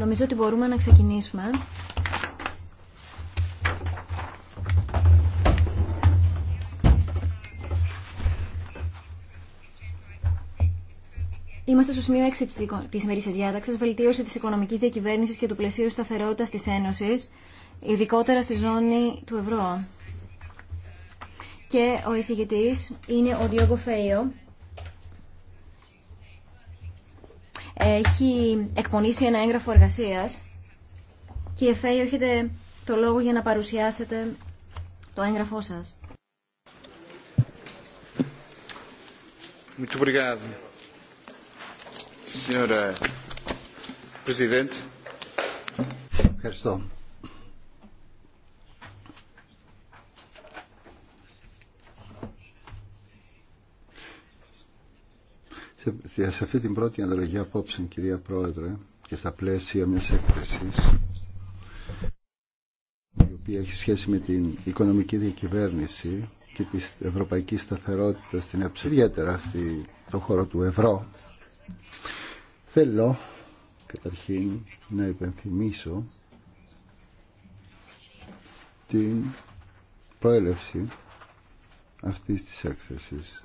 Νομίζω ότι μπορούμε να ξεκινήσουμε. Είμαστε στο σημείο 6 τη ημερήσια διάταξη, βελτίωση τη οικονομική διακυβέρνηση και του πλαισίου σταθερότητα τη Ένωση, ειδικότερα στη ζώνη του ευρώ. Και ο εισηγητή είναι ο Διόγκο Φέιο, έχει εκπονήσει ένα έγγραφο εργασίας. και Φέη, έχετε το λόγο για να παρουσιάσετε το έγγραφό σας. Ευχαριστώ. Σε, σε αυτή την πρώτη ανταλλαγή απόψε, κυρία Πρόεδρε, και στα πλαίσια μιας έκθεσης, η οποία έχει σχέση με την οικονομική διακυβέρνηση και τη ευρωπαϊκή σταθερότητα στην ΕΠΣ, ιδιαίτερα το χώρο του ευρώ, θέλω καταρχήν να υπενθυμίσω την προέλευση αυτής της έκθεσης.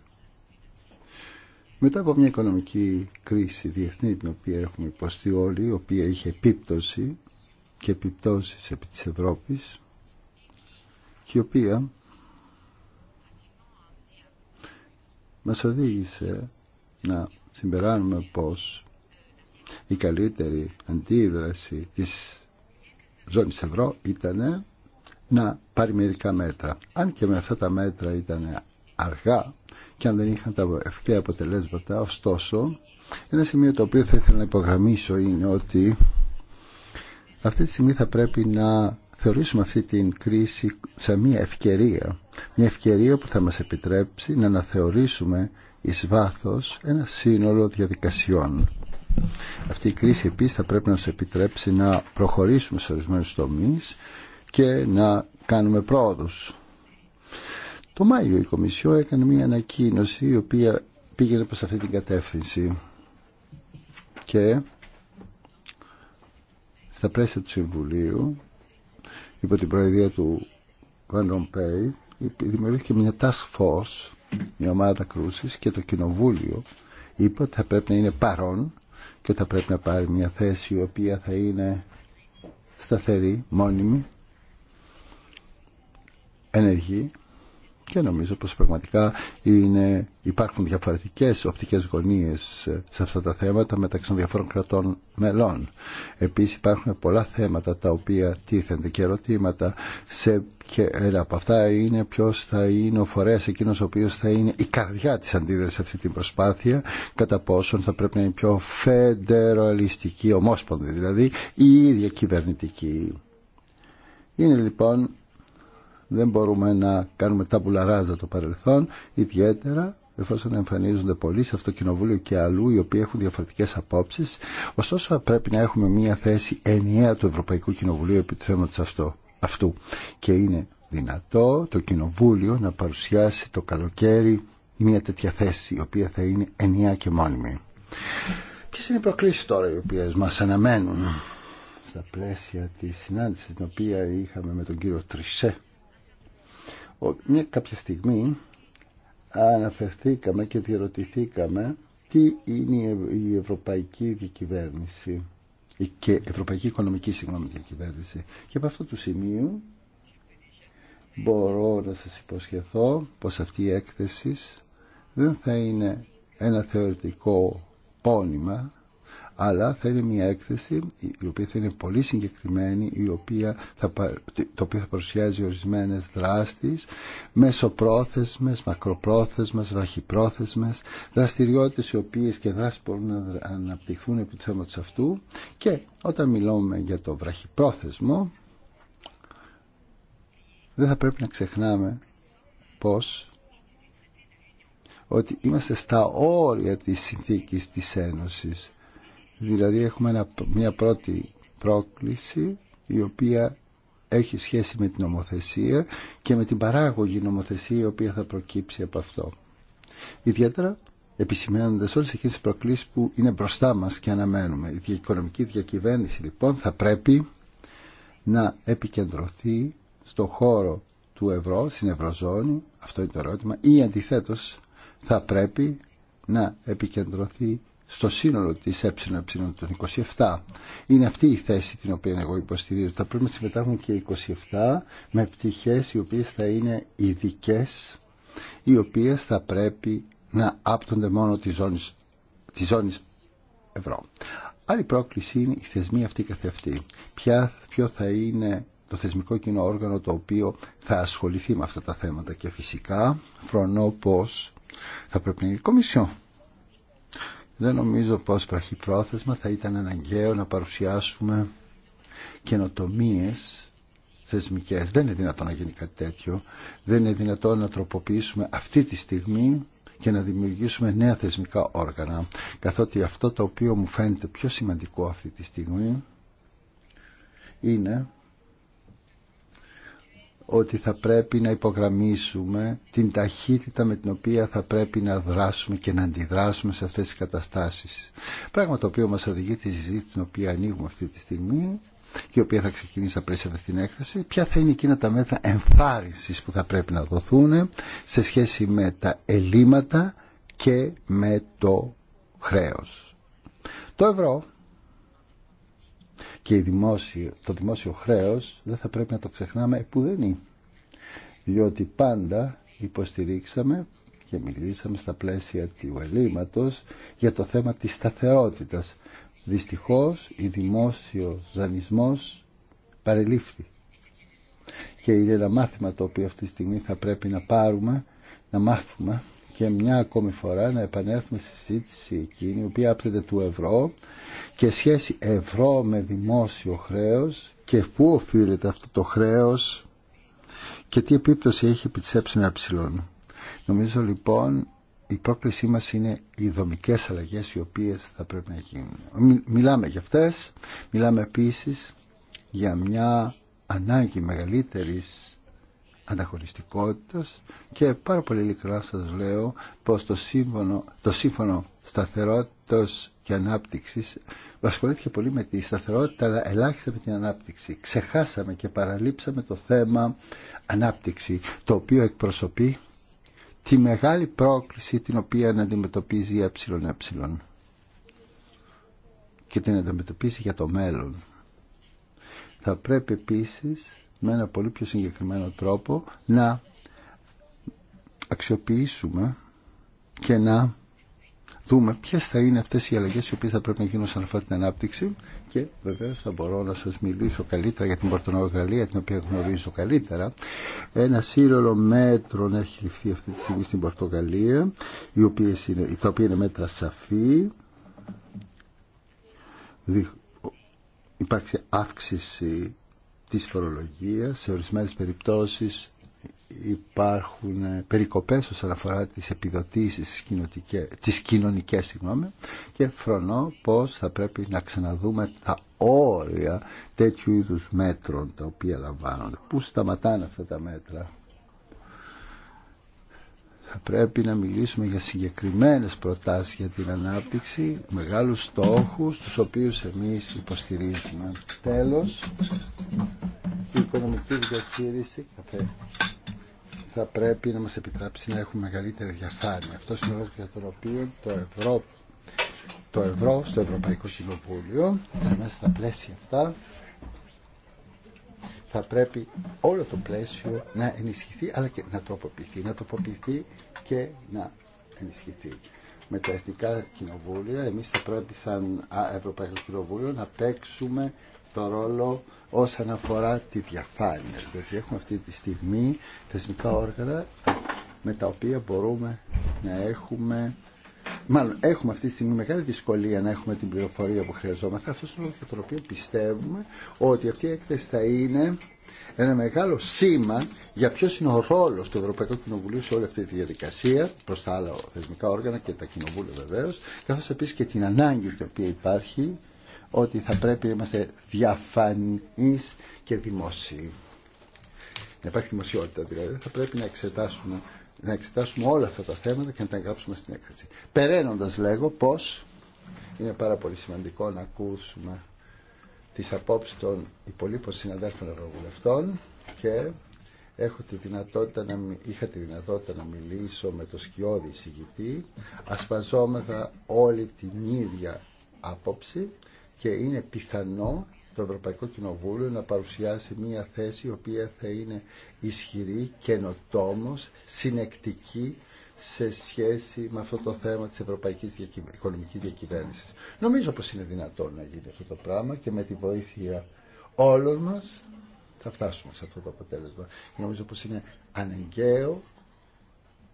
Μετά από μια οικονομική κρίση διεθνή την οποία έχουμε υποστεί όλοι, η οποία είχε επίπτωση και επιπτώσεις επί της Ευρώπης και η οποία μας οδήγησε να συμπεράνουμε πως η καλύτερη αντίδραση της ζώνης ευρώ ήταν να πάρει μερικά μέτρα. Αν και με αυτά τα μέτρα ήταν αργά και αν δεν είχαν τα ευκαιρία αποτελέσματα. Ωστόσο, ένα σημείο το οποίο θα ήθελα να υπογραμμίσω είναι ότι αυτή τη στιγμή θα πρέπει να θεωρήσουμε αυτή την κρίση σαν μια ευκαιρία. Μια ευκαιρία που θα μας επιτρέψει να αναθεωρήσουμε εις βάθος ένα σύνολο διαδικασιών. Αυτή η κρίση επίσης θα πρέπει να μας επιτρέψει να προχωρήσουμε σε ορισμένους τομείς και να κάνουμε πρόοδους. Το Μάιο η Κομισιό έκανε μια ανακοίνωση η οποία πήγαινε προς αυτή την κατεύθυνση και στα πλαίσια του Συμβουλίου υπό την προεδρία του Βαν Ρομπέι δημιουργήθηκε μια task force μια ομάδα κρούσης και το Κοινοβούλιο είπε ότι θα πρέπει να είναι παρόν και θα πρέπει να πάρει μια θέση η οποία θα είναι σταθερή, μόνιμη, ενεργή και νομίζω πως πραγματικά είναι, υπάρχουν διαφορετικές οπτικές γωνίες σε αυτά τα θέματα μεταξύ των διαφόρων κρατών μελών. Επίσης υπάρχουν πολλά θέματα τα οποία τίθενται και ερωτήματα σε, και ένα από αυτά είναι ποιος θα είναι ο φορέας εκείνος ο οποίος θα είναι η καρδιά της αντίδρασης σε αυτή την προσπάθεια κατά πόσον θα πρέπει να είναι πιο φεντεραλιστική, ομόσπονδη δηλαδή ή κυβερνητική. Είναι λοιπόν δεν μπορούμε να κάνουμε τα πουλαράζα το παρελθόν, ιδιαίτερα εφόσον εμφανίζονται πολλοί σε αυτό το κοινοβούλιο και αλλού οι οποίοι έχουν διαφορετικές απόψεις ωστόσο πρέπει να έχουμε μια θέση ενιαία του Ευρωπαϊκού Κοινοβουλίου επί του θέματος αυτό, αυτού και είναι δυνατό το κοινοβούλιο να παρουσιάσει το καλοκαίρι μια τέτοια θέση η οποία θα είναι ενιαία και μόνιμη Ποιε είναι οι προκλήσεις τώρα οι οποίες μας αναμένουν στα πλαίσια τη συνάντηση την οποία είχαμε με τον κύριο Τρισέ μια κάποια στιγμή αναφερθήκαμε και διερωτηθήκαμε τι είναι η ευρωπαϊκή διακυβέρνηση και ευρωπαϊκή οικονομική συγγνώμη διακυβέρνηση. Και από αυτό το σημείο μπορώ να σας υποσχεθώ πως αυτή η έκθεση δεν θα είναι ένα θεωρητικό πόνημα αλλά θα είναι μια έκθεση η οποία θα είναι πολύ συγκεκριμένη, η οποία θα, το οποίο θα παρουσιάζει ορισμένες δράστης, μεσοπρόθεσμες, μακροπρόθεσμες, βραχυπρόθεσμες, δραστηριότητες οι οποίες και δράσεις μπορούν να αναπτυχθούν επί του θέματος αυτού και όταν μιλούμε για το βραχυπρόθεσμο, δεν θα πρέπει να ξεχνάμε πως ότι είμαστε στα όρια της συνθήκης της Ένωσης Δηλαδή έχουμε μια πρώτη πρόκληση η οποία έχει σχέση με την νομοθεσία και με την παράγωγη νομοθεσία η οποία θα προκύψει από αυτό. Ιδιαίτερα επισημένοντας όλες εκείνες τις προκλήσεις που είναι μπροστά μας και αναμένουμε. Η οικονομική διακυβέρνηση λοιπόν θα πρέπει να επικεντρωθεί στο χώρο του ευρώ, στην ευρωζώνη, αυτό είναι το ερώτημα, ή αντιθέτως θα πρέπει να επικεντρωθεί στο σύνολο της ΕΕ των 27. Είναι αυτή η θέση την οποία εγώ υποστηρίζω. Θα πρέπει να συμμετάχουν και 27 με πτυχές οι οποίες θα είναι ειδικέ, οι οποίες θα πρέπει να άπτονται μόνο τη ζώνης, ευρώ. Άλλη πρόκληση είναι η θεσμή αυτή καθευτή. Ποια, ποιο θα είναι το θεσμικό κοινό όργανο το οποίο θα ασχοληθεί με αυτά τα θέματα και φυσικά φρονώ πως θα πρέπει να είναι η Κομισιόν δεν νομίζω πως πραχυπρόθεσμα θα ήταν αναγκαίο να παρουσιάσουμε καινοτομίε θεσμικές. Δεν είναι δυνατόν να γίνει κάτι τέτοιο. Δεν είναι δυνατόν να τροποποιήσουμε αυτή τη στιγμή και να δημιουργήσουμε νέα θεσμικά όργανα. Καθότι αυτό το οποίο μου φαίνεται πιο σημαντικό αυτή τη στιγμή είναι ότι θα πρέπει να υπογραμμίσουμε την ταχύτητα με την οποία θα πρέπει να δράσουμε και να αντιδράσουμε σε αυτές τις καταστάσεις. Πράγμα το οποίο μας οδηγεί τη συζήτηση την οποία ανοίγουμε αυτή τη στιγμή και η οποία θα ξεκινήσει στα πλαίσια αυτή την έκθεση, ποια θα είναι εκείνα τα μέτρα εμφάρισης που θα πρέπει να δοθούν σε σχέση με τα ελλείμματα και με το χρέος. Το ευρώ και το δημόσιο χρέος δεν θα πρέπει να το ξεχνάμε που δεν είναι. Διότι πάντα υποστηρίξαμε και μιλήσαμε στα πλαίσια του ελλείμματος για το θέμα της σταθερότητας. Δυστυχώς, η δημόσιο δανεισμός παρελήφθη. Και είναι ένα μάθημα το οποίο αυτή τη στιγμή θα πρέπει να πάρουμε, να μάθουμε και μια ακόμη φορά να επανέλθουμε στη συζήτηση εκείνη η οποία άπτεται του ευρώ και σχέση ευρώ με δημόσιο χρέος και πού οφείλεται αυτό το χρέος και τι επίπτωση έχει επί της ε. Νομίζω λοιπόν η πρόκλησή μας είναι οι δομικές αλλαγές οι οποίες θα πρέπει να γίνουν. Μιλάμε για αυτές, μιλάμε επίσης για μια ανάγκη μεγαλύτερης ανταγωνιστικότητας και πάρα πολύ ειλικρινά σας λέω πως το σύμφωνο, το σύμφωνο σταθερότητας και ανάπτυξης ασχολήθηκε πολύ με τη σταθερότητα αλλά ελάχιστα με την ανάπτυξη. Ξεχάσαμε και παραλείψαμε το θέμα ανάπτυξη το οποίο εκπροσωπεί τη μεγάλη πρόκληση την οποία αντιμετωπίζει η ΕΕ και την αντιμετωπίζει για το μέλλον. Θα πρέπει επίσης με ένα πολύ πιο συγκεκριμένο τρόπο να αξιοποιήσουμε και να δούμε ποιε θα είναι αυτέ οι αλλαγέ οι οποίε θα πρέπει να γίνουν σε αυτή την ανάπτυξη και βεβαίω θα μπορώ να σα μιλήσω καλύτερα για την Πορτογαλία, την οποία γνωρίζω καλύτερα. Ένα σύνολο μέτρων έχει ληφθεί αυτή τη στιγμή στην Πορτογαλία, η τα οποία είναι μέτρα σαφή. υπάρχει αύξηση της φορολογίας. Σε ορισμένες περιπτώσεις υπάρχουν ε, περικοπές όσον αφορά τις επιδοτήσεις τις κοινωνικές συγγνώμη, και φρονώ πως θα πρέπει να ξαναδούμε τα όρια τέτοιου είδους μέτρων τα οποία λαμβάνονται. Πού σταματάνε αυτά τα μέτρα. Θα πρέπει να μιλήσουμε για συγκεκριμένες προτάσεις για την ανάπτυξη, μεγάλους στόχους, τους οποίους εμείς υποστηρίζουμε. Τέλος, η οικονομική διαχείριση θα πρέπει να μας επιτράψει να έχουμε μεγαλύτερη διαφάνεια. Αυτό είναι ο λόγος για τον οποίο το ευρώ, το ευρώ στο Ευρωπαϊκό Κοινοβούλιο, μέσα στα πλαίσια αυτά, θα πρέπει όλο το πλαίσιο να ενισχυθεί αλλά και να τροποποιηθεί. Να τροποποιηθεί και να ενισχυθεί. Με τα εθνικά κοινοβούλια εμείς θα πρέπει σαν Ευρωπαϊκό Κοινοβούλιο να παίξουμε το ρόλο όσον αφορά τη διαφάνεια. Δηλαδή έχουμε αυτή τη στιγμή θεσμικά όργανα με τα οποία μπορούμε να έχουμε Μάλλον έχουμε αυτή τη στιγμή μεγάλη δυσκολία να έχουμε την πληροφορία που χρειαζόμαστε. Αυτό είναι ο λόγο τον οποίο πιστεύουμε ότι αυτή η έκθεση θα είναι ένα μεγάλο σήμα για ποιο είναι ο ρόλο του Ευρωπαϊκού Κοινοβουλίου σε όλη αυτή τη διαδικασία, προ τα άλλα θεσμικά όργανα και τα κοινοβούλια βεβαίω, καθώ επίση και την ανάγκη την οποία υπάρχει ότι θα πρέπει να είμαστε διαφανεί και δημόσιοι. Να υπάρχει δημοσιότητα δηλαδή, θα πρέπει να εξετάσουμε να εξετάσουμε όλα αυτά τα θέματα και να τα εγγράψουμε στην έκθεση. Περαίνοντα λέγω πως είναι πάρα πολύ σημαντικό να ακούσουμε τις απόψει των υπολείπων συναδέλφων ευρωβουλευτών και έχω τη δυνατότητα να, είχα τη δυνατότητα να μιλήσω με το σκιώδη εισηγητή ασπαζόμεθα όλη την ίδια άποψη και είναι πιθανό το Ευρωπαϊκό Κοινοβούλιο να παρουσιάσει μια θέση η οποία θα είναι ισχυρή, καινοτόμος, συνεκτική σε σχέση με αυτό το θέμα της ευρωπαϊκής οικονομικής διακυβέρνησης. Νομίζω πως είναι δυνατόν να γίνει αυτό το πράγμα και με τη βοήθεια όλων μας θα φτάσουμε σε αυτό το αποτέλεσμα. νομίζω πως είναι αναγκαίο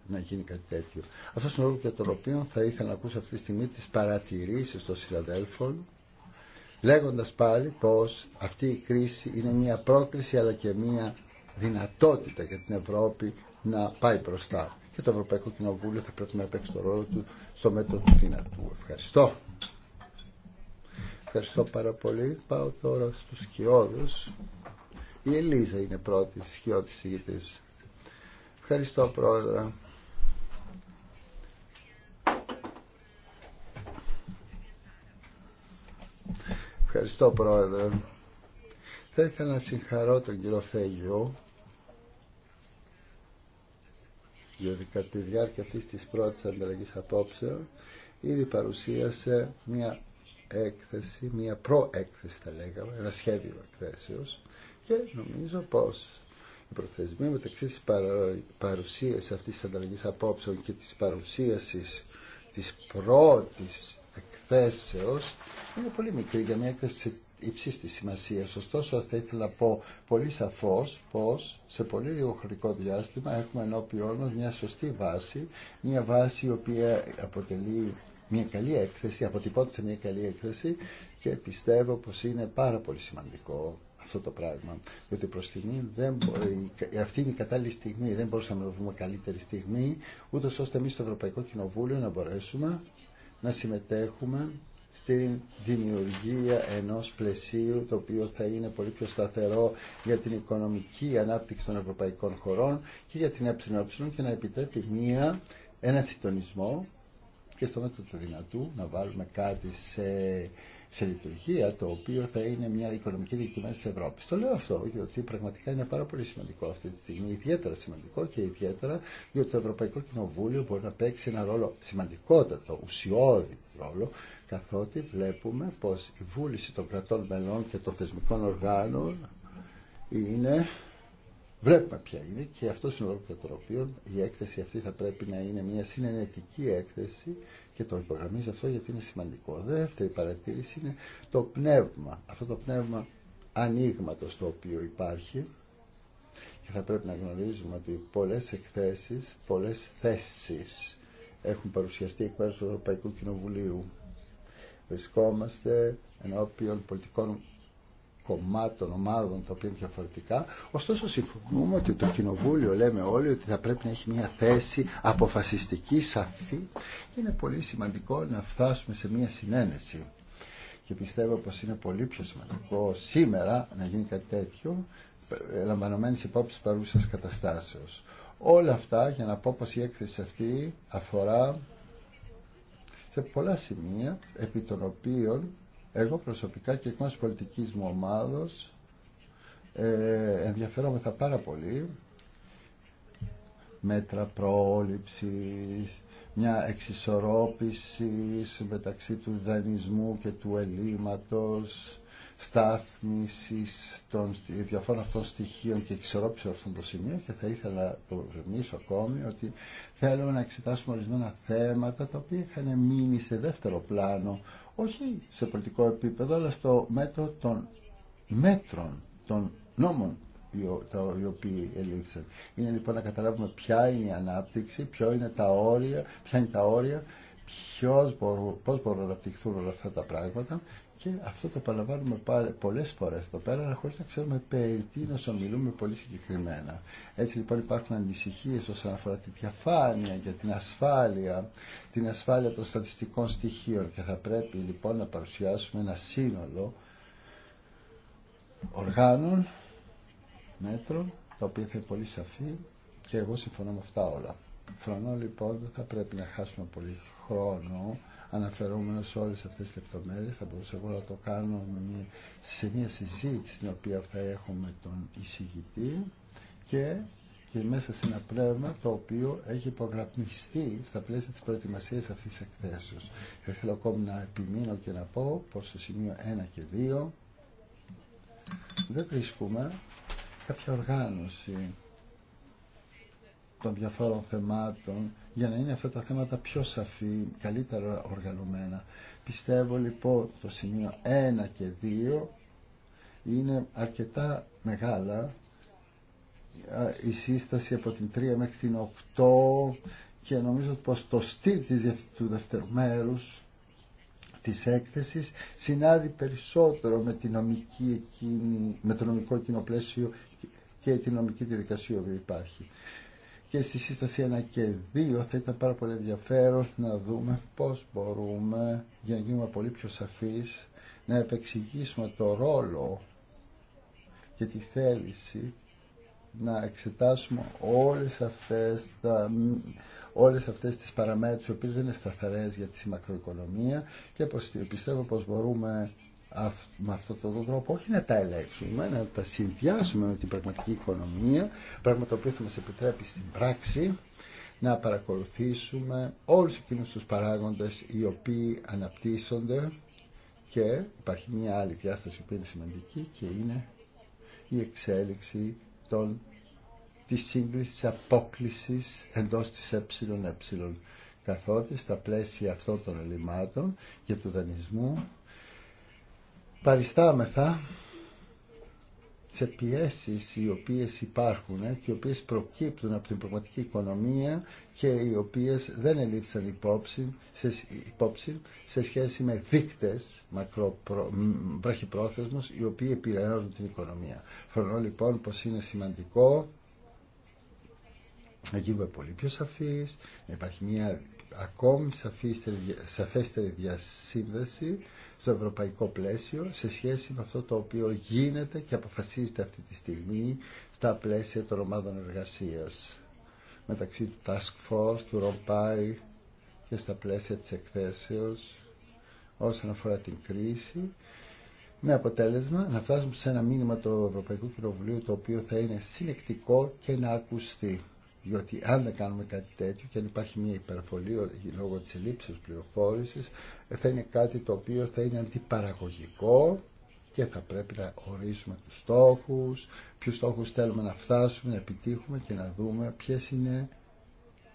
να γίνει κάτι τέτοιο. Αυτό είναι ο λόγο για τον οποίο θα ήθελα να ακούσω αυτή τη στιγμή τις παρατηρήσεις των συναδέλφων λέγοντας πάλι πως αυτή η κρίση είναι μια πρόκληση αλλά και μια δυνατότητα για την Ευρώπη να πάει μπροστά. Και το Ευρωπαϊκό Κοινοβούλιο θα πρέπει να παίξει το ρόλο του στο μέτρο του δυνατού. Ευχαριστώ. Ευχαριστώ πάρα πολύ. Πάω τώρα στους σκιώδους. Η Ελίζα είναι πρώτη σκιώδης της Ευχαριστώ πρόεδρε. Ευχαριστώ πρόεδρε. Θα ήθελα να συγχαρώ τον κύριο Φέγιο διότι κατά τη διάρκεια αυτής της πρώτης ανταλλαγής απόψεων ήδη παρουσίασε μια έκθεση, μια προέκθεση θα λέγαμε, ένα σχέδιο εκθέσεως και νομίζω πως η προθεσμία μεταξύ της παρουσίας αυτής της ανταλλαγής απόψεων και της παρουσίασης της πρώτης εκθέσεως είναι πολύ μικρή για μια έκθεση υψής της σημασίας. Ωστόσο θα ήθελα να πω πολύ σαφώς πως σε πολύ λίγο χρονικό διάστημα έχουμε ενώπιόν μας μια σωστή βάση, μια βάση η οποία αποτελεί μια καλή έκθεση, αποτυπώνεται μια καλή έκθεση και πιστεύω πως είναι πάρα πολύ σημαντικό αυτό το πράγμα. Διότι προ στιγμή δεν, αυτή είναι η κατάλληλη στιγμή. Δεν μπορούσαμε να βρούμε καλύτερη στιγμή, ούτω ώστε εμεί στο Ευρωπαϊκό Κοινοβούλιο να μπορέσουμε να συμμετέχουμε στην δημιουργία ενός πλαισίου το οποίο θα είναι πολύ πιο σταθερό για την οικονομική ανάπτυξη των ευρωπαϊκών χωρών και για την ΕΕ και να επιτρέπει μία, ένα συντονισμό και στο μέτρο του δυνατού να βάλουμε κάτι σε σε λειτουργία το οποίο θα είναι μια οικονομική διακυβέρνηση της Ευρώπης. Το λέω αυτό γιατί πραγματικά είναι πάρα πολύ σημαντικό αυτή τη στιγμή, ιδιαίτερα σημαντικό και ιδιαίτερα γιατί το Ευρωπαϊκό Κοινοβούλιο μπορεί να παίξει ένα ρόλο σημαντικότατο, ουσιώδη ρόλο καθότι βλέπουμε πως η βούληση των κρατών μελών και των θεσμικών οργάνων είναι Βλέπουμε ποια είναι και αυτό είναι ο λόγο τον οποίο η έκθεση αυτή θα πρέπει να είναι μια συνενετική έκθεση και το υπογραμμίζω αυτό γιατί είναι σημαντικό. Δεύτερη παρατήρηση είναι το πνεύμα. Αυτό το πνεύμα ανοίγματο το οποίο υπάρχει και θα πρέπει να γνωρίζουμε ότι πολλέ εκθέσει, πολλέ θέσει έχουν παρουσιαστεί εκ μέρου του Ευρωπαϊκού Κοινοβουλίου. Βρισκόμαστε ενώπιον πολιτικών κομμάτων, ομάδων, τα οποία είναι διαφορετικά. Ωστόσο, συμφωνούμε ότι το Κοινοβούλιο, λέμε όλοι, ότι θα πρέπει να έχει μια θέση αποφασιστική, σαφή. Είναι πολύ σημαντικό να φτάσουμε σε μια συνένεση. Και πιστεύω πως είναι πολύ πιο σημαντικό σήμερα να γίνει κάτι τέτοιο, λαμβανωμένη υπόψη παρούσα καταστάσεω. Όλα αυτά για να πω πω η έκθεση αυτή αφορά σε πολλά σημεία επί των οποίων εγώ προσωπικά και εκ πολιτικής μου ομάδος ε, θα πάρα πολύ μέτρα πρόληψης, μια εξισορρόπηση μεταξύ του δανεισμού και του ελλείμματος, στάθμισης των διαφόρων αυτών στοιχείων και εξισορρόπηση αυτών των σημείων και θα ήθελα να το ακόμη ότι θέλουμε να εξετάσουμε ορισμένα θέματα τα οποία είχαν μείνει σε δεύτερο πλάνο όχι σε πολιτικό επίπεδο, αλλά στο μέτρο των μέτρων, των νόμων οι οποίοι ελήφθησαν. Είναι λοιπόν να καταλάβουμε ποια είναι η ανάπτυξη, είναι τα όρια, ποια είναι τα όρια, ποιος μπορούν, πώς μπορούν να αναπτυχθούν όλα αυτά τα πράγματα και αυτό το παραλαμβάνουμε πολλές φορές εδώ πέρα, χωρίς να ξέρουμε περί σου ομιλούμε πολύ συγκεκριμένα. Έτσι λοιπόν υπάρχουν ανησυχίες όσον αφορά τη διαφάνεια και την ασφάλεια, την ασφάλεια των στατιστικών στοιχείων και θα πρέπει λοιπόν να παρουσιάσουμε ένα σύνολο οργάνων, μέτρων, τα οποία θα είναι πολύ σαφή και εγώ συμφωνώ με αυτά όλα. Φρονώ λοιπόν δεν θα πρέπει να χάσουμε πολύ χρόνο αναφερόμενος σε όλες αυτές τις λεπτομέρειες. Θα μπορούσα εγώ να το κάνω σε μια συζήτηση την οποία θα έχω με τον εισηγητή και, και μέσα σε ένα πνεύμα το οποίο έχει υπογραμμιστεί στα πλαίσια της προετοιμασίας αυτής της εκθέσεως. θέλω ακόμη να επιμείνω και να πω πως στο σημείο 1 και 2 δεν βρίσκουμε κάποια οργάνωση των διαφόρων θεμάτων για να είναι αυτά τα θέματα πιο σαφή, καλύτερα οργανωμένα. Πιστεύω λοιπόν το σημείο 1 και 2 είναι αρκετά μεγάλα η σύσταση από την 3 μέχρι την 8 και νομίζω πως το στυλ του δεύτερου μέρους της έκθεσης συνάδει περισσότερο με, νομική εκείνη, με το νομικό εκείνο πλαίσιο και την νομική διαδικασία που υπάρχει και στη σύσταση 1 και 2 θα ήταν πάρα πολύ ενδιαφέρον να δούμε πώς μπορούμε για να γίνουμε πολύ πιο σαφείς να επεξηγήσουμε το ρόλο και τη θέληση να εξετάσουμε όλες αυτές, τα, όλες αυτές τις παραμέτρους οι οποίες δεν είναι σταθερές για τη μακροοικονομία και πιστεύω πως μπορούμε με αυτόν τον τρόπο όχι να τα ελέγξουμε, να τα συνδυάσουμε με την πραγματική οικονομία, πράγμα το οποίο θα μας επιτρέπει στην πράξη να παρακολουθήσουμε όλους εκείνους τους παράγοντες οι οποίοι αναπτύσσονται και υπάρχει μια άλλη διάσταση που είναι σημαντική και είναι η εξέλιξη των, της σύγκρισης της απόκλησης εντός της ΕΕ καθότι στα πλαίσια αυτών των ελλημάτων και του δανεισμού παριστάμεθα σε πιέσεις οι οποίες υπάρχουν ε, και οι οποίες προκύπτουν από την πραγματική οικονομία και οι οποίες δεν ελήφθησαν υπόψη σε, σε σχέση με δείκτες οι οποίοι επηρεάζουν την οικονομία. Φρονώ λοιπόν πως είναι σημαντικό να γίνουμε πολύ πιο σαφείς, να υπάρχει μια ακόμη σαφέστερη διασύνδεση στο ευρωπαϊκό πλαίσιο σε σχέση με αυτό το οποίο γίνεται και αποφασίζεται αυτή τη στιγμή στα πλαίσια των ομάδων εργασίας μεταξύ του Task Force, του ΡΟΠΑΙ και στα πλαίσια της εκθέσεως όσον αφορά την κρίση με αποτέλεσμα να φτάσουμε σε ένα μήνυμα του Ευρωπαϊκού Κοινοβουλίου το οποίο θα είναι συλλεκτικό και να ακουστεί. Διότι αν δεν κάνουμε κάτι τέτοιο και αν υπάρχει μια υπερβολή λόγω της ελλείψης πληροφόρησης ε, θα είναι κάτι το οποίο θα είναι αντιπαραγωγικό και θα πρέπει να ορίσουμε τους στόχους, ποιους στόχους θέλουμε να φτάσουμε, να επιτύχουμε και να δούμε ποιες είναι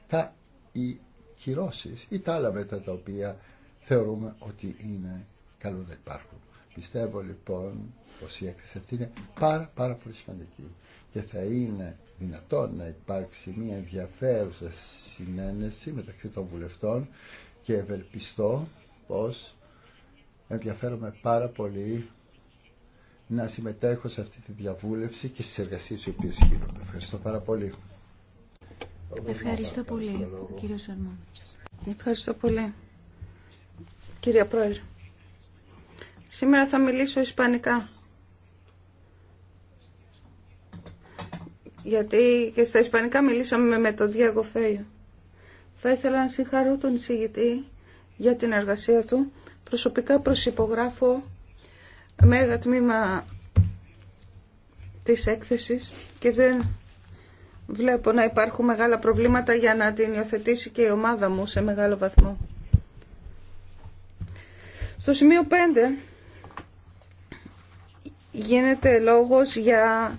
τα, οι κυρώσεις ή τα άλλα μέτρα τα οποία θεωρούμε ότι είναι καλό να υπάρχουν. Πιστεύω λοιπόν πως η έκθεση αυτή είναι πάρα πάρα πολύ σημαντική και θα είναι δυνατόν να υπάρξει μια ενδιαφέρουσα συνένεση μεταξύ των βουλευτών και ευελπιστώ πως ενδιαφέρομαι πάρα πολύ να συμμετέχω σε αυτή τη διαβούλευση και στις εργασίες οι οποίες γίνονται. Ευχαριστώ πάρα πολύ. Ευχαριστώ πολύ, κύριο Σαρμόν. Ευχαριστώ πολύ, κύριε Πρόεδρε. Σήμερα θα μιλήσω ισπανικά. γιατί και στα ισπανικά μιλήσαμε με τον Διάγκο Φέιο. Θα ήθελα να συγχαρώ τον εισηγητή για την εργασία του. Προσωπικά προσυπογράφω μέγα τμήμα της έκθεσης και δεν βλέπω να υπάρχουν μεγάλα προβλήματα για να την υιοθετήσει και η ομάδα μου σε μεγάλο βαθμό. Στο σημείο 5 γίνεται λόγος για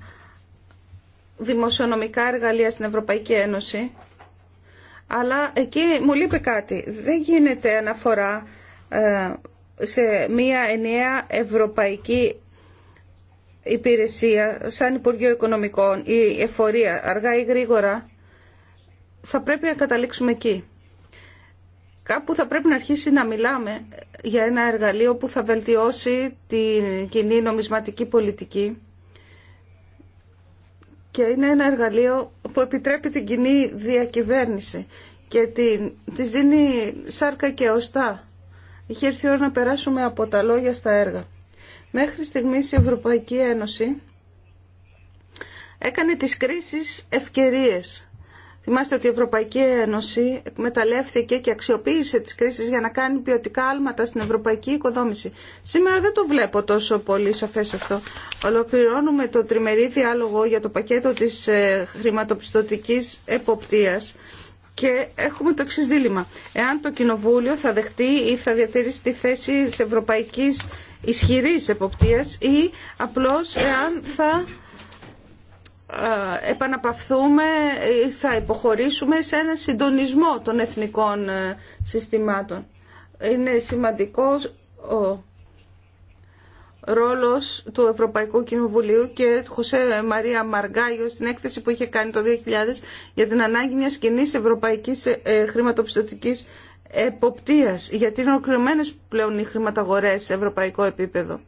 δημοσιονομικά εργαλεία στην Ευρωπαϊκή Ένωση, αλλά εκεί μου λείπει κάτι. Δεν γίνεται αναφορά ε, σε μια ενιαία ευρωπαϊκή υπηρεσία σαν Υπουργείο Οικονομικών ή εφορία αργά ή γρήγορα. Θα πρέπει να καταλήξουμε εκεί. Κάπου θα πρέπει να αρχίσει να μιλάμε για ένα εργαλείο που θα βελτιώσει την κοινή νομισματική πολιτική και είναι ένα εργαλείο που επιτρέπει την κοινή διακυβέρνηση και τη, της δίνει σάρκα και οστά. Είχε έρθει η ώρα να περάσουμε από τα λόγια στα έργα. Μέχρι στιγμής η Ευρωπαϊκή Ένωση έκανε τις κρίσεις ευκαιρίες Θυμάστε ότι η Ευρωπαϊκή Ένωση εκμεταλλεύτηκε και αξιοποίησε τις κρίσεις για να κάνει ποιοτικά άλματα στην ευρωπαϊκή οικοδόμηση. Σήμερα δεν το βλέπω τόσο πολύ σαφές αυτό. Ολοκληρώνουμε το τριμερή διάλογο για το πακέτο της ε, χρηματοπιστωτικής εποπτείας και έχουμε το εξή δίλημα. Εάν το Κοινοβούλιο θα δεχτεί ή θα διατηρήσει τη θέση τη Ευρωπαϊκή ισχυρή εποπτείας ή απλώ εάν θα επαναπαυθούμε ή θα υποχωρήσουμε σε ένα συντονισμό των εθνικών ε, συστημάτων. Είναι σημαντικός ο ρόλος του Ευρωπαϊκού Κοινοβουλίου και του Χωσέ Μαρία Μαργκάγιο στην έκθεση που είχε κάνει το 2000 για την ανάγκη μιας κοινή ευρωπαϊκής ε, χρηματοπιστωτικής εποπτείας γιατί είναι ολοκληρωμένε πλέον οι χρηματαγορές σε ευρωπαϊκό επίπεδο.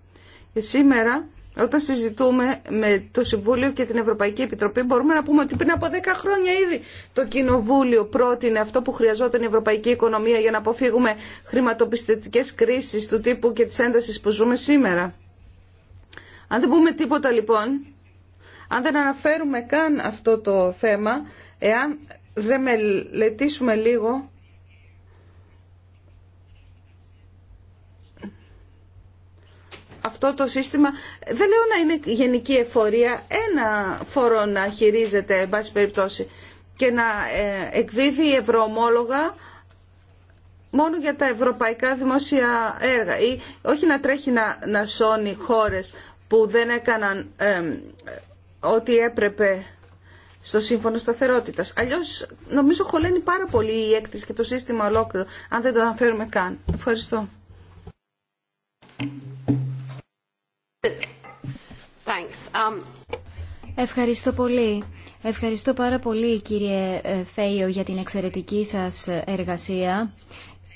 Και σήμερα όταν συζητούμε με το Συμβούλιο και την Ευρωπαϊκή Επιτροπή μπορούμε να πούμε ότι πριν από 10 χρόνια ήδη το Κοινοβούλιο πρότεινε αυτό που χρειαζόταν η ευρωπαϊκή οικονομία για να αποφύγουμε χρηματοπιστωτικές κρίσεις του τύπου και της ένταση που ζούμε σήμερα. Αν δεν πούμε τίποτα λοιπόν, αν δεν αναφέρουμε καν αυτό το θέμα, εάν δεν μελετήσουμε λίγο αυτό το σύστημα, δεν λέω να είναι γενική εφορία, ένα φόρο να χειρίζεται, εν πάση περιπτώσει, και να ε, εκδίδει ευρωομόλογα μόνο για τα ευρωπαϊκά δημόσια έργα ή όχι να τρέχει να, να σώνει χώρες που δεν έκαναν ό,τι έπρεπε στο σύμφωνο σταθερότητα. Αλλιώ νομίζω χωλαίνει πάρα πολύ η έκθεση και το σύστημα ολόκληρο, αν δεν το αναφέρουμε καν. Ευχαριστώ. Um, Ευχαριστώ πολύ. Ευχαριστώ πάρα πολύ κύριε ε, Φέιο για την εξαιρετική σας εργασία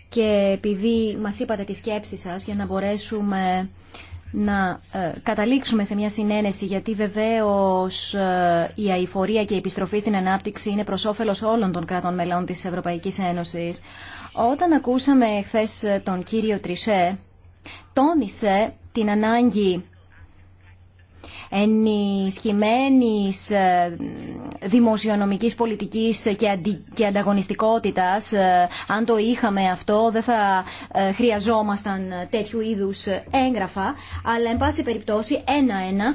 και επειδή μας είπατε τη σκέψη σας για να μπορέσουμε να ε, καταλήξουμε σε μια συνένεση γιατί βεβαίως ε, η αηφορία και η επιστροφή στην ανάπτυξη είναι προς όφελος όλων των κρατών μελών της Ευρωπαϊκής Ένωσης. Όταν ακούσαμε χθε τον κύριο Τρισέ, τόνισε την ανάγκη ενισχυμένης ε, δημοσιονομικής πολιτικής και ανταγωνιστικότητας. Ε, αν το είχαμε αυτό δεν θα ε, χρειαζόμασταν τέτοιου είδους έγγραφα. Αλλά, εν πάση περιπτώσει, ένα-ένα.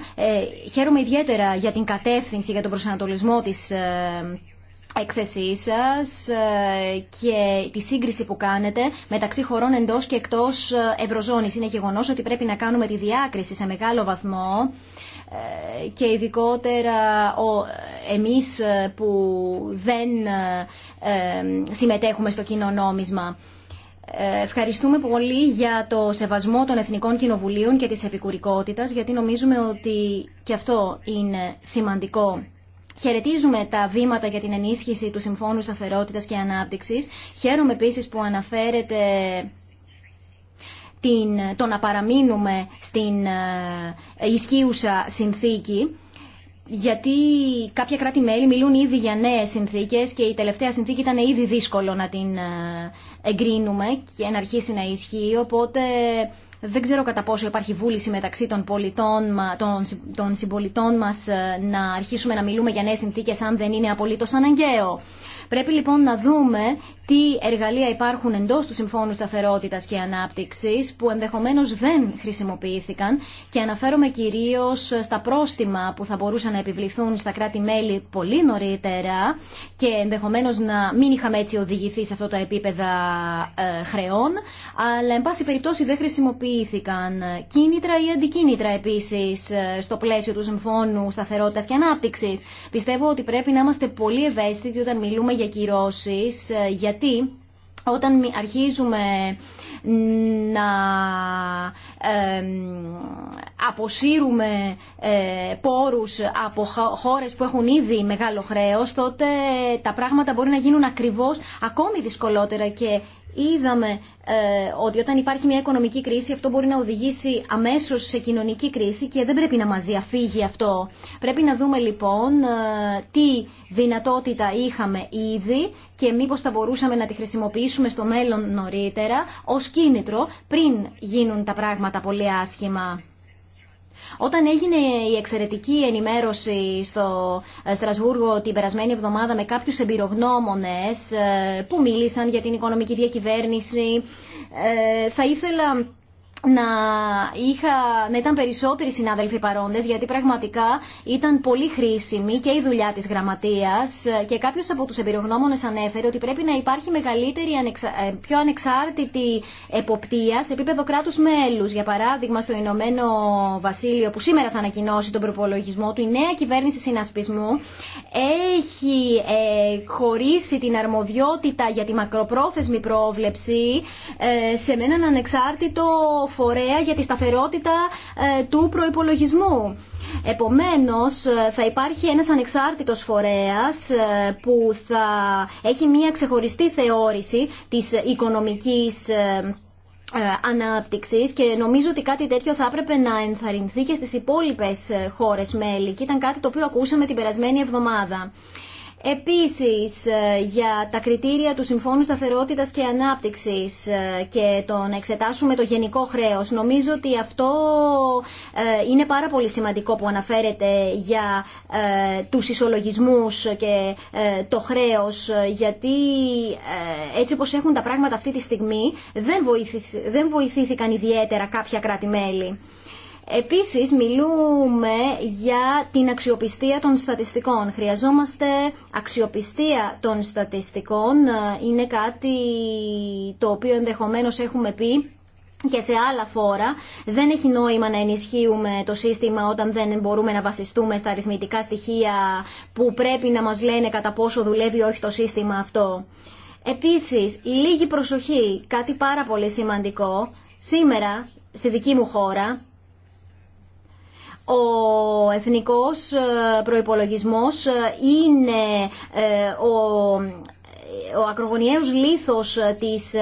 Χαίρομαι ιδιαίτερα για την κατεύθυνση, για τον προσανατολισμό της έκθεσή σας και τη σύγκριση που κάνετε μεταξύ χωρών εντός και εκτός Ευρωζώνης. Είναι γεγονός ότι πρέπει να κάνουμε τη διάκριση σε μεγάλο βαθμό και ειδικότερα ο, εμείς ε, που δεν ε, ε, συμμετέχουμε στο κοινό νόμισμα. Ευχαριστούμε πολύ για το σεβασμό των Εθνικών Κοινοβουλίων και της επικουρικότητας, γιατί νομίζουμε ότι και αυτό είναι σημαντικό. Χαιρετίζουμε τα βήματα για την ενίσχυση του Συμφώνου Σταθερότητας και Ανάπτυξης. Χαίρομαι επίσης που αναφέρεται την, το να παραμείνουμε στην ε, ισχύουσα συνθήκη γιατί κάποια κράτη-μέλη μιλούν ήδη για νέες συνθήκες και η τελευταία συνθήκη ήταν ήδη δύσκολο να την ε, εγκρίνουμε και να αρχίσει να ισχύει, οπότε δεν ξέρω κατά πόσο υπάρχει βούληση μεταξύ των, πολιτών, των, συμπολιτών μας ε, να αρχίσουμε να μιλούμε για νέες συνθήκες αν δεν είναι απολύτως αναγκαίο. Πρέπει λοιπόν να δούμε τι εργαλεία υπάρχουν εντό του Συμφώνου σταθερότητα και ανάπτυξη που ενδεχομένω δεν χρησιμοποιήθηκαν και αναφέρομαι κυρίω στα πρόστιμα που θα μπορούσαν να επιβληθούν στα κράτη-μέλη πολύ νωρίτερα και ενδεχομένω να μην είχαμε έτσι οδηγηθεί σε αυτό το επίπεδα ε, χρεών αλλά εν πάση περιπτώσει δεν χρησιμοποιήθηκαν κίνητρα ή αντικίνητρα επίση ε, στο πλαίσιο του Συμφώνου σταθερότητα και ανάπτυξη. Πιστεύω ότι πρέπει να είμαστε πολύ ευαίσθητοι όταν μιλούμε για κυρώσει. Ε, για γιατί όταν αρχίζουμε να αποσύρουμε ε, πόρους από χώρες που έχουν ήδη μεγάλο χρέος, τότε τα πράγματα μπορεί να γίνουν ακριβώς ακόμη δυσκολότερα και Είδαμε ε, ότι όταν υπάρχει μια οικονομική κρίση αυτό μπορεί να οδηγήσει αμέσως σε κοινωνική κρίση και δεν πρέπει να μας διαφύγει αυτό. Πρέπει να δούμε λοιπόν ε, τι δυνατότητα είχαμε ήδη και μήπως θα μπορούσαμε να τη χρησιμοποιήσουμε στο μέλλον νωρίτερα ως κίνητρο πριν γίνουν τα πράγματα πολύ άσχημα. Όταν έγινε η εξαιρετική ενημέρωση στο ε, Στρασβούργο την περασμένη εβδομάδα με κάποιους εμπειρογνώμονε ε, που μίλησαν για την οικονομική διακυβέρνηση, ε, θα ήθελα να, είχα, ήταν περισσότεροι συνάδελφοι παρόντες γιατί πραγματικά ήταν πολύ χρήσιμη και η δουλειά της γραμματείας και κάποιος από τους εμπειρογνώμονες ανέφερε ότι πρέπει να υπάρχει μεγαλύτερη, ε, πιο ανεξάρτητη εποπτεία σε επίπεδο κράτους μέλους. Για παράδειγμα στο Ηνωμένο Βασίλειο που σήμερα θα ανακοινώσει τον προπολογισμό του η νέα κυβέρνηση συνασπισμού έχει ε, χωρίσει την αρμοδιότητα για τη μακροπρόθεσμη πρόβλεψη ε, σε έναν ανεξάρτητο φορέα για τη σταθερότητα ε, του προϋπολογισμού. Επομένως, ε, θα υπάρχει ένας ανεξάρτητος φορέας ε, που θα έχει μία ξεχωριστή θεώρηση της οικονομικής ανάπτυξης και νομίζω ότι κάτι τέτοιο θα έπρεπε να ενθαρρυνθεί και στις υπόλοιπες χώρες μέλη και ήταν κάτι το οποίο ακούσαμε την περασμένη εβδομάδα. Επίσης, ε, για τα κριτήρια του Συμφώνου Σταθερότητας και Ανάπτυξης ε, και το να εξετάσουμε το γενικό χρέος, νομίζω ότι αυτό ε, είναι πάρα πολύ σημαντικό που αναφέρεται για τους ισολογισμούς και το χρέος, γιατί έτσι όπως έχουν τα πράγματα αυτή τη στιγμή δεν, βοηθήθηκαν ιδιαίτερα κάποια κράτη-μέλη. Επίσης μιλούμε για την αξιοπιστία των στατιστικών. Χρειαζόμαστε αξιοπιστία των στατιστικών. Είναι κάτι το οποίο ενδεχομένως έχουμε πει και σε άλλα φόρα δεν έχει νόημα να ενισχύουμε το σύστημα όταν δεν μπορούμε να βασιστούμε στα αριθμητικά στοιχεία που πρέπει να μας λένε κατά πόσο δουλεύει όχι το σύστημα αυτό. Επίσης, λίγη προσοχή, κάτι πάρα πολύ σημαντικό. Σήμερα, στη δική μου χώρα, ο εθνικός ε, προϋπολογισμός ε, είναι ε, ο ο ακρογωνιαίος λίθος της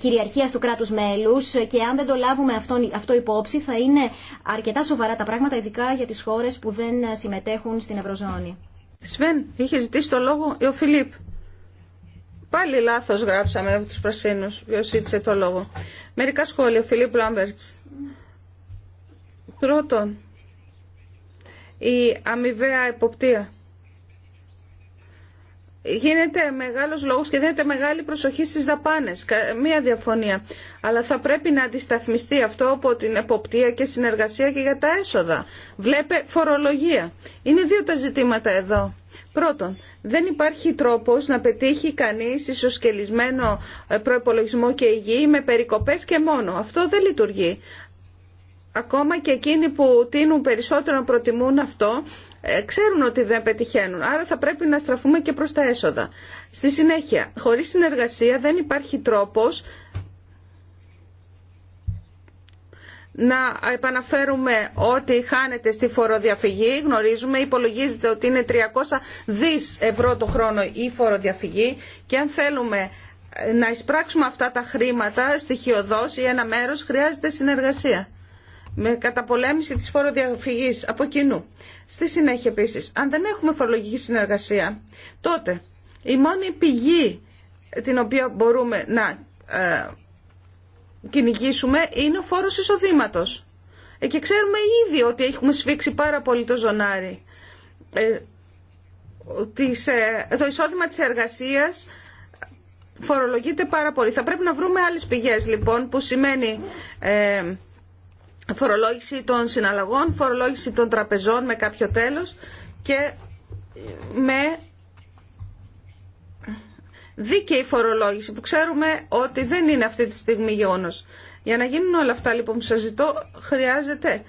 κυριαρχίας του κράτους μέλους και αν δεν το λάβουμε αυτό, αυτό υπόψη θα είναι αρκετά σοβαρά τα πράγματα ειδικά για τις χώρες που δεν συμμετέχουν στην Ευρωζώνη. Σβέν, είχε ζητήσει το λόγο ο Φιλίπ. Πάλι λάθος γράψαμε από τους πρασίνους, ποιος ζήτησε το λόγο. Μερικά σχόλια, ο Φιλίπ Λάμπερτς. Πρώτον, η αμοιβαία εποπτεία. Γίνεται μεγάλος λόγος και δίνεται μεγάλη προσοχή στις δαπάνες, μία διαφωνία. Αλλά θα πρέπει να αντισταθμιστεί αυτό από την εποπτεία και συνεργασία και για τα έσοδα. Βλέπε φορολογία. Είναι δύο τα ζητήματα εδώ. Πρώτον, δεν υπάρχει τρόπος να πετύχει κανείς ισοσκελισμένο ε, προπολογισμό και υγιή με περικοπές και μόνο. Αυτό δεν λειτουργεί ακόμα και εκείνοι που τίνουν περισσότερο να προτιμούν αυτό, ε, ξέρουν ότι δεν πετυχαίνουν. Άρα θα πρέπει να στραφούμε και προς τα έσοδα. Στη συνέχεια, χωρίς συνεργασία δεν υπάρχει τρόπος να επαναφέρουμε ό,τι χάνεται στη φοροδιαφυγή. Γνωρίζουμε, υπολογίζεται ότι είναι 300 δις ευρώ το χρόνο η φοροδιαφυγή και αν θέλουμε ε, να εισπράξουμε αυτά τα χρήματα στοιχειοδός ή ένα μέρος χρειάζεται συνεργασία με καταπολέμηση της φοροδιαφυγής από κοινού. Στη συνέχεια επίσης, αν δεν έχουμε φορολογική συνεργασία, τότε η μόνη πηγή την οποία μπορούμε να ε, κυνηγήσουμε είναι ο φόρος εισοδήματος. Ε, και ξέρουμε ήδη ότι έχουμε σφίξει πάρα πολύ το ζωνάρι. Ε, ε, το εισόδημα της εργασίας φορολογείται πάρα πολύ. Θα πρέπει να βρούμε άλλες πηγές λοιπόν που σημαίνει ε, φορολόγηση των συναλλαγών, φορολόγηση των τραπεζών με κάποιο τέλος και ε, με δίκαιη φορολόγηση που ξέρουμε ότι δεν είναι αυτή τη στιγμή γεγονός. Για να γίνουν όλα αυτά λοιπόν που σας ζητώ χρειάζεται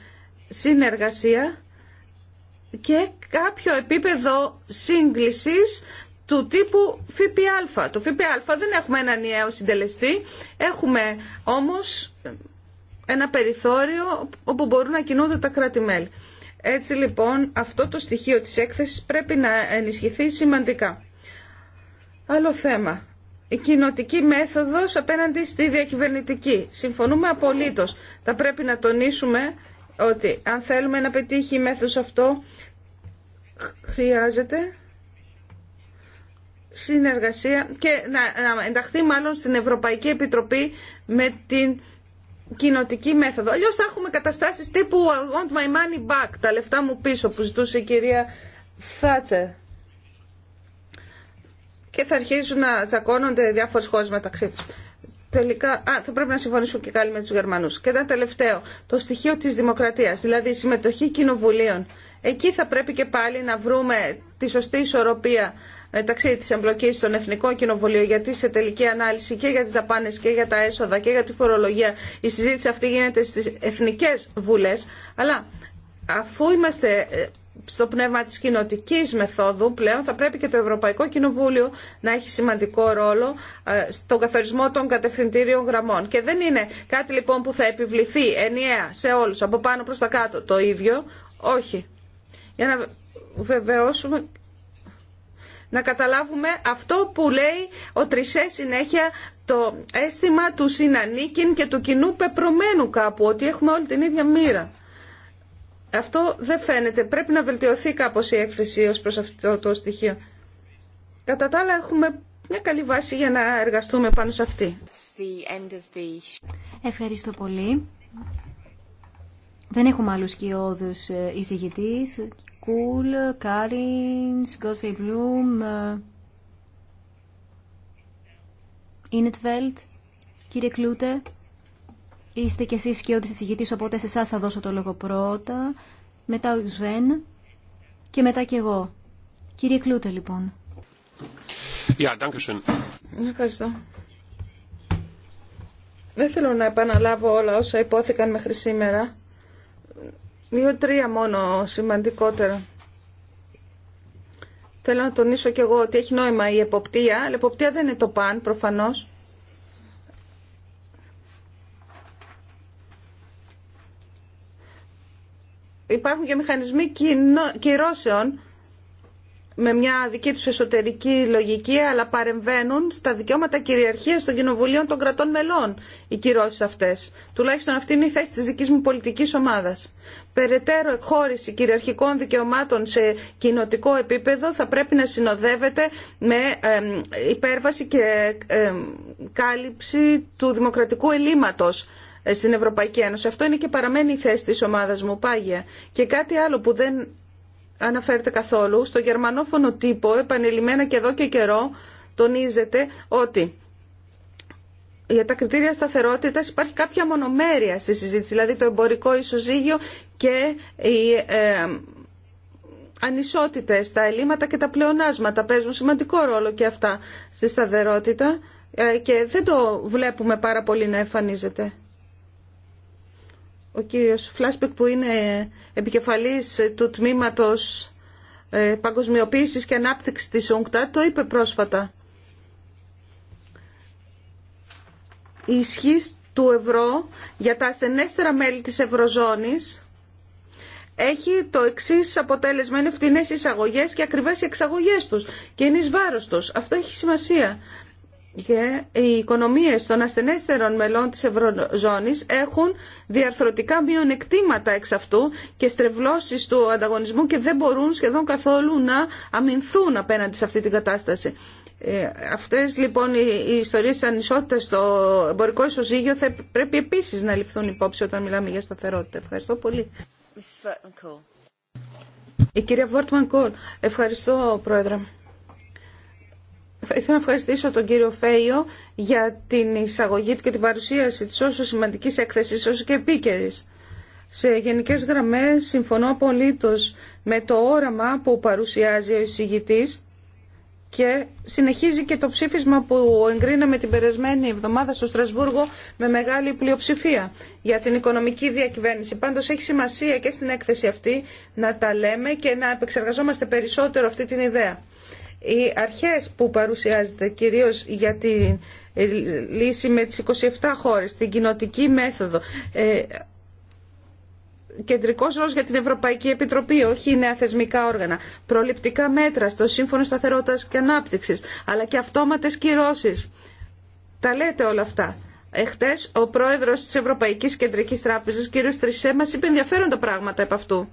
συνεργασία και κάποιο επίπεδο σύγκλησης του τύπου ΦΠΑ. Το ΦΠΑ δεν έχουμε έναν ιαίο συντελεστή, έχουμε όμως ένα περιθώριο όπου μπορούν να κινούνται τα κράτη-μέλη. Έτσι λοιπόν αυτό το στοιχείο της έκθεσης πρέπει να ενισχυθεί σημαντικά. Άλλο θέμα. Η κοινοτική μέθοδος απέναντι στη διακυβερνητική. Συμφωνούμε απολύτως. Θα πρέπει να τονίσουμε ότι αν θέλουμε να πετύχει η μέθοδος αυτό χρειάζεται συνεργασία και να ενταχθεί μάλλον στην Ευρωπαϊκή Επιτροπή με την κοινοτική μέθοδο. Αλλιώ θα έχουμε καταστάσει τύπου I want my money back, τα λεφτά μου πίσω που ζητούσε η κυρία Θάτσερ. Και θα αρχίσουν να τσακώνονται διάφορε χώρε μεταξύ του. Τελικά, α, θα πρέπει να συμφωνήσουν και πάλι με του Γερμανού. Και ένα τελευταίο, το στοιχείο τη δημοκρατία, δηλαδή η συμμετοχή κοινοβουλίων. Εκεί θα πρέπει και πάλι να βρούμε τη σωστή ισορροπία μεταξύ της εμπλοκής των Εθνικών Κοινοβουλίων γιατί σε τελική ανάλυση και για τι δαπάνε και για τα έσοδα και για τη φορολογία η συζήτηση αυτή γίνεται στι εθνικέ βουλέ, αλλά αφού είμαστε ε, στο πνεύμα της κοινοτική μεθόδου πλέον θα πρέπει και το Ευρωπαϊκό Κοινοβούλιο να έχει σημαντικό ρόλο ε, στον καθορισμό των κατευθυντήριων γραμμών. Και δεν είναι κάτι λοιπόν που θα επιβληθεί ενιαία σε όλους από πάνω προς τα κάτω το ίδιο. Όχι. Για να βεβαιώσουμε να καταλάβουμε αυτό που λέει ο Τρισέ συνέχεια το αίσθημα του συνανίκην και του κοινού πεπρωμένου κάπου, ότι έχουμε όλη την ίδια μοίρα. Αυτό δεν φαίνεται. Πρέπει να βελτιωθεί κάπως η έκθεση ως προς αυτό το στοιχείο. Κατά τα άλλα έχουμε μια καλή βάση για να εργαστούμε πάνω σε αυτή. Ευχαριστώ πολύ. Δεν έχουμε άλλους κοιόδους ε, εισηγητής Κούλ, Κάρινς, Γκότφι uh, Ίνετβελτ, ε, κύριε Κλούτε. Είστε κι εσείς και ο συζητητής, οπότε σε εσάς θα δώσω το λόγο πρώτα, μετά ο Ισβέν και μετά κι εγώ. Κύριε Κλούτε, λοιπόν. Ευχαριστώ. Δεν θέλω να επαναλάβω όλα όσα υπόθηκαν μέχρι σήμερα. Δύο-τρία μόνο σημαντικότερα. Θέλω να τονίσω κι εγώ ότι έχει νόημα η εποπτεία, αλλά η εποπτεία δεν είναι το παν προφανώς. Υπάρχουν και μηχανισμοί κυρώσεων με μια δική τους εσωτερική λογική, αλλά παρεμβαίνουν στα δικαιώματα κυριαρχίας των κοινοβουλίων των κρατών μελών οι κυρώσεις αυτές. Τουλάχιστον αυτή είναι η θέση της δικής μου πολιτικής ομάδας. Περαιτέρω εκχώρηση κυριαρχικών δικαιωμάτων σε κοινοτικό επίπεδο θα πρέπει να συνοδεύεται με υπέρβαση και κάλυψη του δημοκρατικού ελλείμματος ε, στην Ευρωπαϊκή Ένωση. Αυτό είναι και παραμένει η θέση της ομάδας μου, πάγια. Και κάτι άλλο που δεν αναφέρεται καθόλου. Στο γερμανόφωνο τύπο, επανειλημμένα και εδώ και καιρό, τονίζεται ότι για τα κριτήρια σταθερότητας υπάρχει κάποια μονομέρεια στη συζήτηση, δηλαδή το εμπορικό ισοζύγιο και οι ε, ανισότητες, τα ελλείμματα και τα πλεονάσματα παίζουν σημαντικό ρόλο και αυτά στη σταθερότητα ε, και δεν το βλέπουμε πάρα πολύ να εμφανίζεται ο κύριος Φλάσπεκ που είναι επικεφαλής του τμήματος ε, παγκοσμιοποίησης και ανάπτυξης της ΟΝΚΤΑ το είπε πρόσφατα. Η ισχύ του ευρώ για τα ασθενέστερα μέλη της ευρωζώνης έχει το εξή αποτέλεσμα. Είναι φτηνές εισαγωγέ και ακριβές οι εξαγωγέ του. Και είναι εις βάρος Αυτό έχει σημασία και οι οικονομίες των ασθενέστερων μελών της Ευρωζώνης έχουν διαρθρωτικά μειονεκτήματα εξ αυτού και στρεβλώσεις του ανταγωνισμού και δεν μπορούν σχεδόν καθόλου να αμυνθούν απέναντι σε αυτή την κατάσταση. Ε, αυτές λοιπόν οι ιστορίες της ανισότητας στο εμπορικό ισοζύγιο θα πρέπει επίσης να ληφθούν υπόψη όταν μιλάμε για σταθερότητα. Ευχαριστώ πολύ. Η κυρία Βόρτμαν Κόλ. Ευχαριστώ πρόεδρε. Θα ήθελα να ευχαριστήσω τον κύριο Φέιο για την εισαγωγή του και την παρουσίαση της όσο σημαντικής έκθεσης όσο και επίκαιρη. Σε γενικές γραμμές συμφωνώ απολύτως με το όραμα που παρουσιάζει ο εισηγητής και συνεχίζει και το ψήφισμα που εγκρίναμε την περασμένη εβδομάδα στο Στρασβούργο με μεγάλη πλειοψηφία για την οικονομική διακυβέρνηση. Πάντως έχει σημασία και στην έκθεση αυτή να τα λέμε και να επεξεργαζόμαστε περισσότερο αυτή την ιδέα οι αρχές που παρουσιάζεται κυρίως για τη λύση με τις 27 χώρες, την κοινοτική μέθοδο, ε, κεντρικός ρόλος για την Ευρωπαϊκή Επιτροπή, όχι οι νέα θεσμικά όργανα. Προληπτικά μέτρα στο Σύμφωνο Σταθερότητας και Ανάπτυξης, αλλά και αυτόματες κυρώσεις. Τα λέτε όλα αυτά. Εχθέ ο πρόεδρο τη Ευρωπαϊκή Κεντρική Τράπεζα, κύριο Τρισέ, μα είπε ενδιαφέροντα πράγματα επ' αυτού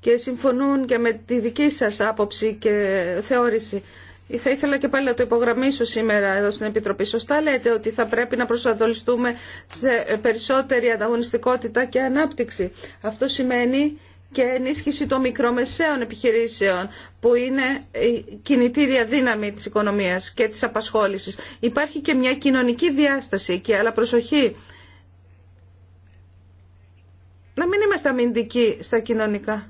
και συμφωνούν και με τη δική σας άποψη και θεώρηση. Θα ήθελα και πάλι να το υπογραμμίσω σήμερα εδώ στην Επιτροπή. Σωστά λέτε ότι θα πρέπει να προσανατολιστούμε σε περισσότερη ανταγωνιστικότητα και ανάπτυξη. Αυτό σημαίνει και ενίσχυση των μικρομεσαίων επιχειρήσεων που είναι η κινητήρια δύναμη της οικονομίας και της απασχόλησης. Υπάρχει και μια κοινωνική διάσταση εκεί, αλλά προσοχή. Να μην είμαστε αμυντικοί στα κοινωνικά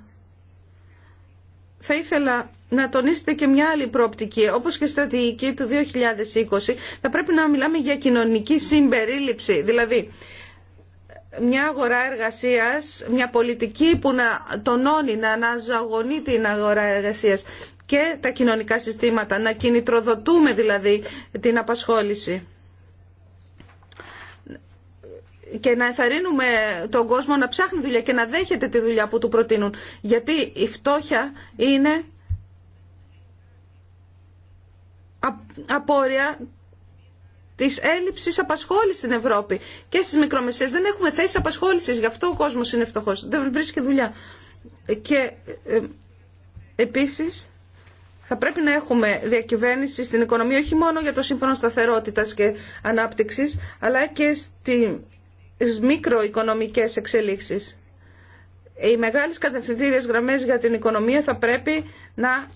θα ήθελα να τονίσετε και μια άλλη πρόπτικη. Όπως και στρατηγική του 2020 θα πρέπει να μιλάμε για κοινωνική συμπερίληψη. Δηλαδή, μια αγορά εργασίας, μια πολιτική που να τονώνει, να αναζωογονεί την αγορά εργασίας και τα κοινωνικά συστήματα, να κινητροδοτούμε δηλαδή την απασχόληση και να ενθαρρύνουμε τον κόσμο να ψάχνει δουλειά και να δέχεται τη δουλειά που του προτείνουν. Γιατί η φτώχεια είναι απόρρια της έλλειψης απασχόλησης στην Ευρώπη. Και στις μικρομεσαίες δεν έχουμε θέσει απασχόλησης, γι' αυτό ο κόσμος είναι φτωχός, δεν βρίσκει δουλειά. Και ε, επίσης θα πρέπει να έχουμε διακυβέρνηση στην οικονομία όχι μόνο για το Σύμφωνο Σταθερότητας και Ανάπτυξης, αλλά και στη μικροοικονομικές εξελίξεις. Οι μεγάλες κατευθυντήριες γραμμές για την οικονομία θα πρέπει να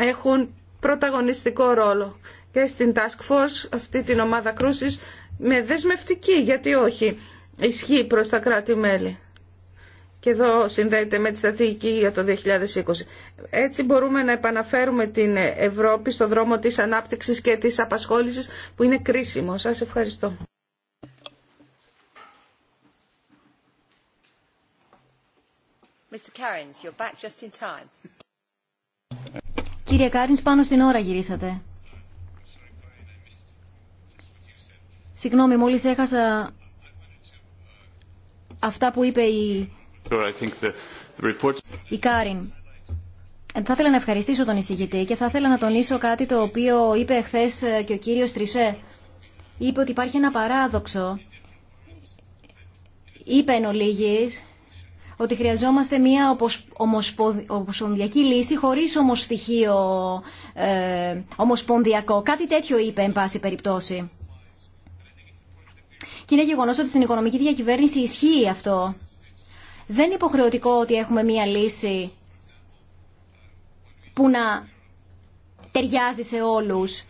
έχουν πρωταγωνιστικό ρόλο και στην Task Force, αυτή την ομάδα κρούσης, με δεσμευτική, γιατί όχι, ισχύει προς τα κράτη-μέλη. Και εδώ συνδέεται με τη στατική για το 2020. Έτσι μπορούμε να επαναφέρουμε την Ευρώπη στο δρόμο της ανάπτυξης και της απασχόλησης που είναι κρίσιμο. Σας ευχαριστώ. Κύριε Κάρινς, πάνω στην ώρα γυρίσατε. Συγγνώμη, μόλις έχασα αυτά που είπε η, Κάριν. Ε, θα ήθελα να ευχαριστήσω τον εισηγητή και θα ήθελα να τονίσω κάτι το οποίο είπε χθε ε, και ο κύριος Τρισέ. Είπε ότι υπάρχει ένα παράδοξο. Είπε εν ολίγης ότι χρειαζόμαστε μια ομοσπονδιακή λύση χωρίς ομοστοιχείο ε, ομοσπονδιακό. Κάτι τέτοιο είπε, εν πάση περιπτώσει. Και είναι γεγονός ότι στην οικονομική διακυβέρνηση ισχύει αυτό. Δεν είναι υποχρεωτικό ότι έχουμε μια λύση που να ταιριάζει σε όλους.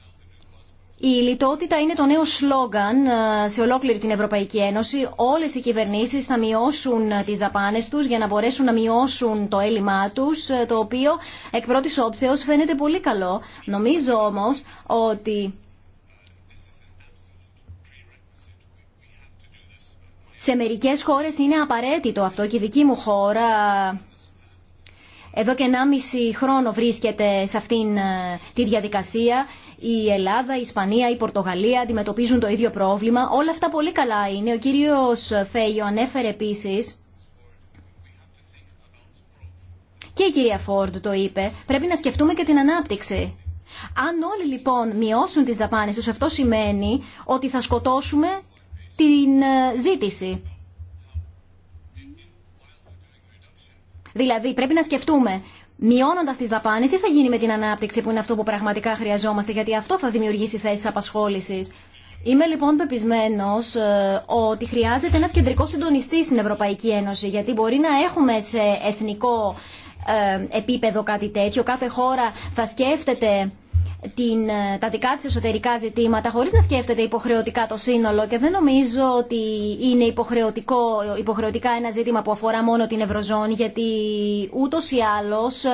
Η λιτότητα είναι το νέο σλόγγαν ε, σε ολόκληρη την Ευρωπαϊκή Ένωση. Όλε οι κυβερνήσει θα μειώσουν ε, τι δαπάνε του για να μπορέσουν να μειώσουν το έλλειμμά του, ε, το οποίο εκ πρώτη όψεω φαίνεται πολύ καλό. Νομίζω όμω ότι. Σε μερικέ χώρες είναι απαραίτητο αυτό και η δική μου χώρα εδώ και 1,5 χρόνο βρίσκεται σε αυτήν τη διαδικασία η Ελλάδα, η Ισπανία, η Πορτογαλία αντιμετωπίζουν το ίδιο πρόβλημα. Όλα αυτά πολύ καλά είναι. Ο κύριος Φέγιο ανέφερε επίσης και η κυρία Φόρντ το είπε, πρέπει να σκεφτούμε και την ανάπτυξη. Αν όλοι λοιπόν μειώσουν τις δαπάνες τους, αυτό σημαίνει ότι θα σκοτώσουμε την ε, ζήτηση. Δηλαδή πρέπει να σκεφτούμε Μειώνοντα τι δαπάνε, τι θα γίνει με την ανάπτυξη που είναι αυτό που πραγματικά χρειαζόμαστε, γιατί αυτό θα δημιουργήσει θέσεις απασχόλησης. Είμαι λοιπόν πεπισμένο ε, ότι χρειάζεται ένα κεντρικό συντονιστή στην Ευρωπαϊκή Ένωση, γιατί μπορεί να έχουμε σε εθνικό ε, επίπεδο κάτι τέτοιο. Κάθε χώρα θα σκέφτεται την, ε, τα δικά της εσωτερικά ζητήματα χωρίς να σκέφτεται υποχρεωτικά το σύνολο και δεν νομίζω ότι είναι υποχρεωτικό, υποχρεωτικά ένα ζήτημα που αφορά μόνο την Ευρωζώνη γιατί ούτως ή άλλως ε,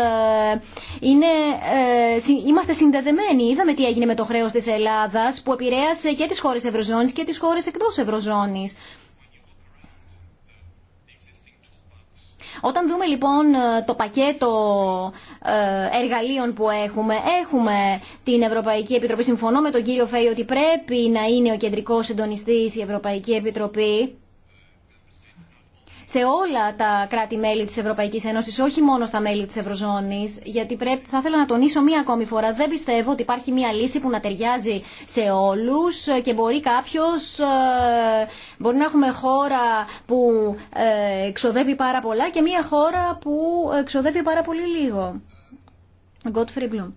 είναι, ε, είμαστε συνδεδεμένοι. Είδαμε τι έγινε με το χρέος της Ελλάδας που επηρέασε και τις χώρες Ευρωζώνης και τις χώρες εκτός Ευρωζώνης. Όταν δούμε λοιπόν ε, το πακέτο ε, εργαλείων που έχουμε, έχουμε την Ευρωπαϊκή Επιτροπή. Συμφωνώ με τον κύριο Φέη ότι πρέπει να είναι ο κεντρικός συντονιστή η Ευρωπαϊκή Επιτροπή σε όλα τα κράτη-μέλη της Ευρωπαϊκής Ένωσης, όχι μόνο στα μέλη της Ευρωζώνης, γιατί πρέπει, θα ήθελα να τονίσω μία ακόμη φορά, δεν πιστεύω ότι υπάρχει μία λύση που να ταιριάζει σε όλους και μπορεί κάποιος, ε, μπορεί να έχουμε χώρα που ε, εξοδεύει πάρα πολλά και μία χώρα που εξοδεύει πάρα πολύ λίγο. Godfrey Bloom.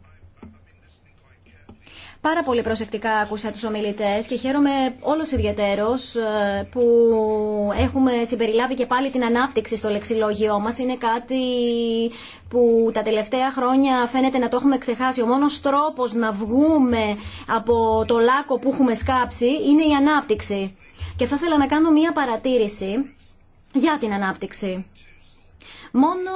Πάρα πολύ προσεκτικά άκουσα τους ομιλητές και χαίρομαι όλος ιδιαίτερος ε, που έχουμε συμπεριλάβει και πάλι την ανάπτυξη στο λεξιλόγιό μας. Είναι κάτι που τα τελευταία χρόνια φαίνεται να το έχουμε ξεχάσει. Ο μόνος τρόπος να βγούμε από το λάκο που έχουμε σκάψει είναι η ανάπτυξη. Και θα ήθελα να κάνω μία παρατήρηση για την ανάπτυξη. Μόνο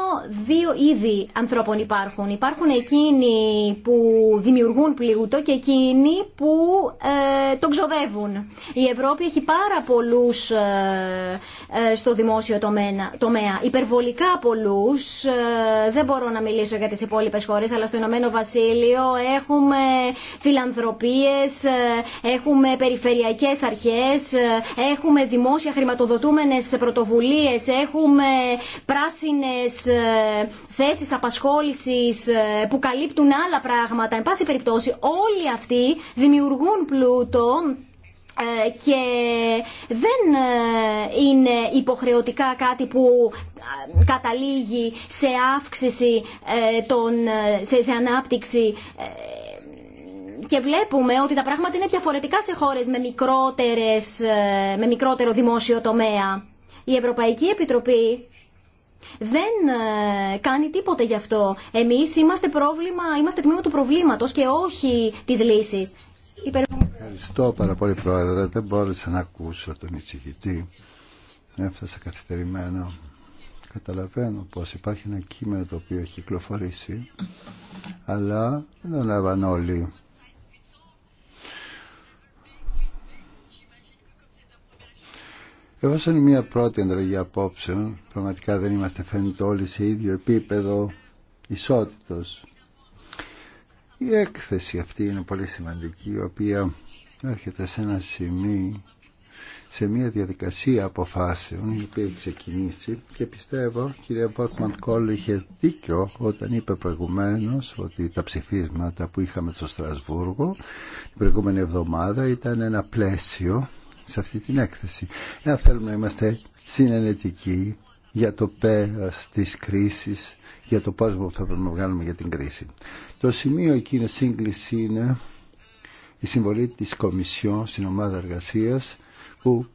δύο είδη ανθρώπων υπάρχουν. Υπάρχουν εκείνοι που δημιουργούν πλούτο και εκείνοι που ε, τον ξοδεύουν. Η Ευρώπη έχει πάρα πολλούς ε, ε, στο δημόσιο τομέα. Υπερβολικά πολλούς. Ε, δεν μπορώ να μιλήσω για τις υπόλοιπε χώρες, αλλά στο Ηνωμένο Βασίλειο έχουμε φιλανθρωπίες, έχουμε περιφερειακές αρχές, έχουμε δημόσια χρηματοδοτούμενες πρωτοβουλίες, έχουμε πράσινη Θέσει ε, θέσεις απασχόλησης ε, που καλύπτουν άλλα πράγματα. Εν πάση περιπτώσει όλοι αυτοί δημιουργούν πλούτο ε, και δεν είναι υποχρεωτικά κάτι που καταλήγει σε αύξηση, των, σε, ανάπτυξη και βλέπουμε ότι τα πράγματα είναι διαφορετικά σε χώρες με, μικρότερες, με μικρότερο δημόσιο τομέα. Η Ευρωπαϊκή Επιτροπή δεν ε, κάνει τίποτε γι' αυτό. Εμείς είμαστε, πρόβλημα, είμαστε τμήμα του προβλήματος και όχι της λύσης. Ευχαριστώ πάρα πολύ πρόεδρε. Δεν μπόρεσα να ακούσω τον εισηγητή. Έφτασα καθυστερημένο. Καταλαβαίνω πως υπάρχει ένα κείμενο το οποίο έχει κυκλοφορήσει αλλά δεν έλαβαν όλοι Εγώ σαν μια πρώτη ανταλλαγή απόψεων, πραγματικά δεν είμαστε φαίνεται όλοι σε ίδιο επίπεδο ισότητος. Η έκθεση αυτή είναι πολύ σημαντική, η οποία έρχεται σε ένα σημείο, σε μια διαδικασία αποφάσεων, η οποία έχει ξεκινήσει και πιστεύω, κυρία Βόρτμαν Κόλλ είχε δίκιο όταν είπε προηγουμένως ότι τα ψηφίσματα που είχαμε στο Στρασβούργο την προηγούμενη εβδομάδα ήταν ένα πλαίσιο σε αυτή την έκθεση. Εάν θέλουμε να είμαστε συνενετικοί για το πέρας της κρίσης, για το πόσο που θα πρέπει να βγάλουμε για την κρίση. Το σημείο εκείνη σύγκληση είναι η συμβολή της Κομισιόν στην ομάδα εργασίας που,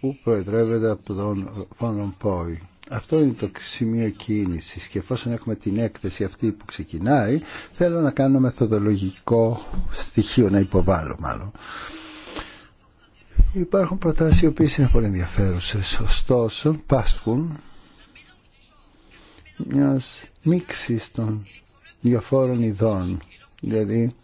που προεδρεύεται από τον Φόνον Πόη. Αυτό είναι το σημείο κίνησης και εφόσον έχουμε την έκθεση αυτή που ξεκινάει θέλω να κάνω μεθοδολογικό στοιχείο, να υποβάλω μάλλον. Υπάρχουν προτάσεις οι οποίες είναι πολύ ενδιαφέρουσες, ωστόσο πάσχουν μιας μίξης των διαφόρων ειδών, δηλαδή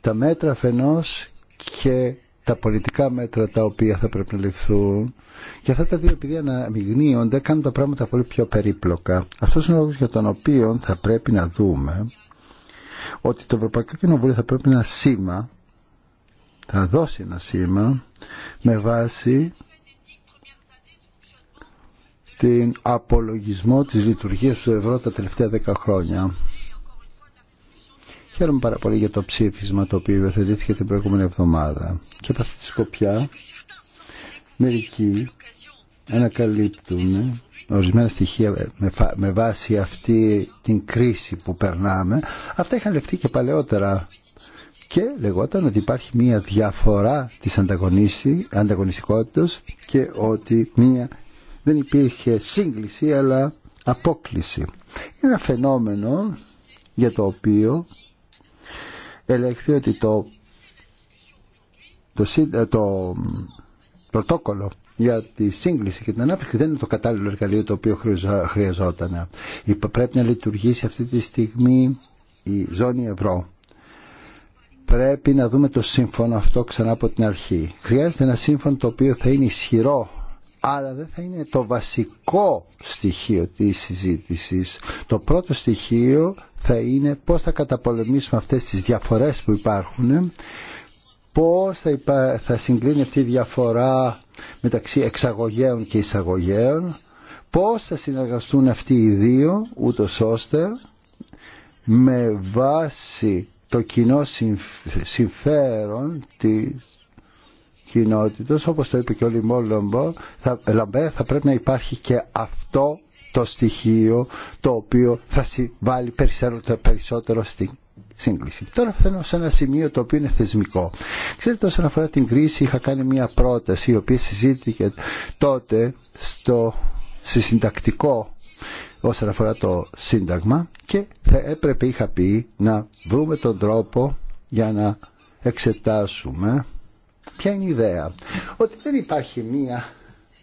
τα μέτρα αφενός και τα πολιτικά μέτρα τα οποία θα πρέπει να ληφθούν και αυτά τα δύο επειδή αναμειγνύονται κάνουν τα πράγματα πολύ πιο περίπλοκα. Αυτός είναι ο λόγος για τον οποίο θα πρέπει να δούμε ότι το Ευρωπαϊκό Κοινοβούλιο θα πρέπει να σήμα θα δώσει ένα σήμα με βάση την απολογισμό της λειτουργίας του ευρώ τα τελευταία δέκα χρόνια. Χαίρομαι πάρα πολύ για το ψήφισμα το οποίο υιοθετήθηκε την προηγούμενη εβδομάδα. Και από αυτή τη σκοπιά μερικοί ανακαλύπτουν ορισμένα στοιχεία με βάση αυτή την κρίση που περνάμε. Αυτά είχαν λεφθεί και παλαιότερα και λεγόταν ότι υπάρχει μία διαφορά της ανταγωνιστικότητας και ότι μία δεν υπήρχε σύγκληση αλλά απόκληση. Είναι ένα φαινόμενο για το οποίο ελέγχθη ότι το, το, ε, το πρωτόκολλο για τη σύγκληση και την ανάπτυξη δεν είναι το κατάλληλο εργαλείο το οποίο χρειαζόταν. Πρέπει να λειτουργήσει αυτή τη στιγμή η ζώνη ευρώ πρέπει να δούμε το σύμφωνο αυτό ξανά από την αρχή. Χρειάζεται ένα σύμφωνο το οποίο θα είναι ισχυρό, αλλά δεν θα είναι το βασικό στοιχείο της συζήτησης. Το πρώτο στοιχείο θα είναι πώς θα καταπολεμήσουμε αυτές τις διαφορές που υπάρχουν, πώς θα, υπά... θα συγκρίνει αυτή η διαφορά μεταξύ εξαγωγέων και εισαγωγέων, πώς θα συνεργαστούν αυτοί οι δύο, ούτως ώστε με βάση το κοινό συμφέρον της κοινότητας, όπως το είπε και ο Λιμό θα, θα πρέπει να υπάρχει και αυτό το στοιχείο το οποίο θα συμβάλλει περισσότερο, περισσότερο στην σύγκληση. Τώρα θέλω σε ένα σημείο το οποίο είναι θεσμικό. Ξέρετε όσον αφορά την κρίση είχα κάνει μια πρόταση η οποία συζήτηκε τότε στο, συντακτικό όσον αφορά το Σύνταγμα και θα έπρεπε είχα πει να βρούμε τον τρόπο για να εξετάσουμε ποια είναι η ιδέα ότι δεν υπάρχει μία,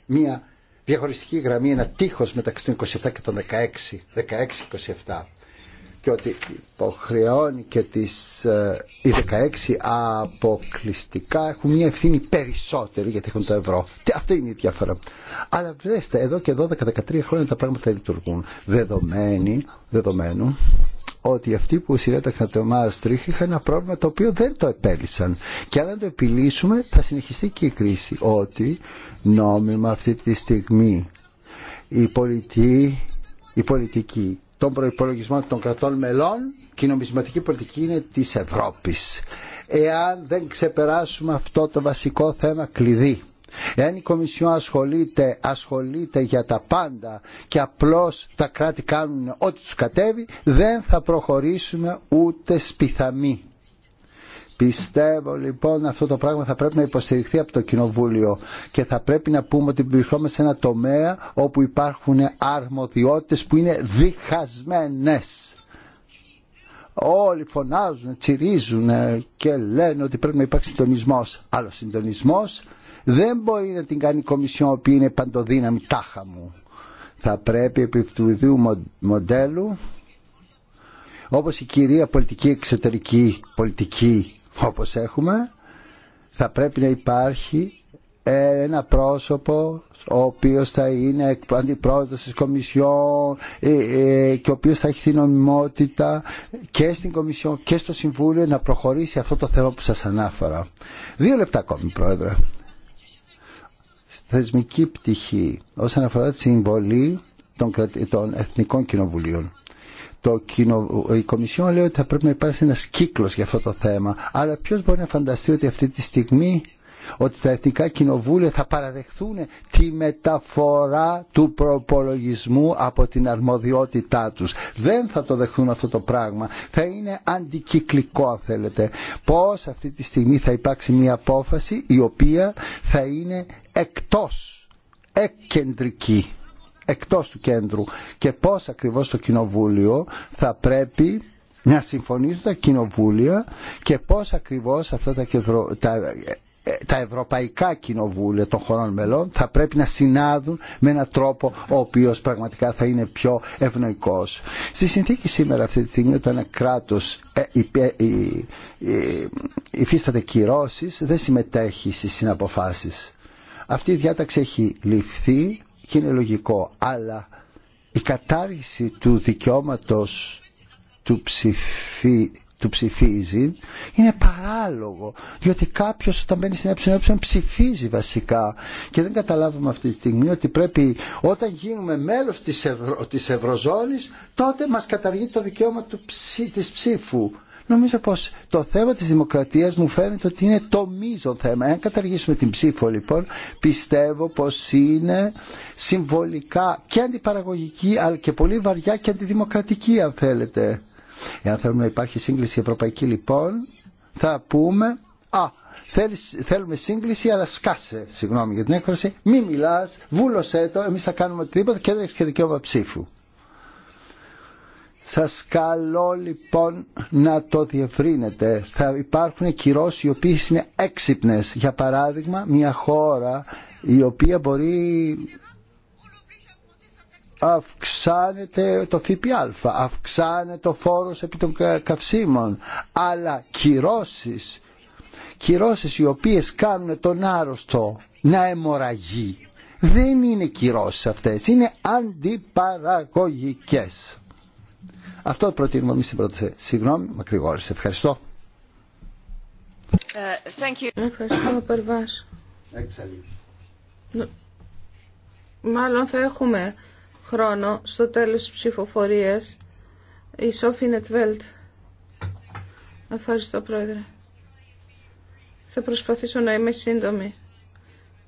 μία διαχωριστική γραμμή, ένα τείχος μεταξύ των 27 και των 16, 16-27 και ότι υποχρεώνει και τις ε, οι 16 αποκλειστικά έχουν μια ευθύνη περισσότερη γιατί έχουν το ευρώ. Τι αυτή είναι η διαφορά. Αλλά βλέπετε εδώ και 12-13 χρόνια τα πράγματα λειτουργούν. Δεδομένου, ότι αυτοί που συνέταξαν το Μάστριχ είχαν ένα πρόβλημα το οποίο δεν το επέλυσαν. Και αν δεν το επιλύσουμε θα συνεχιστεί και η κρίση. Ότι νόμιμα αυτή τη στιγμή η πολιτική, η πολιτική των προϋπολογισμών των κρατών μελών και η νομισματική πολιτική είναι της Ευρώπης. Εάν δεν ξεπεράσουμε αυτό το βασικό θέμα κλειδί, εάν η Κομισιόν ασχολείται, ασχολείται για τα πάντα και απλώς τα κράτη κάνουν ό,τι τους κατέβει, δεν θα προχωρήσουμε ούτε σπιθαμή. Πιστεύω λοιπόν αυτό το πράγμα θα πρέπει να υποστηριχθεί από το Κοινοβούλιο και θα πρέπει να πούμε ότι βρισκόμαστε σε ένα τομέα όπου υπάρχουν αρμοδιότητες που είναι διχασμένες. Όλοι φωνάζουν, τσιρίζουν και λένε ότι πρέπει να υπάρξει συντονισμό. Αλλά ο συντονισμό δεν μπορεί να την κάνει η Κομισιόν, που είναι παντοδύναμη τάχα μου. Θα πρέπει επί του ιδίου μοντέλου, όπω η κυρία πολιτική εξωτερική πολιτική όπως έχουμε θα πρέπει να υπάρχει ένα πρόσωπο ο οποίος θα είναι αντιπρόεδρος της Κομισιόν ε, ε, και ο οποίος θα έχει την νομιμότητα και στην Κομισιόν και στο Συμβούλιο να προχωρήσει αυτό το θέμα που σας ανάφερα. Δύο λεπτά ακόμη Πρόεδρε. Θεσμική πτυχή όσον αφορά τη συμβολή των εθνικών κοινοβουλίων. Το κοινο... Η Κομισιόν λέει ότι θα πρέπει να υπάρξει ένας κύκλος για αυτό το θέμα. Αλλά ποιος μπορεί να φανταστεί ότι αυτή τη στιγμή ότι τα εθνικά κοινοβούλια θα παραδεχθούν τη μεταφορά του προπολογισμού από την αρμοδιότητά τους. Δεν θα το δεχθούν αυτό το πράγμα. Θα είναι αντικυκλικό αν θέλετε. Πώς αυτή τη στιγμή θα υπάρξει μια απόφαση η οποία θα είναι εκτός, εκκεντρική εκτός του κέντρου και πώς ακριβώς το Κοινοβούλιο θα πρέπει να συμφωνήσουν τα κοινοβούλια και πώς ακριβώς αυτά τα, τα, ε, τα ευρωπαϊκά κοινοβούλια των χωρών μελών θα πρέπει να συνάδουν με έναν τρόπο ο οποίος πραγματικά θα είναι πιο ευνοϊκός. Στη συνθήκη σήμερα αυτή τη στιγμή όταν ένα κράτος ε, ε, υφίσταται κυρώσεις δεν συμμετέχει στις συναποφάσεις. Αυτή η διάταξη έχει ληφθεί και είναι λογικό. Αλλά η κατάργηση του δικαιώματος του, ψηφί, του ψηφίζει είναι παράλογο διότι κάποιος όταν μπαίνει στην ΕΕ ψηφίζει βασικά και δεν καταλάβουμε αυτή τη στιγμή ότι πρέπει όταν γίνουμε μέλος της, Ευρω... Ευρωζώνης τότε μας καταργεί το δικαίωμα του της ψήφου Νομίζω πως το θέμα της δημοκρατίας μου φαίνεται ότι είναι το μείζον θέμα. Εάν καταργήσουμε την ψήφο λοιπόν πιστεύω πως είναι συμβολικά και αντιπαραγωγική αλλά και πολύ βαριά και αντιδημοκρατική αν θέλετε. Εάν θέλουμε να υπάρχει σύγκληση ευρωπαϊκή λοιπόν θα πούμε «Α, θέλουμε σύγκληση αλλά σκάσε, συγγνώμη για την έκφραση, μη μιλάς, βούλωσέ το, εμείς θα κάνουμε οτιδήποτε και δεν έχεις και δικαίωμα ψήφου». Σας καλώ λοιπόν να το διευρύνετε. Θα υπάρχουν κυρώσεις οι οποίες είναι έξυπνες. Για παράδειγμα, μια χώρα η οποία μπορεί αυξάνεται το ΦΠΑ, αυξάνεται το φόρος επί των καυσίμων, αλλά κυρώσεις, κυρώσεις οι οποίες κάνουν τον άρρωστο να αιμορραγεί. Δεν είναι κυρώσεις αυτές, είναι αντιπαραγωγικές. Αυτό προτείνουμε εμεί στην πρόταση. Συγγνώμη, μακρηγόρησε. Ευχαριστώ. Ε, thank you. Ευχαριστώ, Περβάς. Μάλλον θα έχουμε χρόνο στο τέλος τη ψηφοφορία, Η Σόφι Νετβέλτ. Ευχαριστώ, Πρόεδρε. Θα προσπαθήσω να είμαι σύντομη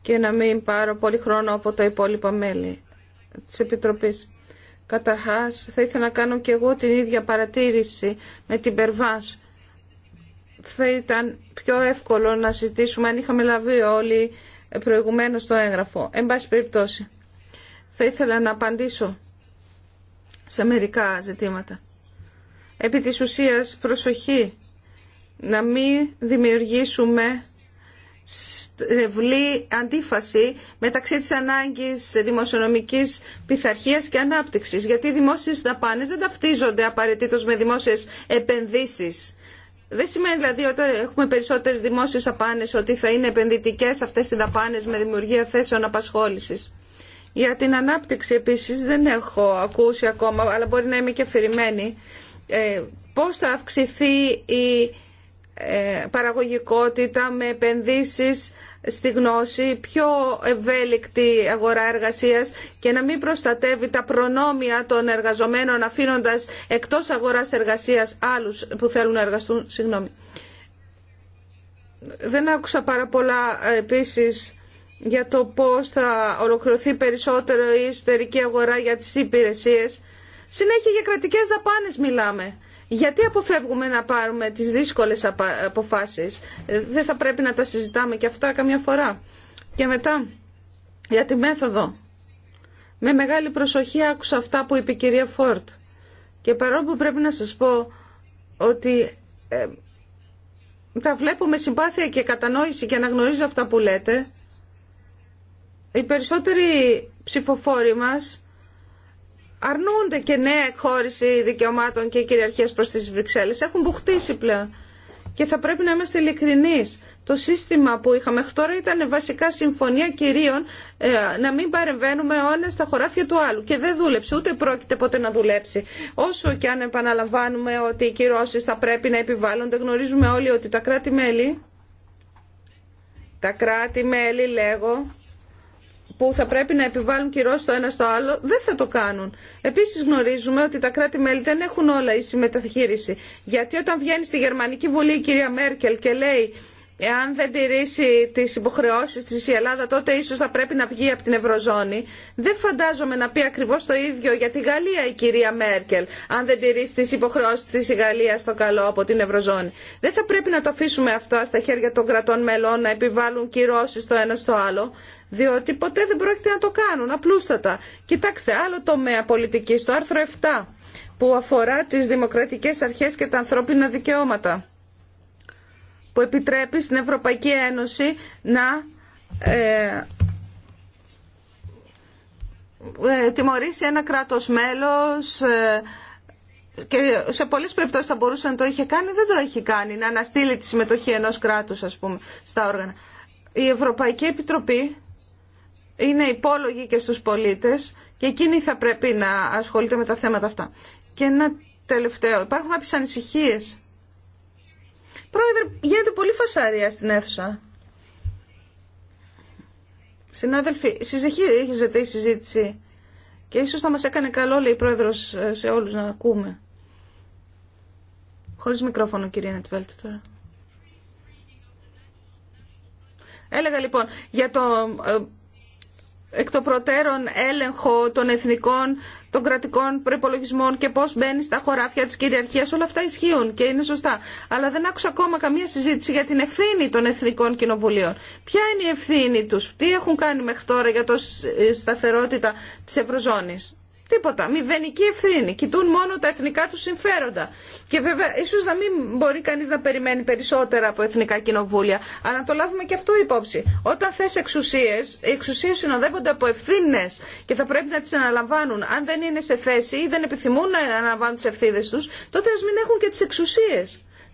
και να μην πάρω πολύ χρόνο από τα υπόλοιπα μέλη της Επιτροπής. Καταρχάς, θα ήθελα να κάνω και εγώ την ίδια παρατήρηση με την Περβάς. Θα ήταν πιο εύκολο να συζητήσουμε αν είχαμε λαβεί όλοι προηγουμένως το έγγραφο. Εν πάση περιπτώσει, θα ήθελα να απαντήσω σε μερικά ζητήματα. Επί της προσοχή να μην δημιουργήσουμε στρεβλή αντίφαση μεταξύ της ανάγκης δημοσιονομικής πειθαρχία και ανάπτυξης. Γιατί οι δημόσιες δαπάνες δεν ταυτίζονται απαραίτητο με δημόσιες επενδύσεις. Δεν σημαίνει δηλαδή όταν έχουμε περισσότερες δημόσιες δαπάνες ότι θα είναι επενδυτικές αυτές οι δαπάνες με δημιουργία θέσεων απασχόλησης. Για την ανάπτυξη επίσης δεν έχω ακούσει ακόμα, αλλά μπορεί να είμαι και αφηρημένη, ε, πώς θα αυξηθεί η ε, παραγωγικότητα, με επενδύσεις στη γνώση, πιο ευέλικτη αγορά εργασίας και να μην προστατεύει τα προνόμια των εργαζομένων αφήνοντας εκτός αγοράς εργασίας άλλους που θέλουν να εργαστούν. Συγγνώμη. Δεν άκουσα πάρα πολλά ε, επίσης για το πώς θα ολοκληρωθεί περισσότερο η εσωτερική αγορά για τις υπηρεσίες. Συνέχεια για κρατικές δαπάνες μιλάμε. Γιατί αποφεύγουμε να πάρουμε τις δύσκολες αποφάσεις. Ε, δεν θα πρέπει να τα συζητάμε και αυτά καμιά φορά. Και μετά, για τη μέθοδο. Με μεγάλη προσοχή άκουσα αυτά που είπε η κυρία Φόρτ. Και παρόλο που πρέπει να σας πω ότι ε, τα βλέπω με συμπάθεια και κατανόηση και αναγνωρίζω αυτά που λέτε, οι περισσότεροι ψηφοφόροι μας αρνούνται και νέα εκχώρηση δικαιωμάτων και κυριαρχίας προς τις Βρυξέλλες. Έχουν μπουχτίσει πλέον. Και θα πρέπει να είμαστε ειλικρινεί. Το σύστημα που είχαμε μέχρι τώρα ήταν βασικά συμφωνία κυρίων ε, να μην παρεμβαίνουμε ο στα χωράφια του άλλου. Και δεν δούλεψε, ούτε πρόκειται ποτέ να δουλέψει. Όσο και αν επαναλαμβάνουμε ότι οι κυρώσει θα πρέπει να επιβάλλονται, γνωρίζουμε όλοι ότι τα κράτη-μέλη. Τα κράτη-μέλη, λέγω, που θα πρέπει να επιβάλλουν κυρώσει το ένα στο άλλο, δεν θα το κάνουν. Επίση, γνωρίζουμε ότι τα κράτη-μέλη δεν έχουν όλα ίση μεταχείριση. Γιατί όταν βγαίνει στη Γερμανική Βουλή η κυρία Μέρκελ και λέει εάν δεν τηρήσει τι υποχρεώσει τη η Ελλάδα, τότε ίσω θα πρέπει να βγει από την Ευρωζώνη. Δεν φαντάζομαι να πει ακριβώ το ίδιο για τη Γαλλία η κυρία Μέρκελ, αν δεν τηρήσει τι υποχρεώσει τη η Γαλλία στο καλό από την Ευρωζώνη. Δεν θα πρέπει να το αφήσουμε αυτό στα χέρια των κρατών μελών να επιβάλλουν κυρώσει το ένα στο άλλο διότι ποτέ δεν πρόκειται να το κάνουν, απλούστατα. Κοιτάξτε, άλλο τομέα πολιτική, το άρθρο 7, που αφορά τις δημοκρατικές αρχές και τα ανθρώπινα δικαιώματα, που επιτρέπει στην Ευρωπαϊκή Ένωση να ε, ε, τιμωρήσει ένα κράτος μέλος... Ε, και σε πολλέ περιπτώσει θα μπορούσε να το είχε κάνει, δεν το έχει κάνει, να αναστείλει τη συμμετοχή ενό κράτου, α πούμε, στα όργανα. Η Ευρωπαϊκή Επιτροπή είναι υπόλογοι και στους πολίτες και εκείνοι θα πρέπει να ασχολείται με τα θέματα αυτά. Και ένα τελευταίο. Υπάρχουν κάποιες ανησυχίε. Πρόεδρε, γίνεται πολύ φασαρία στην αίθουσα. Συνάδελφοι, συζητήσετε η συζήτηση και ίσως θα μας έκανε καλό, λέει η Πρόεδρος, σε όλους να ακούμε. Χωρίς μικρόφωνο, κυρία Νετβέλτ, τώρα. Έλεγα λοιπόν, για το ε, εκ των προτέρων έλεγχο των εθνικών, των κρατικών προπολογισμών και πώς μπαίνει στα χωράφια της κυριαρχίας. Όλα αυτά ισχύουν και είναι σωστά. Αλλά δεν άκουσα ακόμα καμία συζήτηση για την ευθύνη των εθνικών κοινοβουλίων. Ποια είναι η ευθύνη τους, τι έχουν κάνει μέχρι τώρα για το ε, σταθερότητα της Ευρωζώνης τίποτα. Μηδενική ευθύνη. Κοιτούν μόνο τα εθνικά του συμφέροντα. Και βέβαια, ίσω να μην μπορεί κανεί να περιμένει περισσότερα από εθνικά κοινοβούλια. Αλλά να το λάβουμε και αυτό υπόψη. Όταν θε εξουσίε, οι εξουσίε συνοδεύονται από ευθύνε και θα πρέπει να τι αναλαμβάνουν. Αν δεν είναι σε θέση ή δεν επιθυμούν να αναλαμβάνουν τι ευθύνε του, τότε α μην έχουν και τι εξουσίε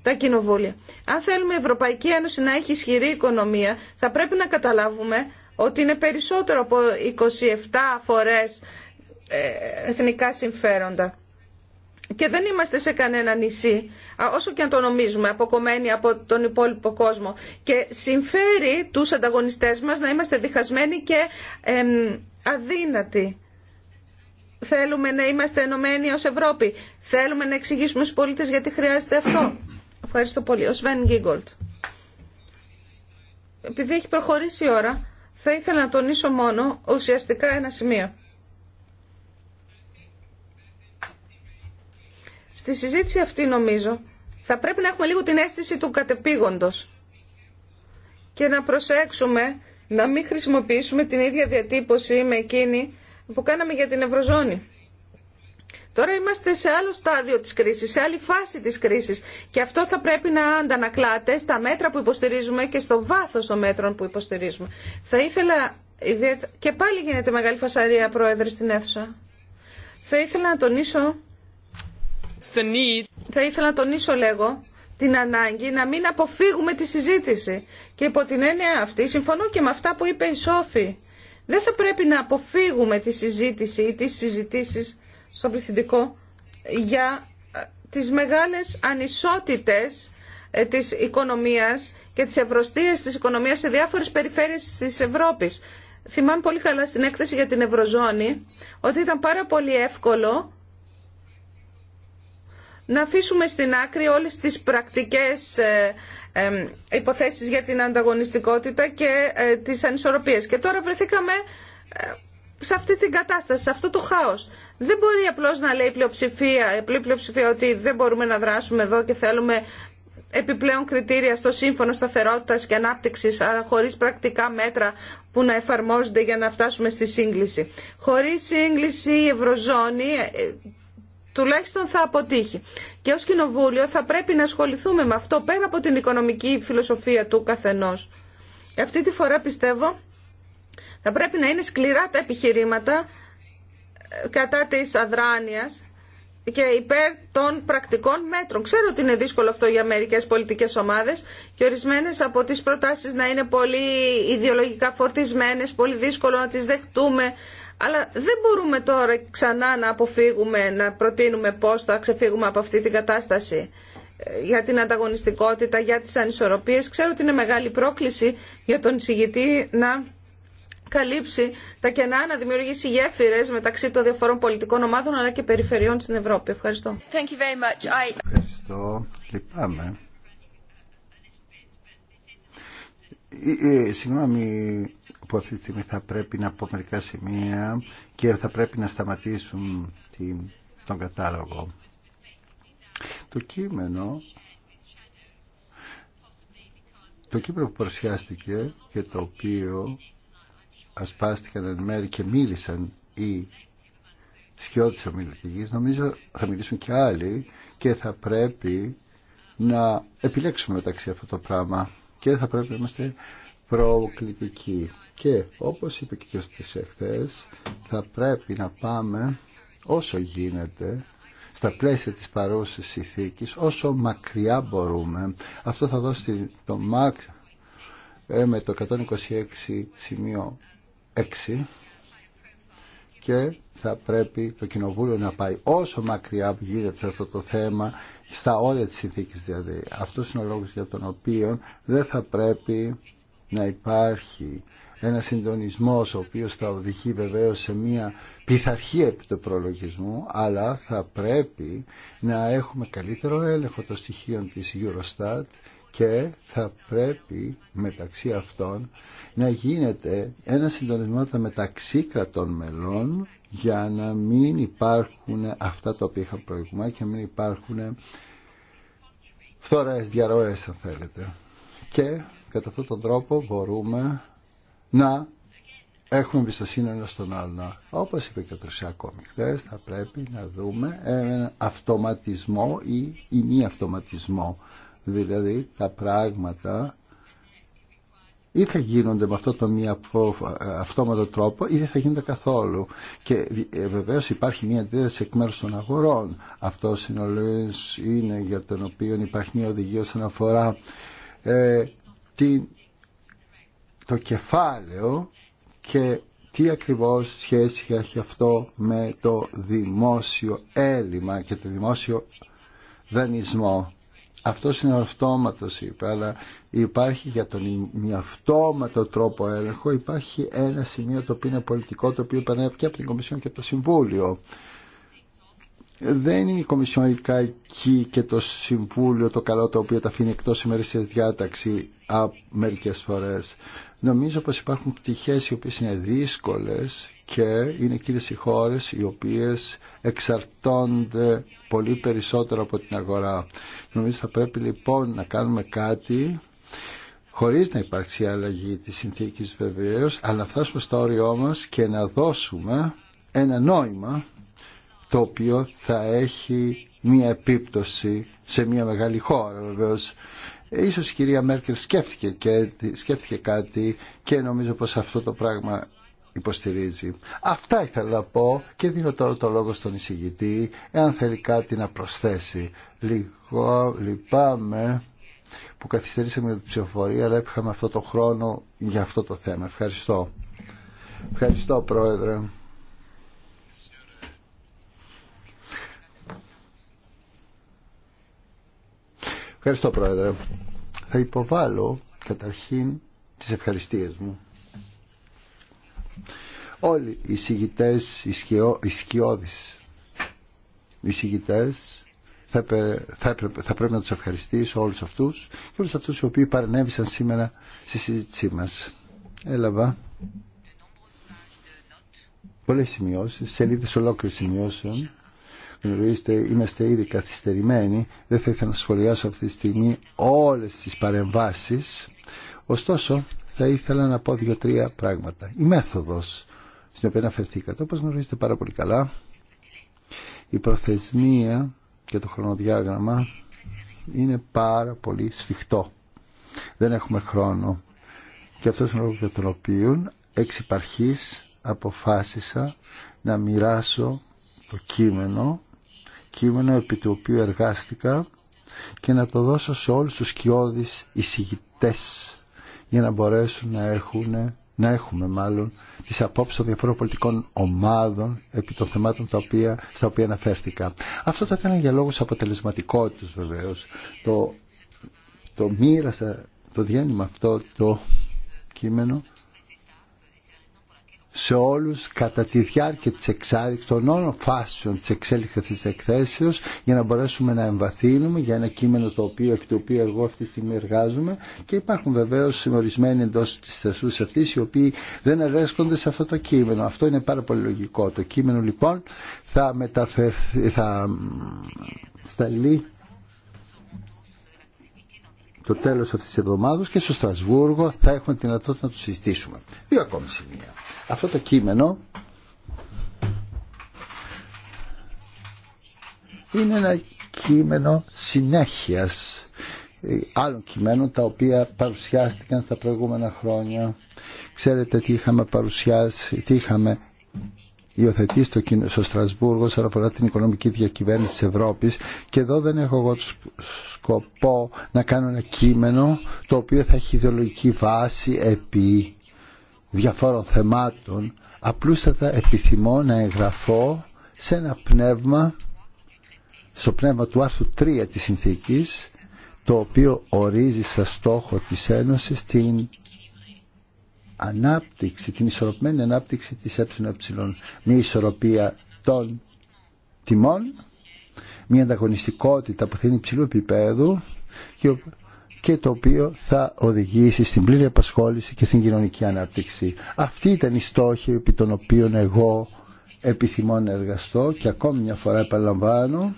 τα κοινοβούλια. Αν θέλουμε η Ευρωπαϊκή Ένωση να έχει ισχυρή οικονομία, θα πρέπει να καταλάβουμε ότι είναι περισσότερο από 27 φορές ε, εθνικά συμφέροντα. Και δεν είμαστε σε κανένα νησί, όσο και αν το νομίζουμε, αποκομμένοι από τον υπόλοιπο κόσμο. Και συμφέρει τους ανταγωνιστές μας να είμαστε διχασμένοι και αδύνατοι. Θέλουμε να είμαστε ενωμένοι ως Ευρώπη. Θέλουμε να εξηγήσουμε στους πολίτες γιατί χρειάζεται αυτό. Ευχαριστώ πολύ. Ο Σβέν Γκίγκολτ. Επειδή έχει προχωρήσει η ώρα, θα ήθελα να τονίσω μόνο ουσιαστικά ένα σημείο. Στη συζήτηση αυτή νομίζω θα πρέπει να έχουμε λίγο την αίσθηση του κατεπήγοντος και να προσέξουμε να μην χρησιμοποιήσουμε την ίδια διατύπωση με εκείνη που κάναμε για την Ευρωζώνη. Τώρα είμαστε σε άλλο στάδιο της κρίσης, σε άλλη φάση της κρίσης και αυτό θα πρέπει να αντανακλάται στα μέτρα που υποστηρίζουμε και στο βάθος των μέτρων που υποστηρίζουμε. Θα ήθελα, και πάλι γίνεται μεγάλη φασαρία πρόεδρε στην αίθουσα, θα ήθελα να τονίσω θα ήθελα να τονίσω λέγω την ανάγκη να μην αποφύγουμε τη συζήτηση. Και υπό την έννοια αυτή συμφωνώ και με αυτά που είπε η Σόφη. Δεν θα πρέπει να αποφύγουμε τη συζήτηση ή τις συζητήσεις στο πληθυντικό για ε, τις μεγάλες ανισότητες ε, της οικονομίας και τις ευρωστίες της οικονομίας σε διάφορες περιφέρειες της Ευρώπης. Θυμάμαι πολύ καλά στην έκθεση για την Ευρωζώνη ότι ήταν πάρα πολύ εύκολο να αφήσουμε στην άκρη όλες τις πρακτικές ε, ε, υποθέσεις για την ανταγωνιστικότητα και ε, τις ανισορροπίες. Και τώρα βρεθήκαμε ε, σε αυτή την κατάσταση, σε αυτό το χάος. Δεν μπορεί απλώς να λέει η πλειοψηφία, η πλειοψηφία ότι δεν μπορούμε να δράσουμε εδώ και θέλουμε επιπλέον κριτήρια στο σύμφωνο σταθερότητας και ανάπτυξης αλλά χωρίς πρακτικά μέτρα που να εφαρμόζονται για να φτάσουμε στη σύγκληση. Χωρίς σύγκληση η Ευρωζώνη ε, τουλάχιστον θα αποτύχει. Και ως κοινοβούλιο θα πρέπει να ασχοληθούμε με αυτό πέρα από την οικονομική φιλοσοφία του καθενός. Αυτή τη φορά πιστεύω θα πρέπει να είναι σκληρά τα επιχειρήματα ε, κατά της αδράνειας και υπέρ των πρακτικών μέτρων. Ξέρω ότι είναι δύσκολο αυτό για μερικές πολιτικές ομάδες και ορισμένες από τις προτάσεις να είναι πολύ ιδεολογικά φορτισμένες, πολύ δύσκολο να τις δεχτούμε, αλλά δεν μπορούμε τώρα ξανά να αποφύγουμε, να προτείνουμε πώς θα ξεφύγουμε από αυτή την κατάσταση ε, για την ανταγωνιστικότητα, για τις ανισορροπίες. Ξέρω ότι είναι μεγάλη πρόκληση για τον συγητή να καλύψει τα κενά, να δημιουργήσει γέφυρες μεταξύ των διαφορών πολιτικών ομάδων αλλά και περιφερειών στην Ευρώπη. Ευχαριστώ. Thank you very much. I... Ευχαριστώ. Λυπάμαι. Ε, ε συγγνώμη, που αυτή τη στιγμή θα πρέπει να πω μερικά σημεία και θα πρέπει να σταματήσουν τον κατάλογο. Το κείμενο το κείμενο που παρουσιάστηκε και το οποίο ασπάστηκαν εν μέρη και μίλησαν οι ο ομιλητικής, νομίζω θα μιλήσουν και άλλοι και θα πρέπει να επιλέξουμε μεταξύ αυτό το πράγμα και θα πρέπει να είμαστε προκλητικοί. Και όπως είπε και στις εχθές, θα πρέπει να πάμε όσο γίνεται στα πλαίσια της παρούσης συνθήκης, όσο μακριά μπορούμε. Αυτό θα δώσει το ΜΑΚ ε, με το 126 σημείο 6 και θα πρέπει το Κοινοβούλιο να πάει όσο μακριά γίνεται σε αυτό το θέμα, στα όρια της συνθήκης δηλαδή. Αυτός είναι ο λόγος για τον οποίο δεν θα πρέπει να υπάρχει ένα συντονισμός ο οποίος θα οδηγεί βεβαίως σε μια πειθαρχία επί του προλογισμού αλλά θα πρέπει να έχουμε καλύτερο έλεγχο των στοιχείων της Eurostat και θα πρέπει μεταξύ αυτών να γίνεται ένα συντονισμό μεταξύ κρατών μελών για να μην υπάρχουν αυτά τα οποία είχαν προηγουμένως και μην υπάρχουν φθόρες διαρροές αν θέλετε και κατά αυτόν τον τρόπο μπορούμε να έχουμε εμπιστοσύνη ένα στον άλλον. Όπως είπε και ο Τρισιάκομι χθε, θα πρέπει να δούμε ε, έναν αυτοματισμό ή, ή μη αυτοματισμό. Δηλαδή τα πράγματα ή θα γίνονται με αυτό το μία αυτόματο τρόπο ή δεν θα γίνονται καθόλου. Και ε, βεβαίω υπάρχει μια αντίθεση εκ μέρου των αγορών. Αυτό είναι για τον οποίο υπάρχει μια οδηγία όσον αφορά ε, την το κεφάλαιο και τι ακριβώς σχέση έχει αυτό με το δημόσιο έλλειμμα και το δημόσιο δανεισμό. Αυτό είναι ο αυτόματος είπε, αλλά υπάρχει για τον αυτόματο τρόπο έλεγχο, υπάρχει ένα σημείο το οποίο είναι πολιτικό, το οποίο περνάει και από την Κομισιόν και από το Συμβούλιο. Δεν είναι η Κομισιόν η κακή και το Συμβούλιο το καλό το οποίο τα αφήνει εκτός ημερήσιας διάταξη μερικέ φορές. Νομίζω πως υπάρχουν πτυχές οι οποίες είναι δύσκολες και είναι κύριες οι χώρες οι οποίες εξαρτώνται πολύ περισσότερο από την αγορά. Νομίζω θα πρέπει λοιπόν να κάνουμε κάτι χωρίς να υπάρξει αλλαγή της συνθήκης βεβαίως, αλλά να φτάσουμε στο όριό μας και να δώσουμε ένα νόημα το οποίο θα έχει μία επίπτωση σε μία μεγάλη χώρα βεβαίως. Ίσως η κυρία Μέρκελ σκέφτηκε, και, σκέφτηκε κάτι και νομίζω πως αυτό το πράγμα υποστηρίζει. Αυτά ήθελα να πω και δίνω τώρα το λόγο στον εισηγητή εάν θέλει κάτι να προσθέσει. Λίγο λυπάμαι που καθυστερήσαμε την ψηφοφορία αλλά είχαμε αυτό το χρόνο για αυτό το θέμα. Ευχαριστώ. Ευχαριστώ Πρόεδρε. Ευχαριστώ Πρόεδρε. Θα υποβάλω καταρχήν τις ευχαριστίες μου. Όλοι οι συγητές, οι, οι σκιώδεις, θα, θα, θα πρέπει να τους ευχαριστήσω όλους αυτούς και όλους αυτούς οι οποίοι παρενέβησαν σήμερα στη συζήτησή μας. Έλαβα πολλές σημειώσεις, σελίδες ολόκληρες σημειώσεων γνωρίζετε είμαστε ήδη καθυστερημένοι. Δεν θα ήθελα να σχολιάσω αυτή τη στιγμή όλες τις παρεμβάσεις. Ωστόσο θα ήθελα να πω δύο-τρία πράγματα. Η μέθοδος στην οποία αναφερθήκατε, όπως γνωρίζετε πάρα πολύ καλά, η προθεσμία και το χρονοδιάγραμμα είναι πάρα πολύ σφιχτό. Δεν έχουμε χρόνο. Και αυτός είναι ο λόγος για τον οποίο εξ αποφάσισα να μοιράσω το κείμενο κείμενο επί του οποίου εργάστηκα και να το δώσω σε όλους τους σκιώδεις εισηγητές για να μπορέσουν να, έχουν, να έχουμε μάλλον τις απόψεις των διαφορών πολιτικών ομάδων επί των θεμάτων τα οποία, στα οποία αναφέρθηκα. Αυτό το έκανα για λόγους αποτελεσματικότητας βεβαίως. Το, το μοίρασα το διένυμα αυτό το κείμενο σε όλους κατά τη διάρκεια της εξάρτησης των όλων φάσεων της εξέλιξης της εκθέσεως για να μπορέσουμε να εμβαθύνουμε για ένα κείμενο το οποίο, το οποίο εγώ αυτή τη στιγμή εργάζομαι και υπάρχουν βεβαίως συμμορισμένοι εντό της θεσούς αυτής οι οποίοι δεν αρέσκονται σε αυτό το κείμενο. Αυτό είναι πάρα πολύ λογικό. Το κείμενο λοιπόν θα μεταφερθεί, θα σταλεί το τέλος αυτής της εβδομάδας και στο Στρασβούργο θα έχουμε τη δυνατότητα να το συζητήσουμε. Δύο ακόμη σημεία. Αυτό το κείμενο είναι ένα κείμενο συνέχειας ε, άλλων κειμένων τα οποία παρουσιάστηκαν στα προηγούμενα χρόνια. Ξέρετε τι είχαμε παρουσιάσει, τι είχαμε υιοθετεί στο, στο Στρασβούργο όσον αφορά την οικονομική διακυβέρνηση της Ευρώπης και εδώ δεν έχω εγώ σκοπό να κάνω ένα κείμενο το οποίο θα έχει ιδεολογική βάση επί διαφόρων θεμάτων απλούστατα επιθυμώ να εγγραφώ σε ένα πνεύμα στο πνεύμα του άρθρου 3 της συνθήκης το οποίο ορίζει σαν στόχο της Ένωσης την ανάπτυξη, την ισορροπημένη ανάπτυξη της ΕΕ, μια ισορροπία των τιμών, μια ανταγωνιστικότητα που θα είναι υψηλού επίπεδου και το οποίο θα οδηγήσει στην πλήρη απασχόληση και στην κοινωνική ανάπτυξη. Αυτή ήταν η στόχη επί των οποίων εγώ επιθυμώ να εργαστώ και ακόμη μια φορά επαναλαμβάνω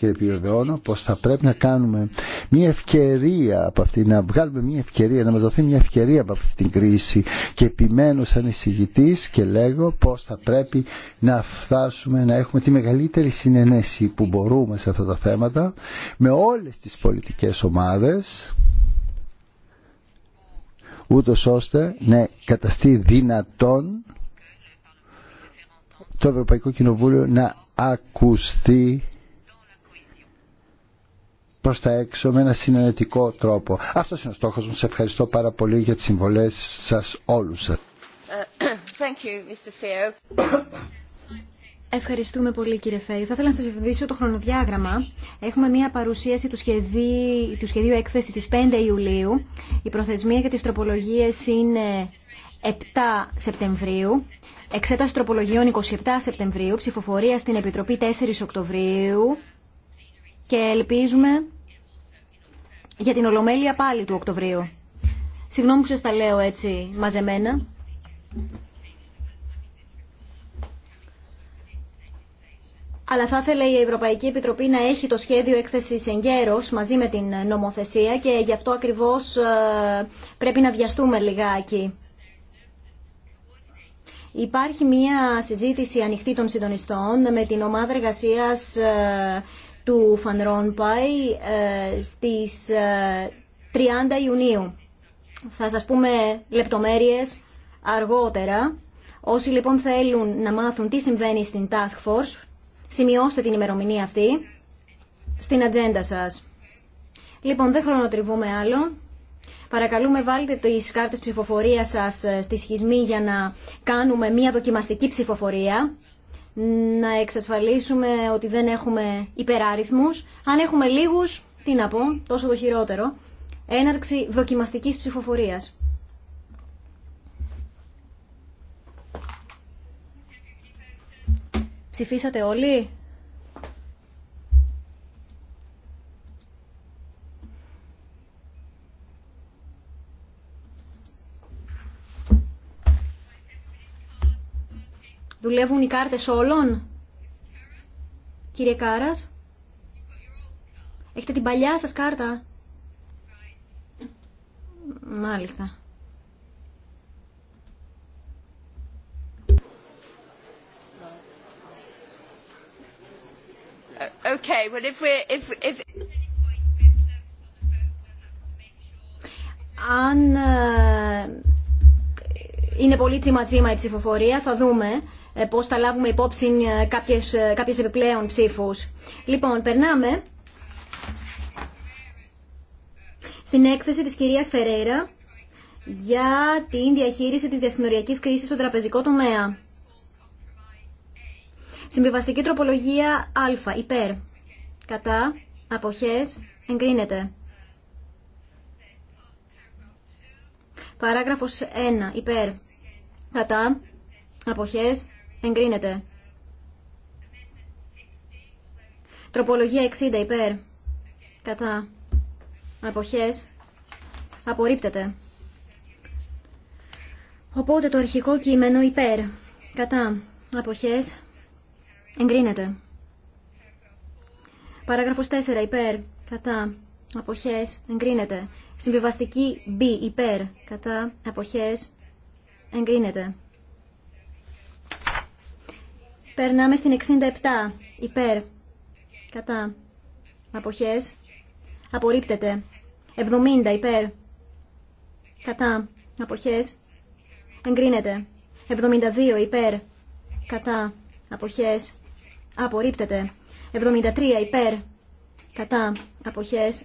και επιβεβαιώνω πως θα πρέπει να κάνουμε μια ευκαιρία από αυτή, να βγάλουμε μια ευκαιρία, να μας δοθεί μια ευκαιρία από αυτή την κρίση και επιμένω σαν εισηγητή και λέγω πως θα πρέπει να φτάσουμε να έχουμε τη μεγαλύτερη συνενέση που μπορούμε σε αυτά τα θέματα με όλες τις πολιτικές ομάδες ούτω ώστε να καταστεί δυνατόν το Ευρωπαϊκό Κοινοβούλιο να ακουστεί προς τα έξω με ένα συνενετικό τρόπο. Αυτός είναι ο στόχος μου. Σε ευχαριστώ πάρα πολύ για τις συμβολές σας όλους. Ε, Ευχαριστούμε πολύ κύριε Φέη. Θα ήθελα να σας ευχαριστήσω το χρονοδιάγραμμα. Έχουμε μία παρουσίαση του, σχεδίου έκθεσης της 5 Ιουλίου. Η προθεσμία για τις τροπολογίες είναι 7 Σεπτεμβρίου. Εξέταση τροπολογιών 27 Σεπτεμβρίου. Ψηφοφορία στην Επιτροπή 4 Οκτωβρίου και ελπίζουμε για την Ολομέλεια πάλι του Οκτωβρίου. Συγγνώμη που σας τα λέω έτσι μαζεμένα. Αλλά θα ήθελε η Ευρωπαϊκή Επιτροπή να έχει το σχέδιο έκθεσης εγκαίρως μαζί με την νομοθεσία και γι' αυτό ακριβώς ε, πρέπει να βιαστούμε λιγάκι. Υπάρχει μία συζήτηση ανοιχτή των συντονιστών με την ομάδα εργασίας ε, του Φαν Ρόνπαϊ ε, στις 30 ε, Ιουνίου. Θα σας πούμε λεπτομέρειες αργότερα. Όσοι λοιπόν θέλουν να μάθουν τι συμβαίνει στην Task Force, σημειώστε την ημερομηνία αυτή στην ατζέντα σας. Λοιπόν, δεν χρονοτριβούμε άλλο. Παρακαλούμε βάλτε τις κάρτες ψηφοφορίας σας ε, στη σχισμή για να κάνουμε μια δοκιμαστική ψηφοφορία να εξασφαλίσουμε ότι δεν έχουμε υπεράριθμους. Αν έχουμε λίγους, τι να πω, τόσο το χειρότερο. Έναρξη δοκιμαστικής ψηφοφορίας. Ψηφίσατε όλοι. Δουλεύουν οι κάρτες όλων. Κύριε Κάρας. Έχετε την παλιά σας κάρτα. Μάλιστα. Ε, okay, but if we if, if... Αν ε, είναι πολύ τσιματσίμα η ψηφοφορία, θα δούμε. Ε, πώς θα λάβουμε υπόψη ε, κάποιες, ε, κάποιες επιπλέον ψήφους. Λοιπόν, περνάμε στην έκθεση της κυρίας Φερέιρα για την διαχείριση της διασυνοριακής κρίσης στο τραπεζικό τομέα. Συμβιβαστική τροπολογία Α, υπέρ. Κατά, αποχές, εγκρίνεται. Παράγραφος 1, υπέρ. Κατά, αποχές, Εγκρίνεται. Τροπολογία 60 υπέρ. Κατά. Αποχές. Απορρίπτεται. Οπότε το αρχικό κείμενο υπέρ. Κατά. Αποχές. Εγκρίνεται. Παράγραφος 4 υπέρ. Κατά. Αποχές. Εγκρίνεται. Συμβιβαστική B υπέρ. Κατά. Αποχές. Εγκρίνεται. Περνάμε στην 67. Υπέρ. Κατά. Αποχές. Απορρίπτεται. 70. Υπέρ. Κατά. Αποχές. Εγκρίνεται. 72. Υπέρ. Κατά. Αποχές. Απορρίπτεται. 73. Υπέρ. Κατά. Αποχές.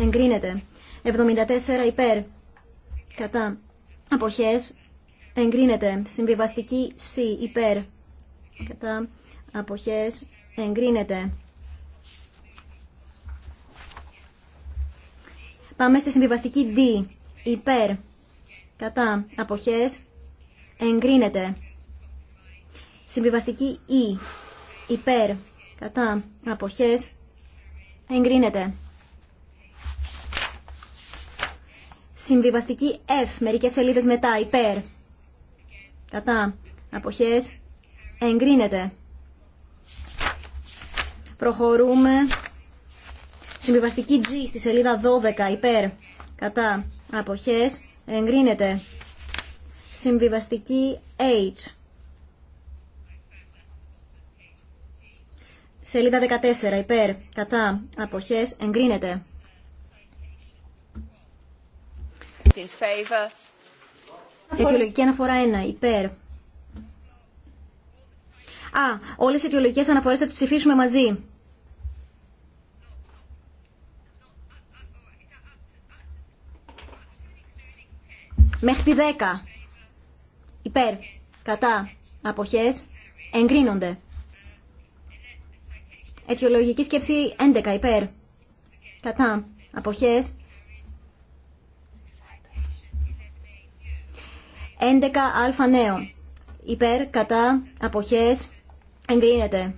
Εγκρίνεται. 74. Υπέρ. Κατά. Αποχές. Εγκρίνεται. Συμβιβαστική C. Υπέρ κατά αποχές εγκρίνεται. Πάμε στη συμβιβαστική D. Υπέρ. Κατά. Αποχές. Εγκρίνεται. Συμβιβαστική E. Υπέρ. Κατά. Αποχές. Εγκρίνεται. Συμβιβαστική F. Μερικές σελίδες μετά. Υπέρ. Κατά. Αποχές εγκρίνεται. Προχωρούμε. Συμβιβαστική G στη σελίδα 12 υπέρ κατά αποχές εγκρίνεται. Συμβιβαστική H. Σελίδα 14 υπέρ κατά αποχές εγκρίνεται. Αιτιολογική αναφορά 1 υπέρ Α, όλες οι αιτιολογικές αναφορές θα τις ψηφίσουμε μαζί. Μέχρι τη 10. Υπέρ. Κατά. Αποχές. Εγκρίνονται. Αιτιολογική σκέψη 11. Υπέρ. Κατά. Αποχές. 11α νέο. Υπέρ, κατά, αποχές, εγκρίνεται.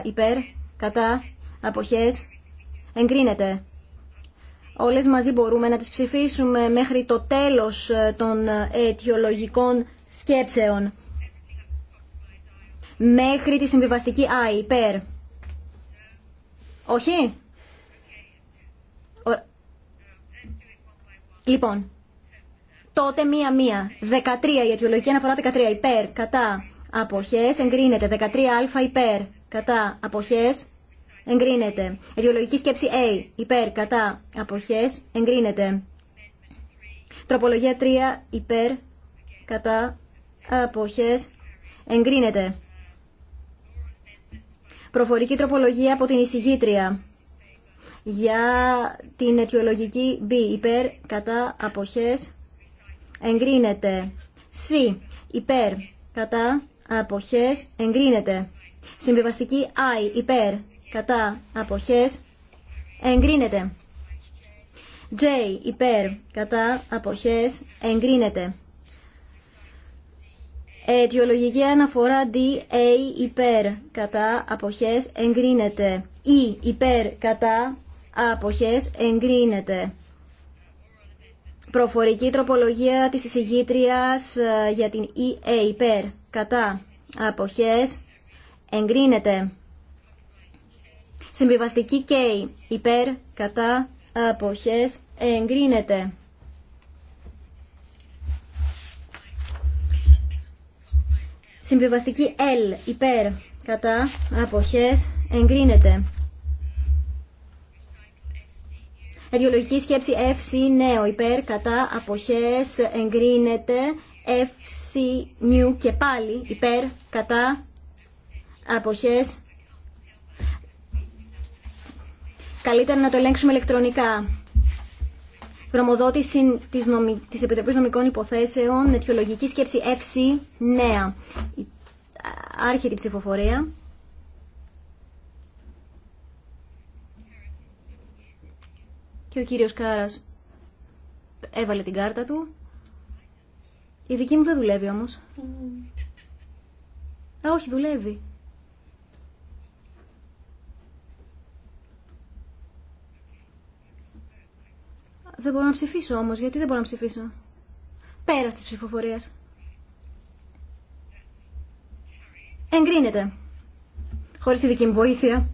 12 υπέρ, κατά, αποχές, εγκρίνεται. Όλες μαζί μπορούμε να τις ψηφίσουμε μέχρι το τέλος ε, των ε, αιτιολογικών σκέψεων. Μέχρι τη συμβιβαστική Α, υπέρ. Όχι. Λοιπόν, τότε μία-μία. 13 η αιτιολογική αναφορά 13 υπέρ, κατά, αποχές εγκρίνεται. 13α υπέρ κατά αποχές εγκρίνεται. Αιτιολογική σκέψη A υπέρ κατά αποχές εγκρίνεται. Τροπολογία 3 υπέρ κατά αποχές εγκρίνεται. Προφορική τροπολογία από την εισηγήτρια για την αιτιολογική B υπέρ κατά αποχές εγκρίνεται. C υπέρ κατά αποχές εγκρίνεται. Συμβιβαστική I υπέρ κατά αποχές εγκρίνεται. J υπέρ κατά αποχές εγκρίνεται. Αιτιολογική αναφορά A υπέρ κατά αποχές εγκρίνεται. E υπέρ κατά αποχές εγκρίνεται. Προφορική τροπολογία της εισηγήτριας ε, για την EA υπέρ κατά αποχές εγκρίνεται. Συμβιβαστική K υπέρ κατά αποχές εγκρίνεται. Συμβιβαστική L υπέρ κατά αποχές εγκρίνεται. Αιτιολογική σκέψη FC νέο υπέρ κατά αποχές εγκρίνεται. FC New και πάλι υπέρ, κατά, αποχές. Καλύτερα να το ελέγξουμε ηλεκτρονικά. γρομοδότηση της, νομι... Επιτροπής Νομικών Υποθέσεων, αιτιολογική σκέψη FC νέα. Άρχεται η ψηφοφορία. Και ο κύριος Κάρας έβαλε την κάρτα του. Η δική μου δεν δουλεύει όμως. Α, ε, όχι, δουλεύει. Δεν μπορώ να ψηφίσω όμως. Γιατί δεν μπορώ να ψηφίσω. Πέρα της ψηφοφορία. Εγκρίνεται. Χωρίς τη δική μου βοήθεια.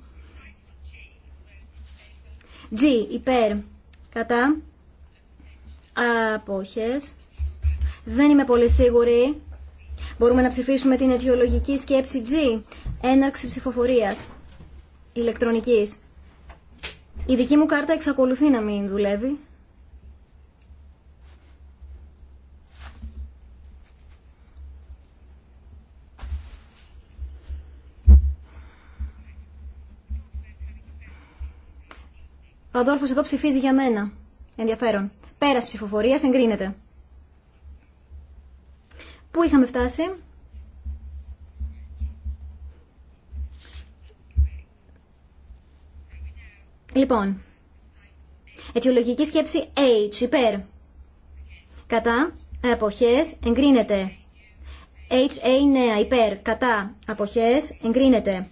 G, υπέρ, κατά, αποχές, δεν είμαι πολύ σίγουρη. Μπορούμε να ψηφίσουμε την αιτιολογική σκέψη G. Έναρξη ψηφοφορίας. Ηλεκτρονικής. Η δική μου κάρτα εξακολουθεί να μην δουλεύει. Ο εδώ ψηφίζει για μένα. Ενδιαφέρον. Πέρας ψηφοφορίας εγκρίνεται. Πού είχαμε φτάσει? Λοιπόν, αιτιολογική σκέψη H, υπέρ. Κατά, αποχές, εγκρίνεται. A, νέα, υπέρ, κατά, αποχές, εγκρίνεται.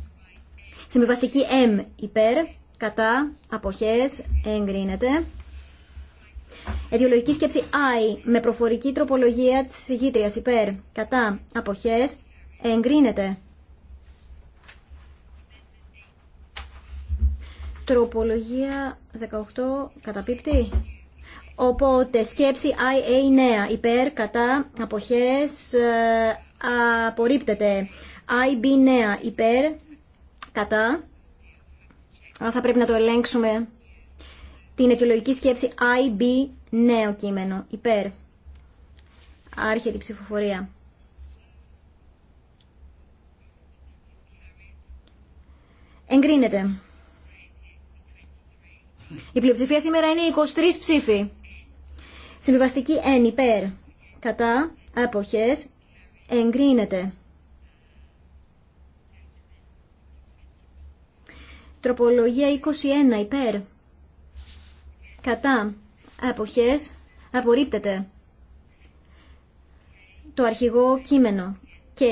Συμβιβαστική M, υπέρ, κατά, αποχές, εγκρίνεται. Αιτιολογική σκέψη I με προφορική τροπολογία τη ηγήτριας υπέρ κατά αποχές εγκρίνεται. Τροπολογία 18 καταπίπτει. Οπότε σκέψη IA νέα υπέρ κατά αποχές ε, απορρίπτεται. IB νέα υπέρ κατά. Αλλά θα πρέπει να το ελέγξουμε την αιτιολογική σκέψη IB νέο κείμενο. Υπέρ. Άρχεται η ψηφοφορία. Εγκρίνεται. Η πλειοψηφία σήμερα είναι 23 ψήφοι. Συμβιβαστική εν υπέρ. Κατά αποχές εγκρίνεται. Τροπολογία 21 υπέρ κατά αποχές απορρίπτεται. Το αρχηγό κείμενο K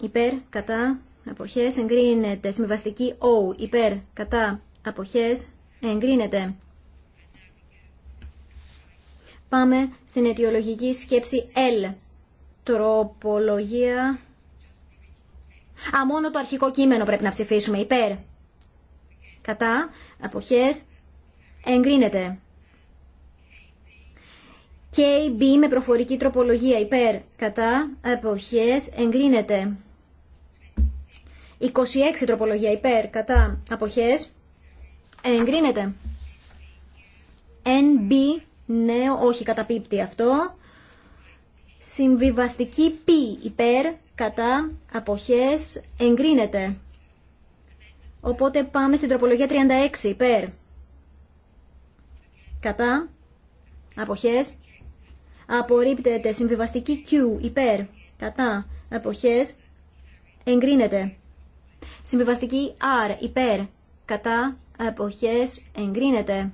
υπέρ κατά αποχές εγκρίνεται. Συμβαστική O υπέρ κατά αποχές εγκρίνεται. Πάμε στην αιτιολογική σκέψη L. Τροπολογία... Α, μόνο το αρχικό κείμενο πρέπει να ψηφίσουμε. Υπέρ. Κατά. Αποχές. Εγκρίνεται. KB με προφορική τροπολογία υπέρ κατά αποχές εγκρίνεται. 26 τροπολογία υπέρ κατά αποχές εγκρίνεται. NB νέο, ναι, όχι καταπίπτει αυτό. Συμβιβαστική P υπέρ κατά αποχές εγκρίνεται. Οπότε πάμε στην τροπολογία 36 υπέρ κατά αποχές απορρίπτεται συμβιβαστική Q υπέρ κατά αποχές εγκρίνεται συμβιβαστική R υπέρ κατά αποχές εγκρίνεται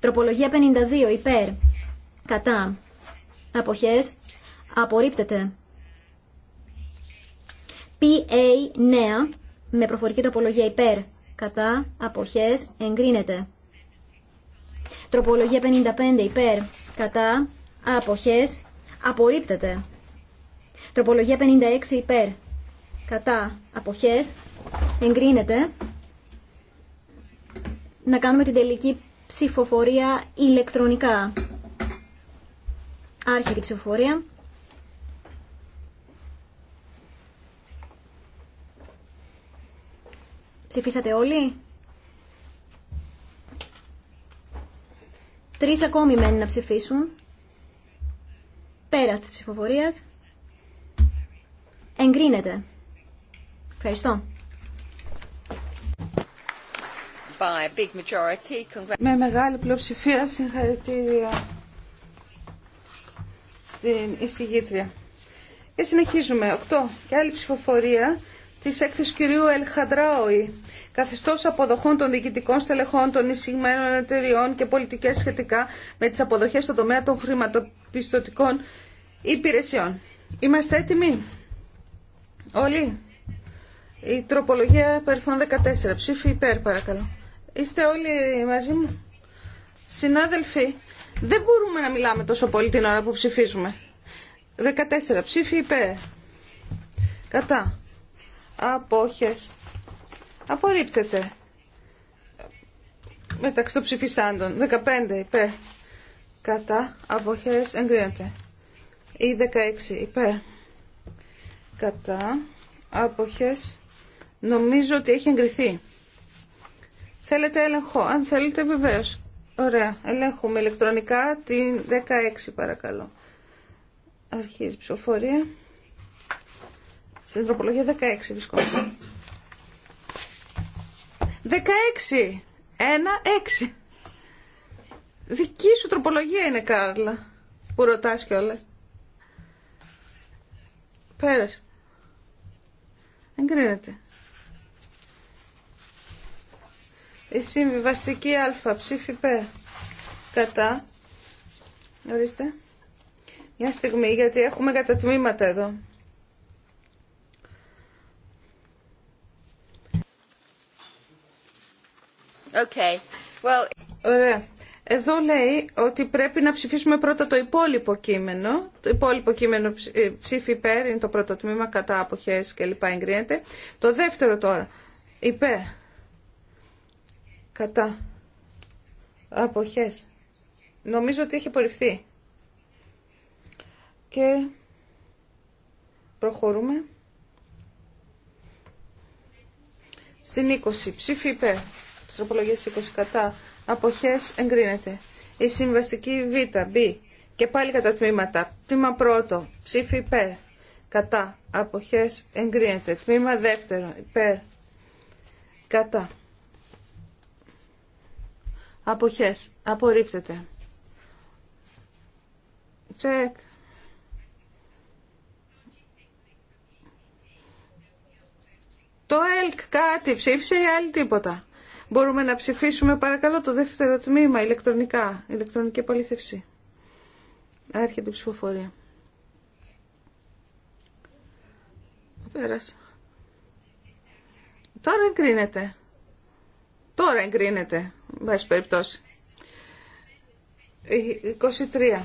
τροπολογία 52 υπέρ κατά αποχές απορρίπτεται PA νέα με προφορική τροπολογία υπέρ κατά αποχές εγκρίνεται Τροπολογία 55 υπέρ κατά αποχές απορρίπτεται. Τροπολογία 56 υπέρ κατά αποχές εγκρίνεται. Να κάνουμε την τελική ψηφοφορία ηλεκτρονικά. Άρχεται η ψηφοφορία. Ψηφίσατε όλοι. Τρεις ακόμη μένουν να ψηφίσουν. πέρα τη ψηφοφορίας. Εγκρίνεται. Ευχαριστώ. Με μεγάλη πλειοψηφία συγχαρητήρια στην εισηγήτρια. Και συνεχίζουμε. 8. Και άλλη ψηφοφορία Τη έκθεσης κυρίου Ελχαντράουη. καθεστώ αποδοχών των διοικητικών στελεχών των εισηγμένων εταιριών και πολιτικές σχετικά με τις αποδοχές στον τομέα των χρηματοπιστωτικών υπηρεσιών. Είμαστε έτοιμοι. Όλοι. Η τροπολογία περιφών 14. Ψήφι υπέρ παρακαλώ. Είστε όλοι μαζί μου. Συνάδελφοι, δεν μπορούμε να μιλάμε τόσο πολύ την ώρα που ψηφίζουμε. 14. Ψήφι υπέρ. Κατά απόχες απορρίπτεται μεταξύ των ψηφισάντων 15 υπέρ κατά αποχές εγκρίνεται ή 16 υπέρ κατά αποχές νομίζω ότι έχει εγκριθεί θέλετε έλεγχο αν θέλετε βεβαίως ωραία ελέγχουμε ηλεκτρονικά την 16 παρακαλώ αρχίζει ψηφοφορία στην τροπολογία 16 βρισκόμαστε. 16! Ένα, 6! Δική σου τροπολογία είναι, Κάρλα, που ρωτάς κιόλας. Πέρασε. Εγκρίνεται. Η συμβιβαστική α, ψήφι π, κατά. Ορίστε. Μια στιγμή, γιατί έχουμε κατατμήματα εδώ. Ωραία. Εδώ λέει ότι πρέπει να ψηφίσουμε πρώτα το υπόλοιπο κείμενο. Το υπόλοιπο κείμενο ε, ψήφι υπέρ είναι το πρώτο τμήμα, κατά αποχές κλπ. εγκρίνεται. Το δεύτερο τώρα. Υπέρ. Κατά. Αποχές. Νομίζω ότι έχει απορριφθεί. Και προχωρούμε. Στην 20. Ψήφι υπέρ της 20 κατά αποχές εγκρίνεται. Η συμβαστική Β, και πάλι κατά τμήματα. Τμήμα πρώτο, ψήφι υπέρ, κατά αποχές εγκρίνεται. Τμήμα δεύτερο, υπέρ, κατά. Αποχές, απορρίπτεται. Τσεκ. Το ΕΛΚ κάτι ψήφισε ή άλλη τίποτα. Μπορούμε να ψηφίσουμε παρακαλώ το δεύτερο τμήμα ηλεκτρονικά, ηλεκτρονική επαλήθευση. Άρχεται η ψηφοφορία. Πέρασα. Τώρα εγκρίνεται. Τώρα εγκρίνεται, βάση περιπτώσει. 23.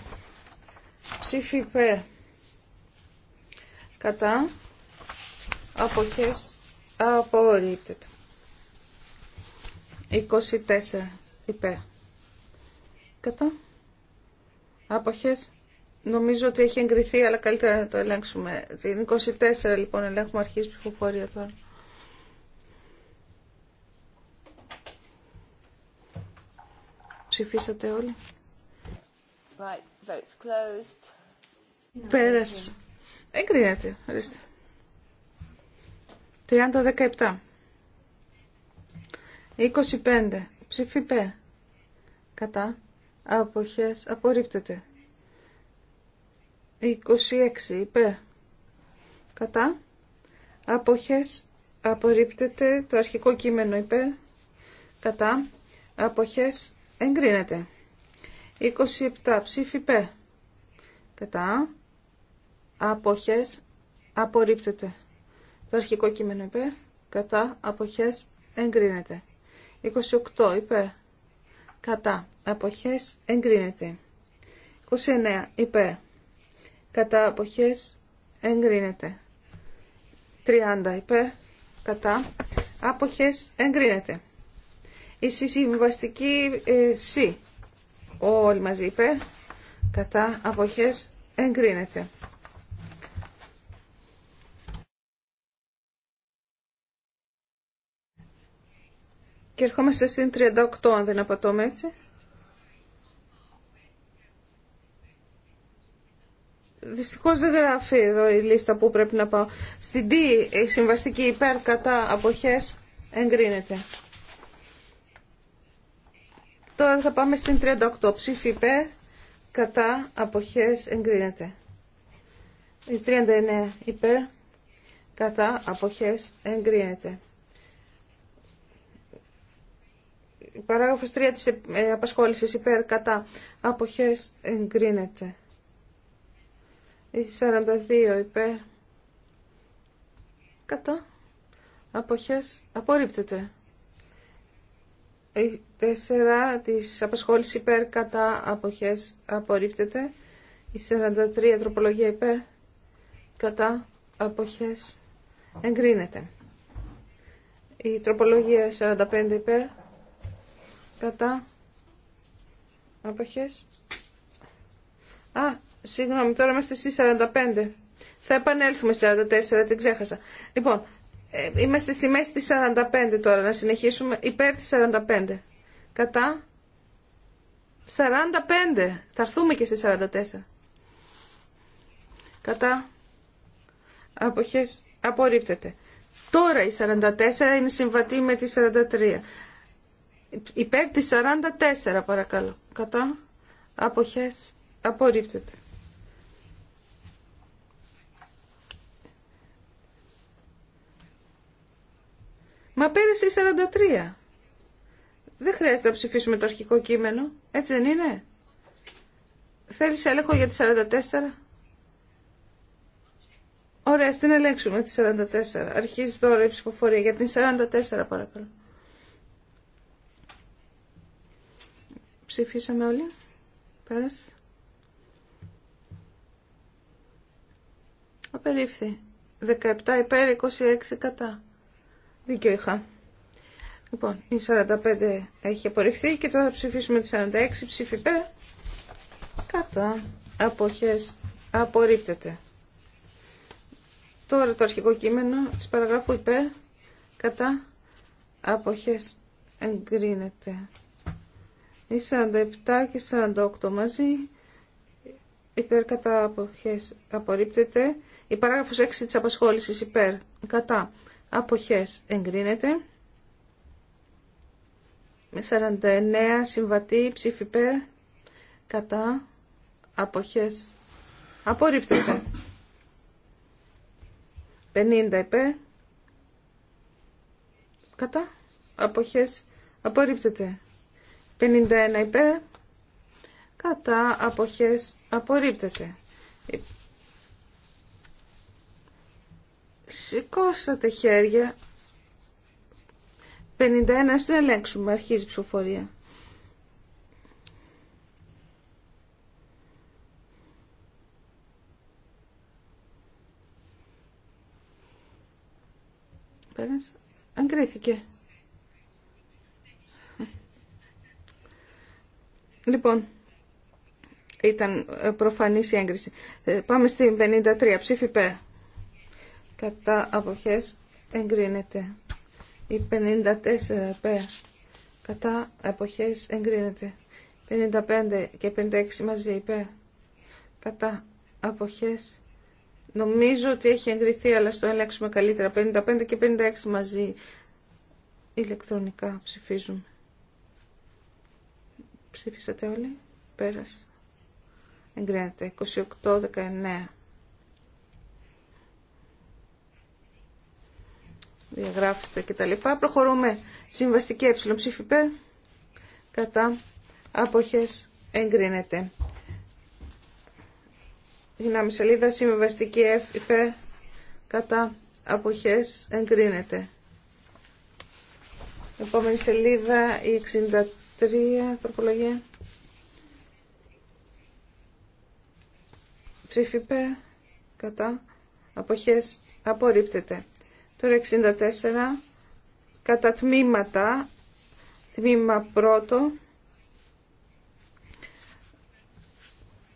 Ψήφι υπέρ. Κατά. Αποχές. Απορρίπτεται. 24 υπέρ. Κατά. Άποχες. Νομίζω ότι έχει εγκριθεί, αλλά καλύτερα να το ελέγξουμε. Την 24 λοιπόν ελέγχουμε αρχής ψηφοφορία τώρα. Ψηφίσατε όλοι. Right, vote's closed. Πέρασε. Εγκρίνεται. Ορίστε. 30-17. 25. Ψήφι Κατά. Αποχές. Απορρίπτεται. 26. Υπέ. Κατά. Αποχές. Απορρίπτεται. Το αρχικό κείμενο υπέρ. Κατά. Αποχές. Εγκρίνεται. 27. Ψήφι π. Κατά. Αποχές. Απορρίπτεται. Το αρχικό κείμενο υπέρ. Κατά. Αποχές. Εγκρίνεται. 28 υπέρ κατά αποχές εγκρίνεται 29 υπέρ κατά αποχές εγκρίνεται 30 υπέρ κατά αποχές εγκρίνεται η συμβαστική ε, C όλοι μαζί υπέρ κατά αποχές εγκρίνεται Και ερχόμαστε στην 38, αν δεν απατώμε έτσι. Δυστυχώς δεν γράφει εδώ η λίστα που πρέπει να πάω. Στην D η συμβαστική υπέρ κατά αποχές εγκρίνεται. Τώρα θα πάμε στην 38. Ψήφι υπέρ κατά αποχές εγκρίνεται. Η 39 υπέρ κατά αποχές εγκρίνεται. Παράγραφος 3 της ε, ε, απασχόλησης υπέρ κατά αποχές εγκρίνεται. Η 42 υπέρ κατά αποχές απορρίπτεται. Η 4 της απασχόλησης υπέρ κατά αποχές απορρίπτεται. Η 43 τροπολογία υπέρ κατά αποχές εγκρίνεται. Η τροπολογία 45 υπέρ κατά αποχές α, συγγνώμη, τώρα είμαστε στη 45 θα επανέλθουμε 44, την ξέχασα λοιπόν, ε, είμαστε στη μέση της 45 τώρα, να συνεχίσουμε υπέρ της 45 κατά 45 θα έρθουμε και στη 44 κατά αποχές απορρίπτεται τώρα η 44 είναι συμβατή με τη 43 Υπέρ τη 44 παρακαλώ. Κατά. Αποχές. Απορρίπτεται. Μα πέρασε η 43. Δεν χρειάζεται να ψηφίσουμε το αρχικό κείμενο. Έτσι δεν είναι. Θέλεις έλεγχο για τη 44. Ωραία, στην ελέγξουμε τη 44. Αρχίζει τώρα η ψηφοφορία για την 44 παρακαλώ. Ψήφισαμε όλοι. Πέρασε. Απερίφθη. 17 υπέρ, 26 κατά. Δίκιο είχα. Λοιπόν, η 45 έχει απορριφθεί και τώρα θα ψηφίσουμε τη 46 ψήφι υπέρ. Κατά. Αποχές. Απορρίπτεται. Τώρα το αρχικό κείμενο της παραγράφου υπέρ. Κατά. Αποχές. Εγκρίνεται. 47 και 48 μαζί υπέρ κατά αποχές απορρίπτεται. Η παράγραφος 6 της απασχόλησης υπέρ κατά αποχές εγκρίνεται. 49 συμβατή ψήφι υπέρ κατά αποχές απορρίπτεται. 50 υπέρ κατά αποχές απορρίπτεται. 51 υπέρ κατά αποχές απορρίπτεται. Σηκώσατε χέρια. 51 την ελέγξουμε. Αρχίζει η ψηφοφορία. Πέρασε. Αγκρίθηκε. Λοιπόν, ήταν ε, προφανής η έγκριση. Ε, πάμε στην 53. Ψήφι Π. Κατά αποχές εγκρίνεται. Η 54 Π. Κατά αποχές εγκρίνεται. 55 και 56 μαζί πε, Κατά αποχές. Νομίζω ότι έχει εγκριθεί, αλλά στο ελέγξουμε καλύτερα. 55 και 56 μαζί ηλεκτρονικά ψηφίζουμε. Ψήφισατε όλοι. Πέρασε. Εγκρίνεται. 28-19. Διαγράφεται κτλ. Προχωρούμε. Συμβαστική ε ψήφι πέρ. Κατά. Αποχές. Εγκρίνεται. Δυνάμει σελίδα. Συμβαστική ε υπέρ. Κατά. Αποχές. Εγκρίνεται. Επόμενη σελίδα η Τρία τροπολογία. ψήφιπε, κατά, αποχές, απορρίπτεται. Τώρα 64, κατά τμήματα, τμήμα πρώτο,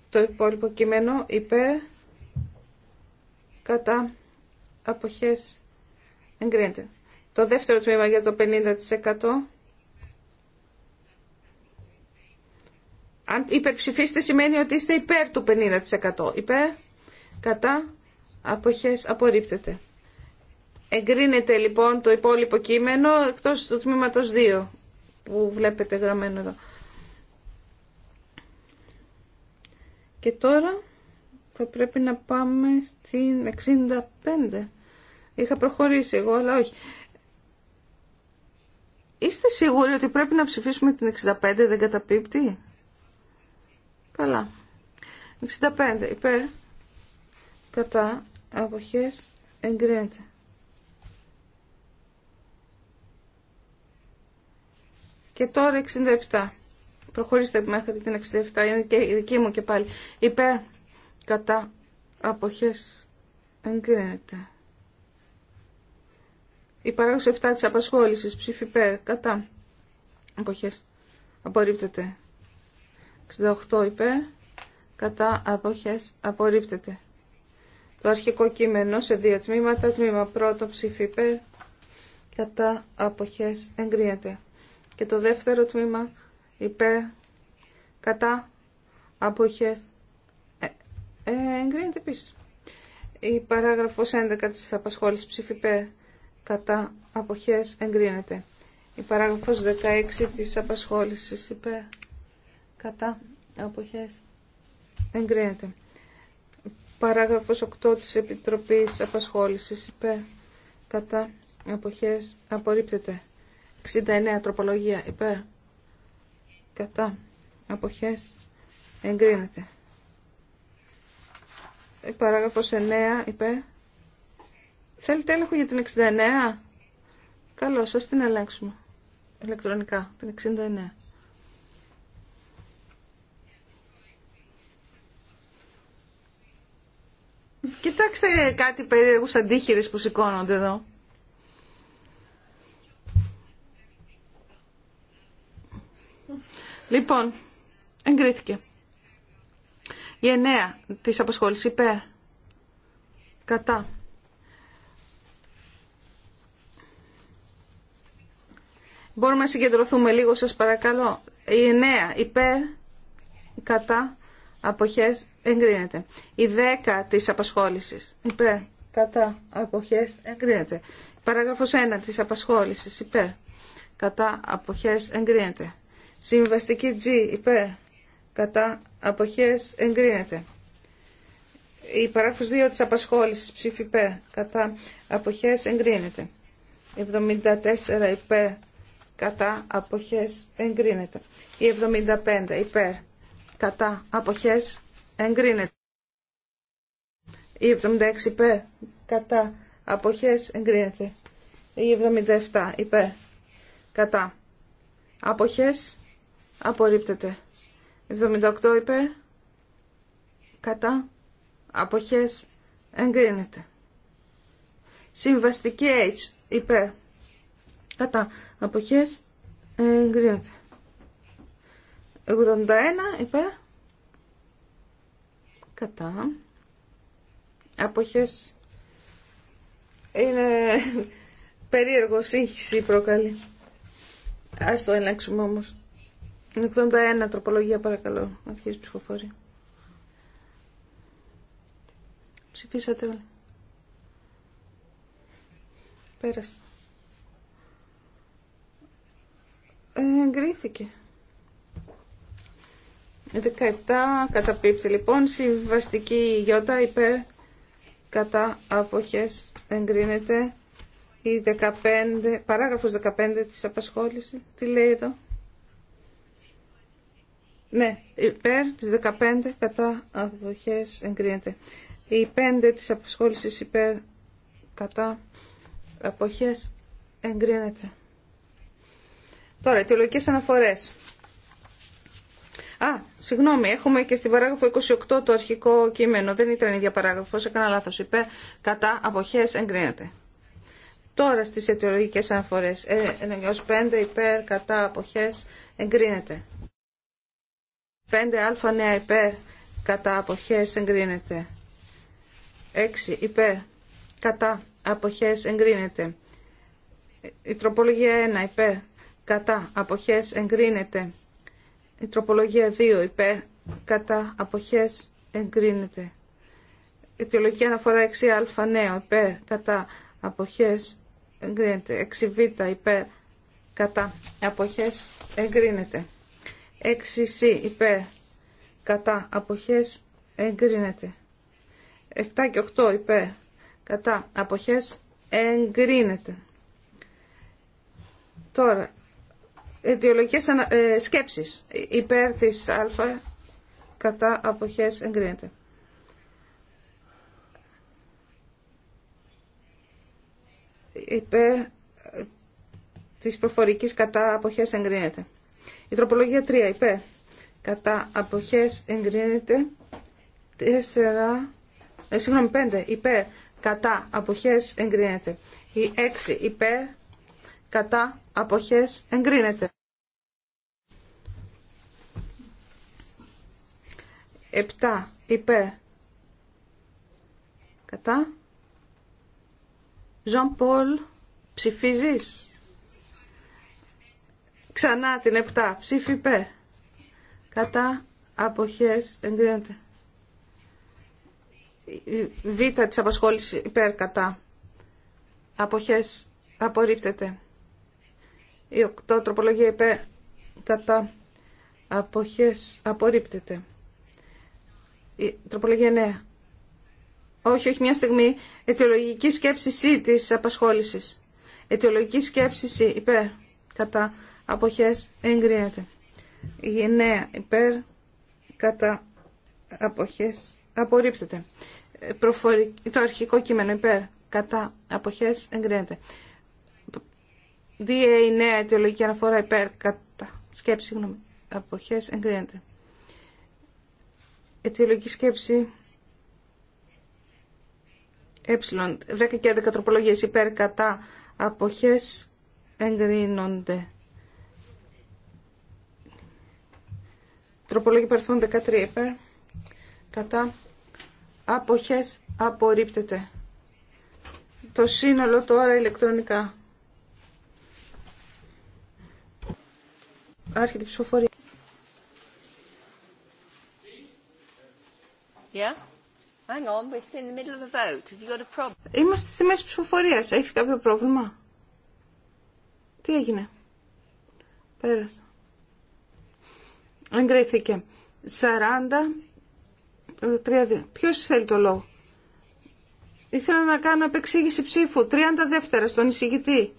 το υπόλοιπο κείμενο υπέρ, κατά, αποχές, εγκρίνεται. Το δεύτερο τμήμα για το 50% Αν υπερψηφίσετε σημαίνει ότι είστε υπέρ του 50%. Υπέρ, κατά, αποχές, απορρίπτεται. Εγκρίνεται λοιπόν το υπόλοιπο κείμενο εκτός του τμήματος 2 που βλέπετε γραμμένο εδώ. Και τώρα θα πρέπει να πάμε στην 65. Είχα προχωρήσει εγώ, αλλά όχι. Είστε σίγουροι ότι πρέπει να ψηφίσουμε την 65, δεν καταπίπτει. Καλά. 65 υπέρ. Κατά. Αποχές. Εγκρίνεται. Και τώρα 67. Προχωρήστε μέχρι την 67. Είναι και η δική μου και πάλι. Υπέρ. Κατά. Αποχές. Εγκρίνεται. Η παράγωση 7 της απασχόλησης. Ψήφι υπέρ. Κατά. Αποχές. Απορρίπτεται. 68 επε κατά αποχές απορρίπτεται. Το αρχικό κείμενο σε δύο τμήματα, τμήμα πρώτο ψηφιπέ κατά αποχές εγκρίνεται. Και το δεύτερο τμήμα υπέρ κατά αποχές ε, ε, εγκρίνεται επίση. Η παράγραφος 11 της απασχόλησης ψήφι κατά αποχές εγκρίνεται. Η παράγραφος 16 της απασχόλησης υπέρ κατά αποχές εγκρίνεται. Παράγραφος 8 της Επιτροπής Απασχόλησης Είπε κατά αποχές απορρίπτεται. 69 τροπολογία Είπε κατά αποχές εγκρίνεται. Παράγραφος 9 είπε Θέλετε έλεγχο για την 69. Καλώς, ας την ελέγξουμε ηλεκτρονικά, την 69. Κοιτάξτε κάτι περίεργου αντίχειρε που σηκώνονται εδώ. Λοιπόν, εγκρίθηκε. Η εννέα της αποσχόλησης υπέρ. Κατά. Μπορούμε να συγκεντρωθούμε λίγο σας παρακαλώ. Η εννέα υπέρ. Κατά αποχές εγκρίνεται. Η 10 της απασχόλησης υπέρ κατά αποχές εγκρίνεται. Παράγραφος 1 της απασχόλησης υπέρ κατά αποχές εγκρίνεται. Συμβαστική G υπέρ κατά αποχές εγκρίνεται. Η παράγραφος 2 της απασχόλησης ψήφι υπέρ κατά αποχές εγκρίνεται. 74 υπέρ κατά αποχές εγκρίνεται. Η 75 υπέρ κατά αποχές εγκρίνεται. Η 76 υπέρ κατά αποχές εγκρίνεται. Η 77 υπέρ κατά αποχές απορρίπτεται. 78 υπέρ κατά αποχές εγκρίνεται. Συμβαστική H υπέρ κατά αποχές εγκρίνεται. 81 είπε. Κατά. Αποχές. Είναι περίεργο σύγχυση προκαλεί. Ας το ελέγξουμε όμως. 81 τροπολογία παρακαλώ. Αρχίζει ψηφοφορία. Ψηφίσατε όλοι. Πέρασε. Ε, εγκρίθηκε. 17 καταπίπτει λοιπόν, συμβαστική γιώτα υπέρ κατά αποχές εγκρίνεται η 15, παράγραφος 15 της απασχόλησης. Τι λέει εδώ. Ναι, υπέρ της 15 κατά αποχές εγκρίνεται. Η 5 της απασχόλησης υπέρ κατά αποχές εγκρίνεται. Τώρα, αιτιολογικές αναφορές. Α, συγγνώμη, έχουμε και στην παράγραφο 28 το αρχικό κείμενο. Δεν ήταν η ίδια παράγραφο. έκανα λάθο. Είπε κατά αποχές εγκρίνεται. Τώρα στι αιτιολογικέ αναφορέ. Ε, 5 υπέρ κατά αποχές εγκρίνεται. 5α νέα υπέρ κατά αποχέ, εγκρίνεται. 6 υπέρ κατά απόχέ, εγκρίνεται. Η τροπολογία 1 υπέρ κατά αποχέ, εγκρίνεται. Η τροπολογία 2 υπέρ κατά αποχές εγκρίνεται. Η αιτιολογική αναφορά 6α νέο υπέρ κατά αποχές εγκρίνεται. 6β υπέρ κατά αποχές εγκρίνεται. 6c υπέρ κατά αποχές εγκρίνεται. 7 και 8 υπέρ κατά αποχές εγκρίνεται. Τώρα αιτιολογικές Αλφα κάτα ε, από σχέσει εγκρίνεται. υπέρ τη α κατά αποχές εγκρίνεται. Υπέρ τη προφορικη κατά αποχές εγκρίνεται. Η τροπολογία 3 υπέρ κατά απόχέ εγκρίνεται. 4, ε, συγγνώμη 5 υπέρ κατά αποχές εγκρίνεται. Η 6 υπέρ κατά αποχές εγκρίνεται. 7 υπέρ κατά Ζων Πολ ψηφίζεις ξανά την 7 ψήφι υπέρ κατά αποχές εγκρίνεται β της απασχόλησης υπέρ κατά αποχές απορρίπτεται η τροπολογία υπέρ κατά αποχές απορρίπτεται. Η τροπολογία νέα. Όχι, όχι μια στιγμή. Αιτιολογική σκέψη C της απασχόλησης. Αιτιολογική σκέψη C υπέρ κατά αποχές εγκρίνεται. Η νέα υπέρ κατά αποχές απορρίπτεται. Ε, το αρχικό κείμενο υπέρ κατά αποχές εγκρίνεται η νέα αιτιολογική αναφορά υπέρ κατά σκέψη, συγγνώμη, αποχές εγκρίνεται. Αιτιολογική σκέψη ε, 10 και 11 τροπολογίες υπέρ κατά αποχές εγκρίνονται. Τροπολογία παρελθόν 13 υπέρ κατά αποχές απορρίπτεται. Το σύνολο τώρα ηλεκτρονικά. Άρχεται η ψηφοφορία. Yeah. Hang on, we're in the middle of a vote. Have you got a problem? Είμαστε στη μέση ψηφοφορία. Έχεις κάποιο πρόβλημα? Τι έγινε? Πέρασε. Εγκρίθηκε. 40. Ποιο θέλει το λόγο? Ήθελα να κάνω επεξήγηση ψήφου. 30 δεύτερα στον εισηγητή.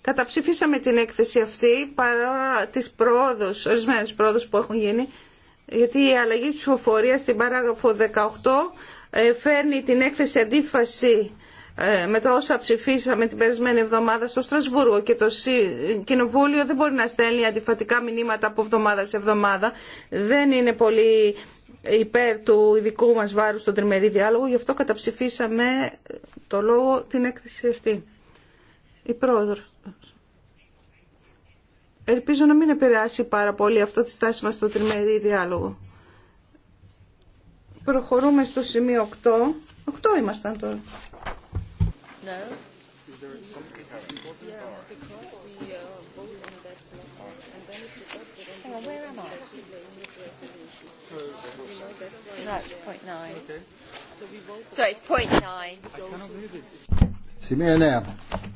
Καταψηφίσαμε την έκθεση αυτή παρά τις πρόοδους, ορισμένες πρόοδους που έχουν γίνει, γιατί η αλλαγή ψηφοφορία στην παράγραφο 18 ε, φέρνει την έκθεση αντίφαση ε, με το όσα ψηφίσαμε την περασμένη εβδομάδα στο Στρασβούργο και το Κοινοβούλιο δεν μπορεί να στέλνει αντιφατικά μηνύματα από εβδομάδα σε εβδομάδα. Δεν είναι πολύ υπέρ του ειδικού μας βάρου στον τριμερή διάλογο, γι' αυτό καταψηφίσαμε το λόγο την έκθεση αυτή. Η πρόεδρο. Ελπίζω να μην επηρεάσει πάρα πολύ αυτό τη στάση μας στο τριμερή διάλογο. Προχωρούμε στο σημείο 8. 8 ήμασταν τώρα. Σημείο 9.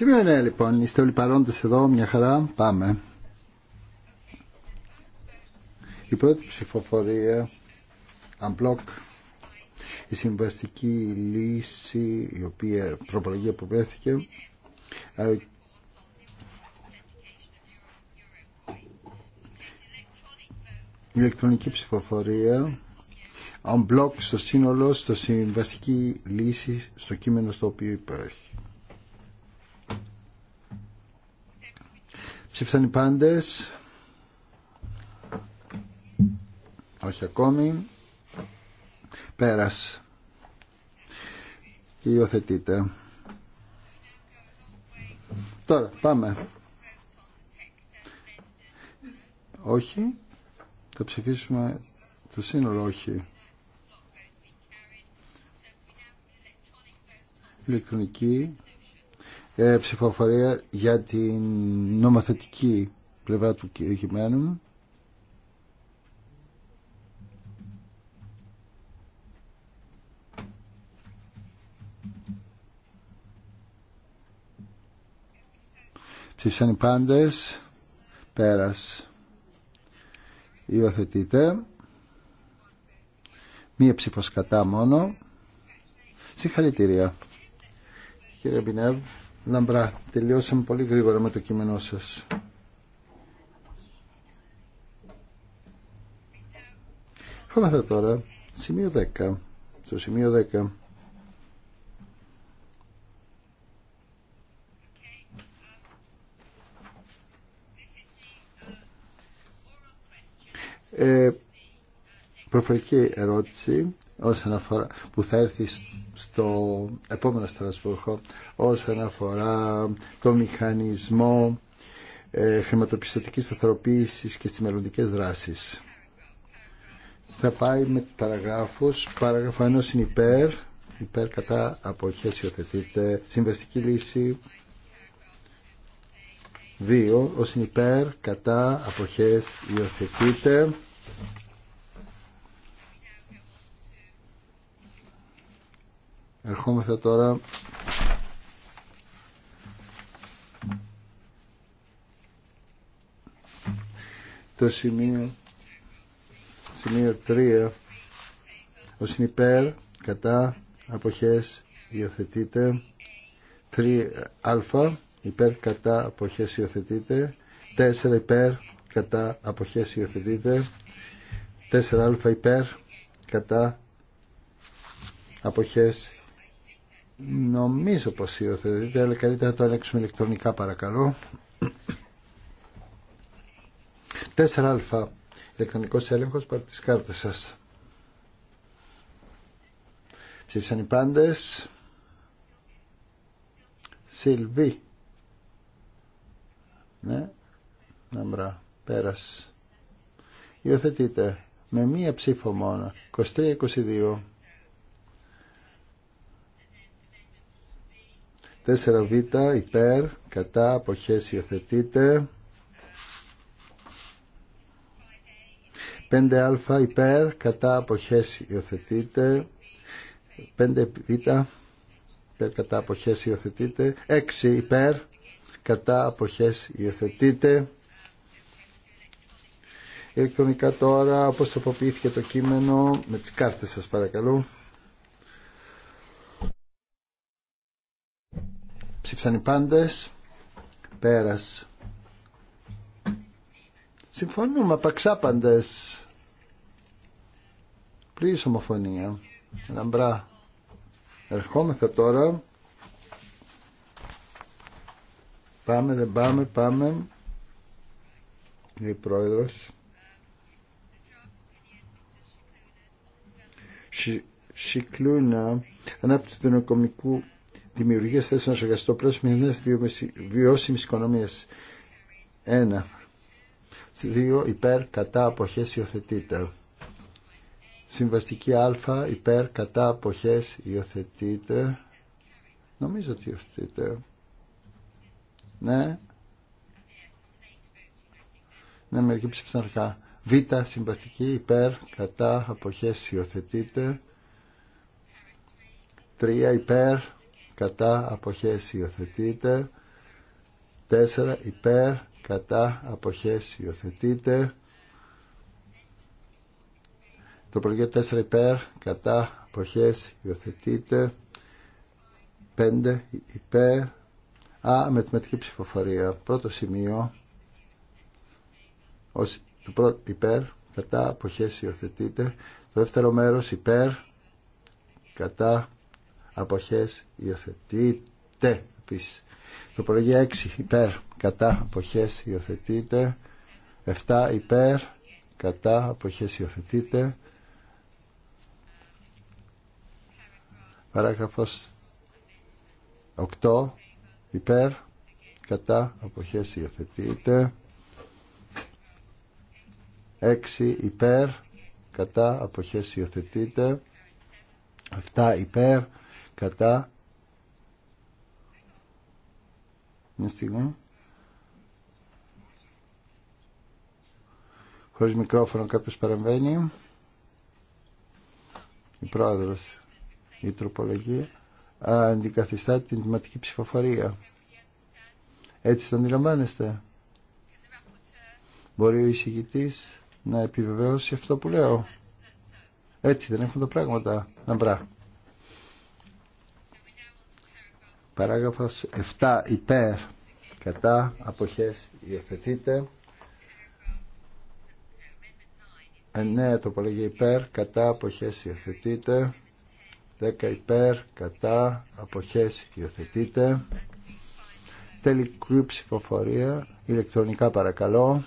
Σήμερα, ναι, λοιπόν, είστε όλοι παρόντες εδώ, μια χαρά, πάμε. Η πρώτη ψηφοφορία, unblock, η συμβαστική λύση, η οποία προπολογία που η ε, ηλεκτρονική ψηφοφορία, Unblock στο σύνολο, στο συμβαστική λύση, στο κείμενο στο οποίο υπάρχει. Ψήφισαν οι πάντες. Όχι ακόμη. Πέρας. Υιοθετείτε. Τώρα πάμε. Όχι. Θα ψηφίσουμε το σύνολο όχι. Ηλεκτρονική ε, ψηφοφορία για την νομοθετική πλευρά του κειμένου. Ψήφισαν οι πάντες. Πέρας. Υιοθετείτε. Μία ψήφος κατά μόνο. Συγχαρητήρια. Κύριε Μπινεύ. Λαμπρά. Τελειώσαμε πολύ γρήγορα με το κείμενό σας. Πάμε τώρα. Σημείο 10. Στο σημείο 10. Ε, προφορική ερώτηση όσον αφορά, που θα έρθει στο επόμενο Στρασβούργο όσον αφορά το μηχανισμό ε, χρηματοπιστωτικής σταθεροποίησης και στις μελλοντικέ δράσεις. Θα πάει με τις παραγράφους. Παράγραφο 1 είναι υπέρ, υπέρ κατά αποχές υιοθετείται. Συμβαστική λύση 2, ως κατά αποχές υιοθετείται. Ερχόμεθα τώρα το σημείο, σημείο 3 ο συνυπέρ κατά αποχές υιοθετείται 3α υπέρ κατά αποχές υιοθετείται 4 υπέρ κατά αποχές υιοθετείται 4α υπέρ κατά αποχές Νομίζω πως υιοθετείτε, αλλά καλύτερα να το ελέγξουμε ηλεκτρονικά παρακαλώ. 4α. Ηλεκτρονικός έλεγχος πάρτε τις κάρτες σας. Ψήφισαν οι πάντες. Σιλβί. Ναι. Ναμπρά. Πέρας. Υιοθετείτε. Με μία ψήφο μόνο. 23-22. 4β υπέρ κατά αποχές υιοθετείτε. 5α υπέρ κατά αποχές υιοθετείτε. 5β υπέρ κατά αποχές υιοθετείτε. 6 υπέρ κατά αποχές υιοθετείτε. ηλεκτρονικά τώρα όπως τοποποιήθηκε το κείμενο με τις κάρτες σας παρακαλώ Ψήφισαν οι πάντες. Πέρας. Συμφωνούμε απαξάπαντες. Πλήρης ομοφωνία. Λαμπρά. Ερχόμεθα τώρα. Πάμε, δεν πάμε, πάμε. Λέει πρόεδρος. Σικλούνα, ανάπτυξη του νοικομικού δημιουργία θέσεων εργαστικό στο πλαίσιο μια βιώσιμη οικονομία. Ένα. Δύο. Υπέρ κατά αποχέ υιοθετείτε. Συμβαστική Α. Υπέρ κατά αποχέ υιοθετείτε. Νομίζω ότι υιοθετείτε. Ναι. Ναι, μερικοί ψήφισαν αρχικά. Β. Συμβαστική υπέρ κατά αποχέ υιοθετείτε. τρία υπέρ κατά αποχές υιοθετείτε. 4 υπέρ κατά αποχές υιοθετείτε. τροπολογία 4 υπέρ κατά αποχές υιοθετείτε. 5 υπέρ α μετική ψηφοφορία πρώτο σημείο ως πρώτο υπέρ κατά αποχές υιοθετείτε. το δεύτερο μέρος υπέρ κατά αποχές υιοθετείται επίσης τοπολογία 6 υπέρ κατά αποχές υιοθετείτε, 7 υπέρ κατά αποχές υιοθετείται παράγραφος 8 υπέρ κατά αποχές υιοθετείται 6 υπέρ κατά αποχές υιοθετείτε, 7 υπέρ κατά μια στιγμή χωρίς μικρόφωνο κάποιος παρεμβαίνει η πρόεδρος η τροπολογία αντικαθιστά την τιματική ψηφοφορία έτσι το αντιλαμβάνεστε μπορεί ο εισηγητής να επιβεβαιώσει αυτό που λέω έτσι δεν έχουν τα πράγματα να μπρά Παράγραφος 7 υπέρ κατά αποχές υιοθετείτε, 9 ναι, τροπολογία υπέρ κατά αποχές υιοθετείτε, 10 υπέρ κατά αποχές υιοθετείτε, Τελική ψηφοφορία ηλεκτρονικά παρακαλώ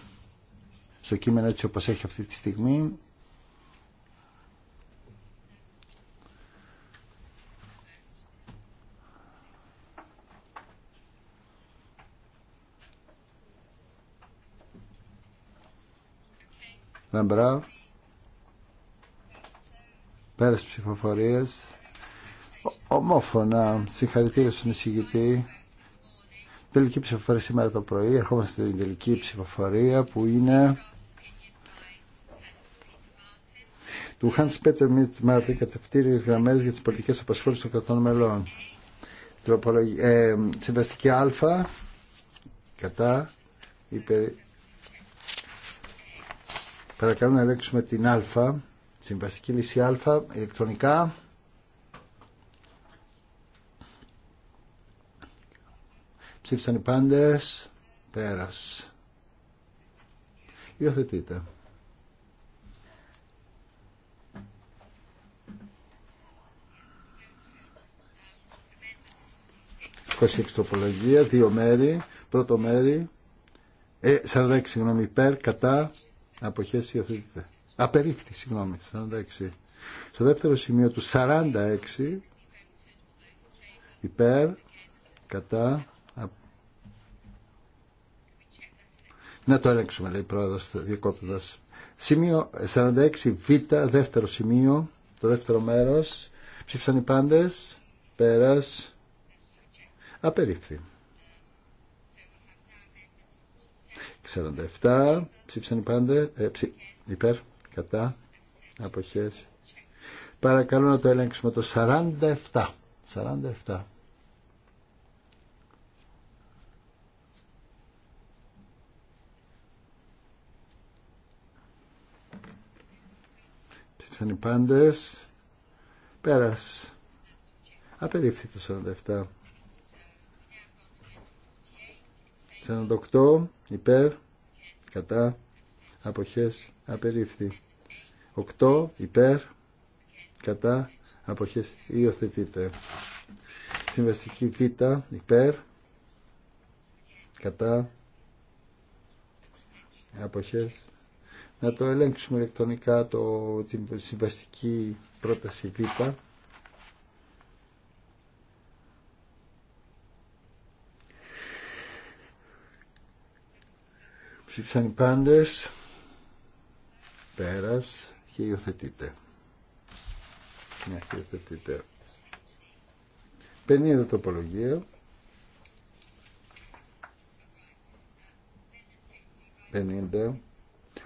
στο κείμενο έτσι όπως έχει αυτή τη στιγμή λαμπρά Πέρασε ψηφοφορίες, ομόφωνα συγχαρητήρια στον εισηγητή τελική ψηφοφορία σήμερα το πρωί ερχόμαστε στην τελική ψηφοφορία που είναι του Hans Peter Mitt Martin κατευθύνει γραμμές για τις πολιτικές απασχόλησεις των κρατών μελών ε, συμβαστική α κατά υπερ Παρακαλώ να ελέγξουμε την α, συμβαστική λύση α, ηλεκτρονικά. Ψήφισαν οι πάντες, πέρας. Υιοθετείτε. εξτροπολογία, δύο μέρη, πρώτο μέρη, ε, 46 συγγνώμη, υπέρ, κατά, αποχές υιοθετείται. Απερίφθη, συγγνώμη, 46. Στο δεύτερο σημείο του 46 υπέρ, κατά, να το ελέγξουμε λέει πρόεδρος διακόπτοντας. Σημείο 46 β, δεύτερο σημείο, το δεύτερο μέρος, ψήφισαν οι πάντε, πέρας, απερίφθη. 47 ψήφισαν οι πάντε ε, ψη, υπέρ κατά αποχές παρακαλώ να το ελέγξουμε το 47 47 ψήφισαν οι πάντες πέρας απερίφθη το 47 48 υπέρ κατά αποχές απερίφθη Οκτώ. υπέρ κατά αποχές υιοθετείται συμβαστική β υπέρ κατά αποχές να το ελέγξουμε ηλεκτρονικά το, την συμβαστική πρόταση β Ψήφισαν οι πάντες. Πέρας και υιοθετείτε. Ναι, υιοθετείτε. 50 τοπολογία. 50.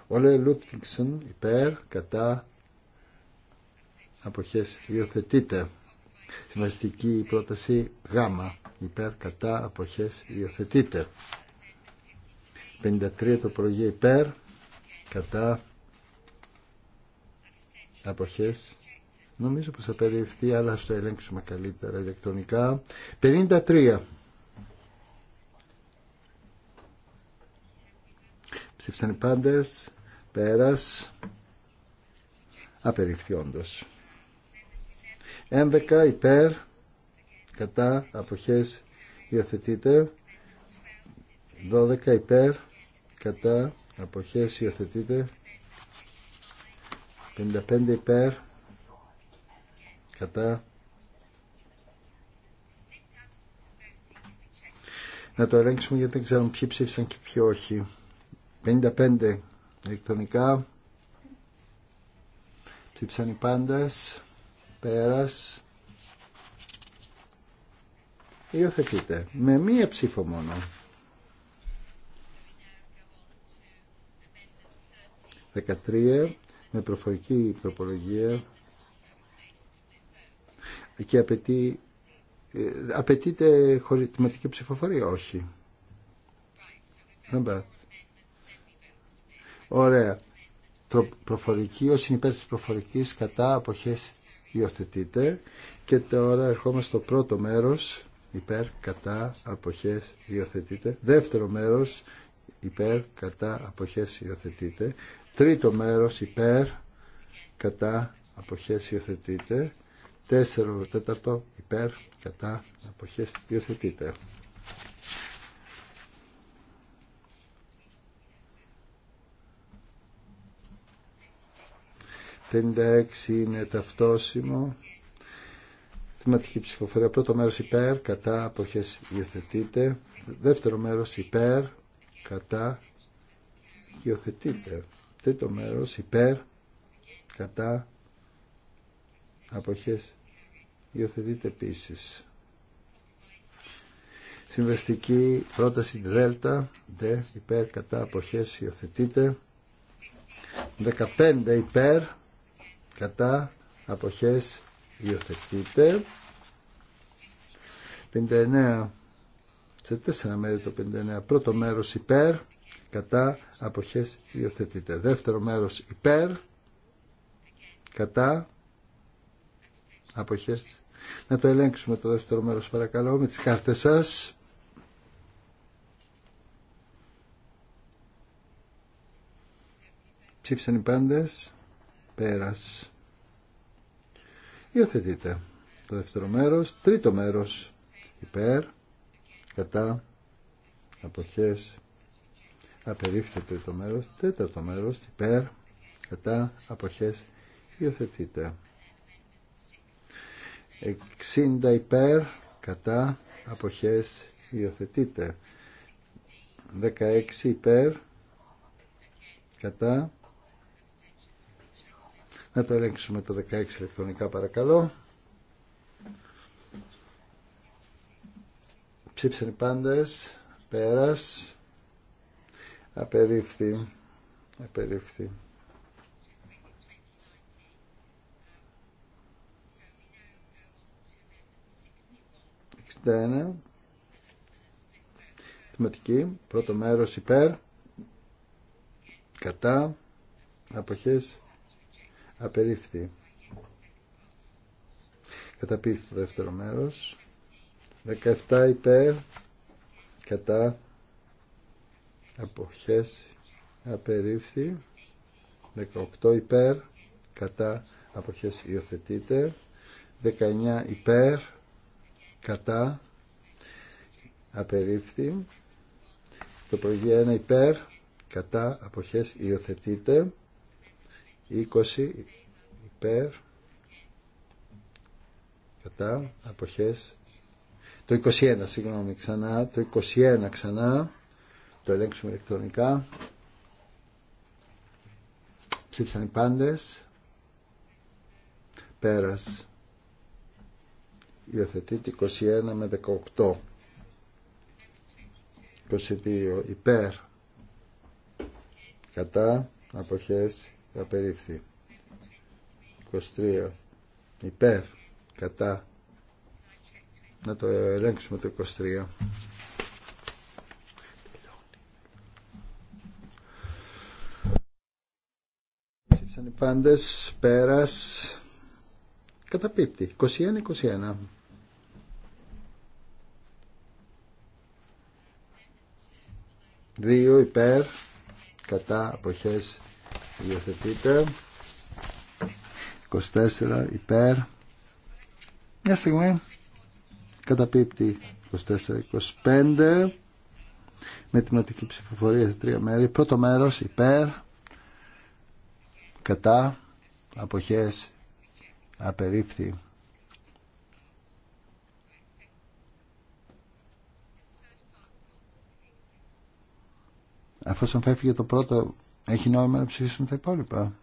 Όλε Λούτφιξον υπέρ, κατά, αποχές υιοθετείτε. Συμβαστική πρόταση γάμα, Υπέρ, κατά, αποχές υιοθετείτε. 53 το τροπολογία υπέρ κατά αποχές νομίζω πως θα περιευθεί αλλά θα το ελέγξουμε καλύτερα ηλεκτρονικά 53 ψήφισαν οι πάντες πέρας απεριφθεί όντως 11 υπέρ κατά αποχές υιοθετείται 12 υπέρ κατά αποχές υιοθετείται 55 υπέρ κατά να το ελέγξουμε γιατί δεν ξέρουμε ποιοι ψήφισαν και ποιοι όχι 55 ηλεκτρονικά ψήφισαν οι πάντας πέρας υιοθετείται με μία ψήφο μόνο 13 με προφορική προπολογία και απαιτεί ε, απαιτείται χωριτηματική ψηφοφορία όχι ωραία προφορική ως υπέρ της προφορικής κατά αποχές υιοθετείται και τώρα ερχόμαστε στο πρώτο μέρος υπέρ κατά αποχές υιοθετείται δεύτερο μέρος υπέρ κατά αποχές υιοθετείται Τρίτο μέρος υπέρ, κατά, αποχές υιοθετείται. Τέσσερο τέταρτο υπέρ, κατά, αποχές υιοθετείται. Τέντα είναι ταυτόσιμο. Θεματική ψηφοφορία. Πρώτο μέρος υπέρ, κατά, αποχές υιοθετείται. Δεύτερο μέρος υπέρ, κατά, υιοθετείται τρίτο μέρος υπέρ κατά αποχές υιοθετείται επίσης συμβαστική πρόταση δέλτα δε υπέρ κατά αποχές υιοθετείται 15 υπέρ κατά αποχές υιοθετείται 59 σε τέσσερα μέρη το 59 πρώτο μέρος υπέρ κατά αποχές υιοθετείται. Δεύτερο μέρος υπέρ, κατά, αποχές. Να το ελέγξουμε το δεύτερο μέρος παρακαλώ με τις κάρτες σας. Ψήφισαν οι πάντες, πέρας. Υιοθετείται το δεύτερο μέρος, τρίτο μέρος υπέρ, κατά, αποχές Απερίφθητο το μέρος, τέταρτο μέρος, υπέρ, κατά, αποχές, υιοθετείται. 60 υπέρ, κατά, αποχές, υιοθετείται. 16 υπέρ, κατά, να το ελέγξουμε το 16 ηλεκτρονικά παρακαλώ. Ψήψαν οι πάντες, πέρας, Απερίφθη. Απερίφθη. Θεματική. Πρώτο μέρος υπέρ. Κατά. Αποχές. Απερίφθη. Καταπίφθη το δεύτερο μέρος. 17 υπέρ. Κατά αποχές απερίφθη 18 υπέρ κατά αποχές υιοθετείται 19 υπέρ κατά απερίφθη το προηγείο 1 υπέρ κατά αποχές υιοθετείται 20 υπέρ κατά αποχές το 21 συγγνώμη ξανά το 21 ξανά το ελέγξουμε ηλεκτρονικά. Ψήφισαν οι πάντες. Πέρας. Υιοθετείται 21 με 18. 22 υπέρ. Κατά. Αποχές. Απερίφθη. 23 υπέρ. Κατά. Να το ελέγξουμε το 23. Λοιπόν, οι πάντες πέρας καταπίπτει 21-21 2 υπέρ κατά αποχές υιοθετείτε. 24 υπέρ μια στιγμή καταπίπτει 24-25 με τη ψηφοφορία σε τρία μέρη πρώτο μέρος υπέρ κατά αποχές απερίφθη Αφού φεύγει το πρώτο, έχει νόημα να ψηφίσουν τα υπόλοιπα.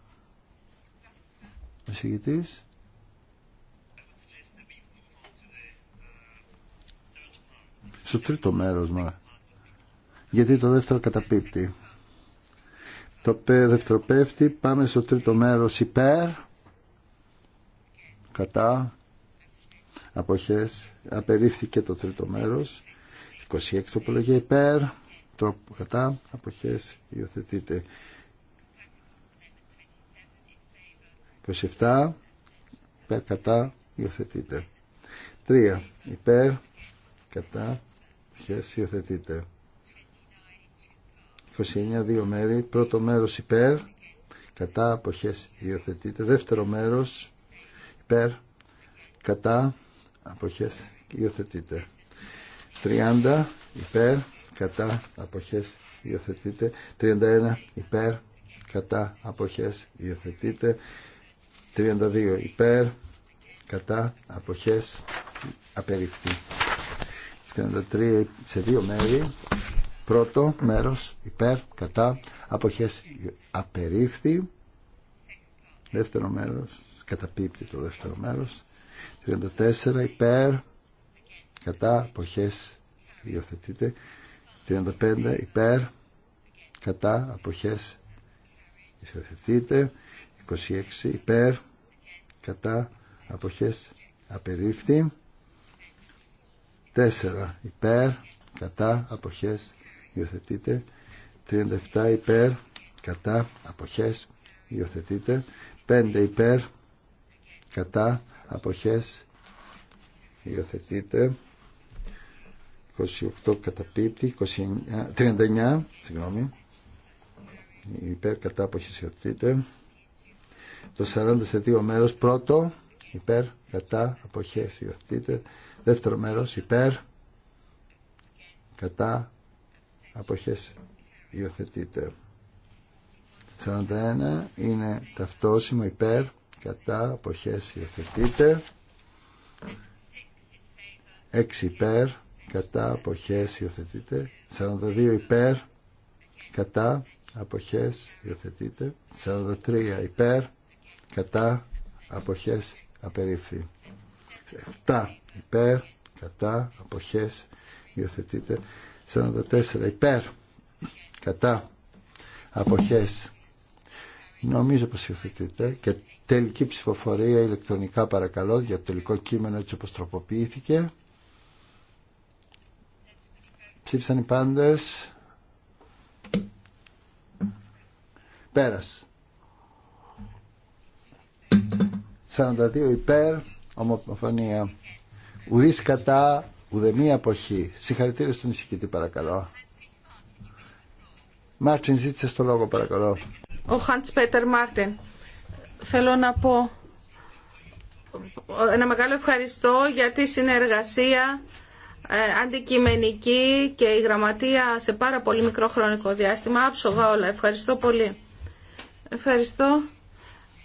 Ο Στο τρίτο μέρος, μα. Γιατί το δεύτερο καταπίπτει. Το δεύτερο πέφτει. Πάμε στο τρίτο μέρος υπέρ. Κατά. Αποχές. Απερίφθηκε το τρίτο μέρος. 26 τροπολογία υπέρ. Τρόπο κατά. Αποχές. Υιοθετείται. 27 υπέρ κατά υιοθετείται 3 υπέρ κατά χες υιοθετείται 29, δύο μέρη. Πρώτο μέρος υπέρ, κατά αποχές υιοθετείται. Δεύτερο μέρος υπέρ, κατά αποχές υιοθετείται. 30 υπέρ, κατά αποχές υιοθετείται. 31 υπέρ, κατά αποχές υιοθετείται. 32 υπέρ, κατά αποχές απεριφθεί. 33 σε δύο μέρη Πρώτο μέρος υπέρ, κατά, αποχές απερίφθη. Δεύτερο μέρος, καταπίπτει το δεύτερο μέρος. 34 υπέρ, κατά, αποχές υιοθετείται. 35 υπέρ, κατά, αποχές υιοθετείται. 26 υπέρ, κατά, αποχές απερίφθη. 4 υπέρ, κατά, αποχές υιοθετείτε. 37 υπέρ κατά αποχές υιοθετείτε, 5 υπέρ κατά αποχές υιοθετείτε. 28 καταπίπτει 39 συγγνώμη υπέρ κατά αποχές υιοθετείτε. το 40 σε δύο μέρος πρώτο υπέρ κατά αποχές υιοθετείτε. δεύτερο μέρος υπέρ κατά αποχές υιοθετείται 41 είναι ταυτόσιμο υπέρ κατά αποχές υιοθετείται 6 υπέρ κατά αποχές υιοθετείται 42 υπέρ κατά αποχές υιοθετείται 43 υπέρ κατά αποχές απερίφθη 7 υπέρ κατά αποχές υιοθετείται 44 υπέρ κατά αποχές νομίζω πως υιοθετείτε και τελική ψηφοφορία ηλεκτρονικά παρακαλώ για το τελικό κείμενο έτσι όπως τροποποιήθηκε ψήφισαν οι πάντες πέρας 42 υπέρ ομοφωνία ουδής κατά Ουδεμία αποχή. Συγχαρητήρια στον εισηγητή παρακαλώ. Μάρτιν, ζήτησε το λόγο παρακαλώ. Ο Χάντς Πέτερ Μάρτιν. Θέλω να πω ένα μεγάλο ευχαριστώ για τη συνεργασία ε, αντικειμενική και η γραμματεία σε πάρα πολύ μικρό χρονικό διάστημα. Άψογα όλα. Ευχαριστώ πολύ. Ευχαριστώ.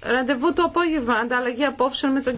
Ραντεβού το απόγευμα. Ανταλλαγή απόψεων με τον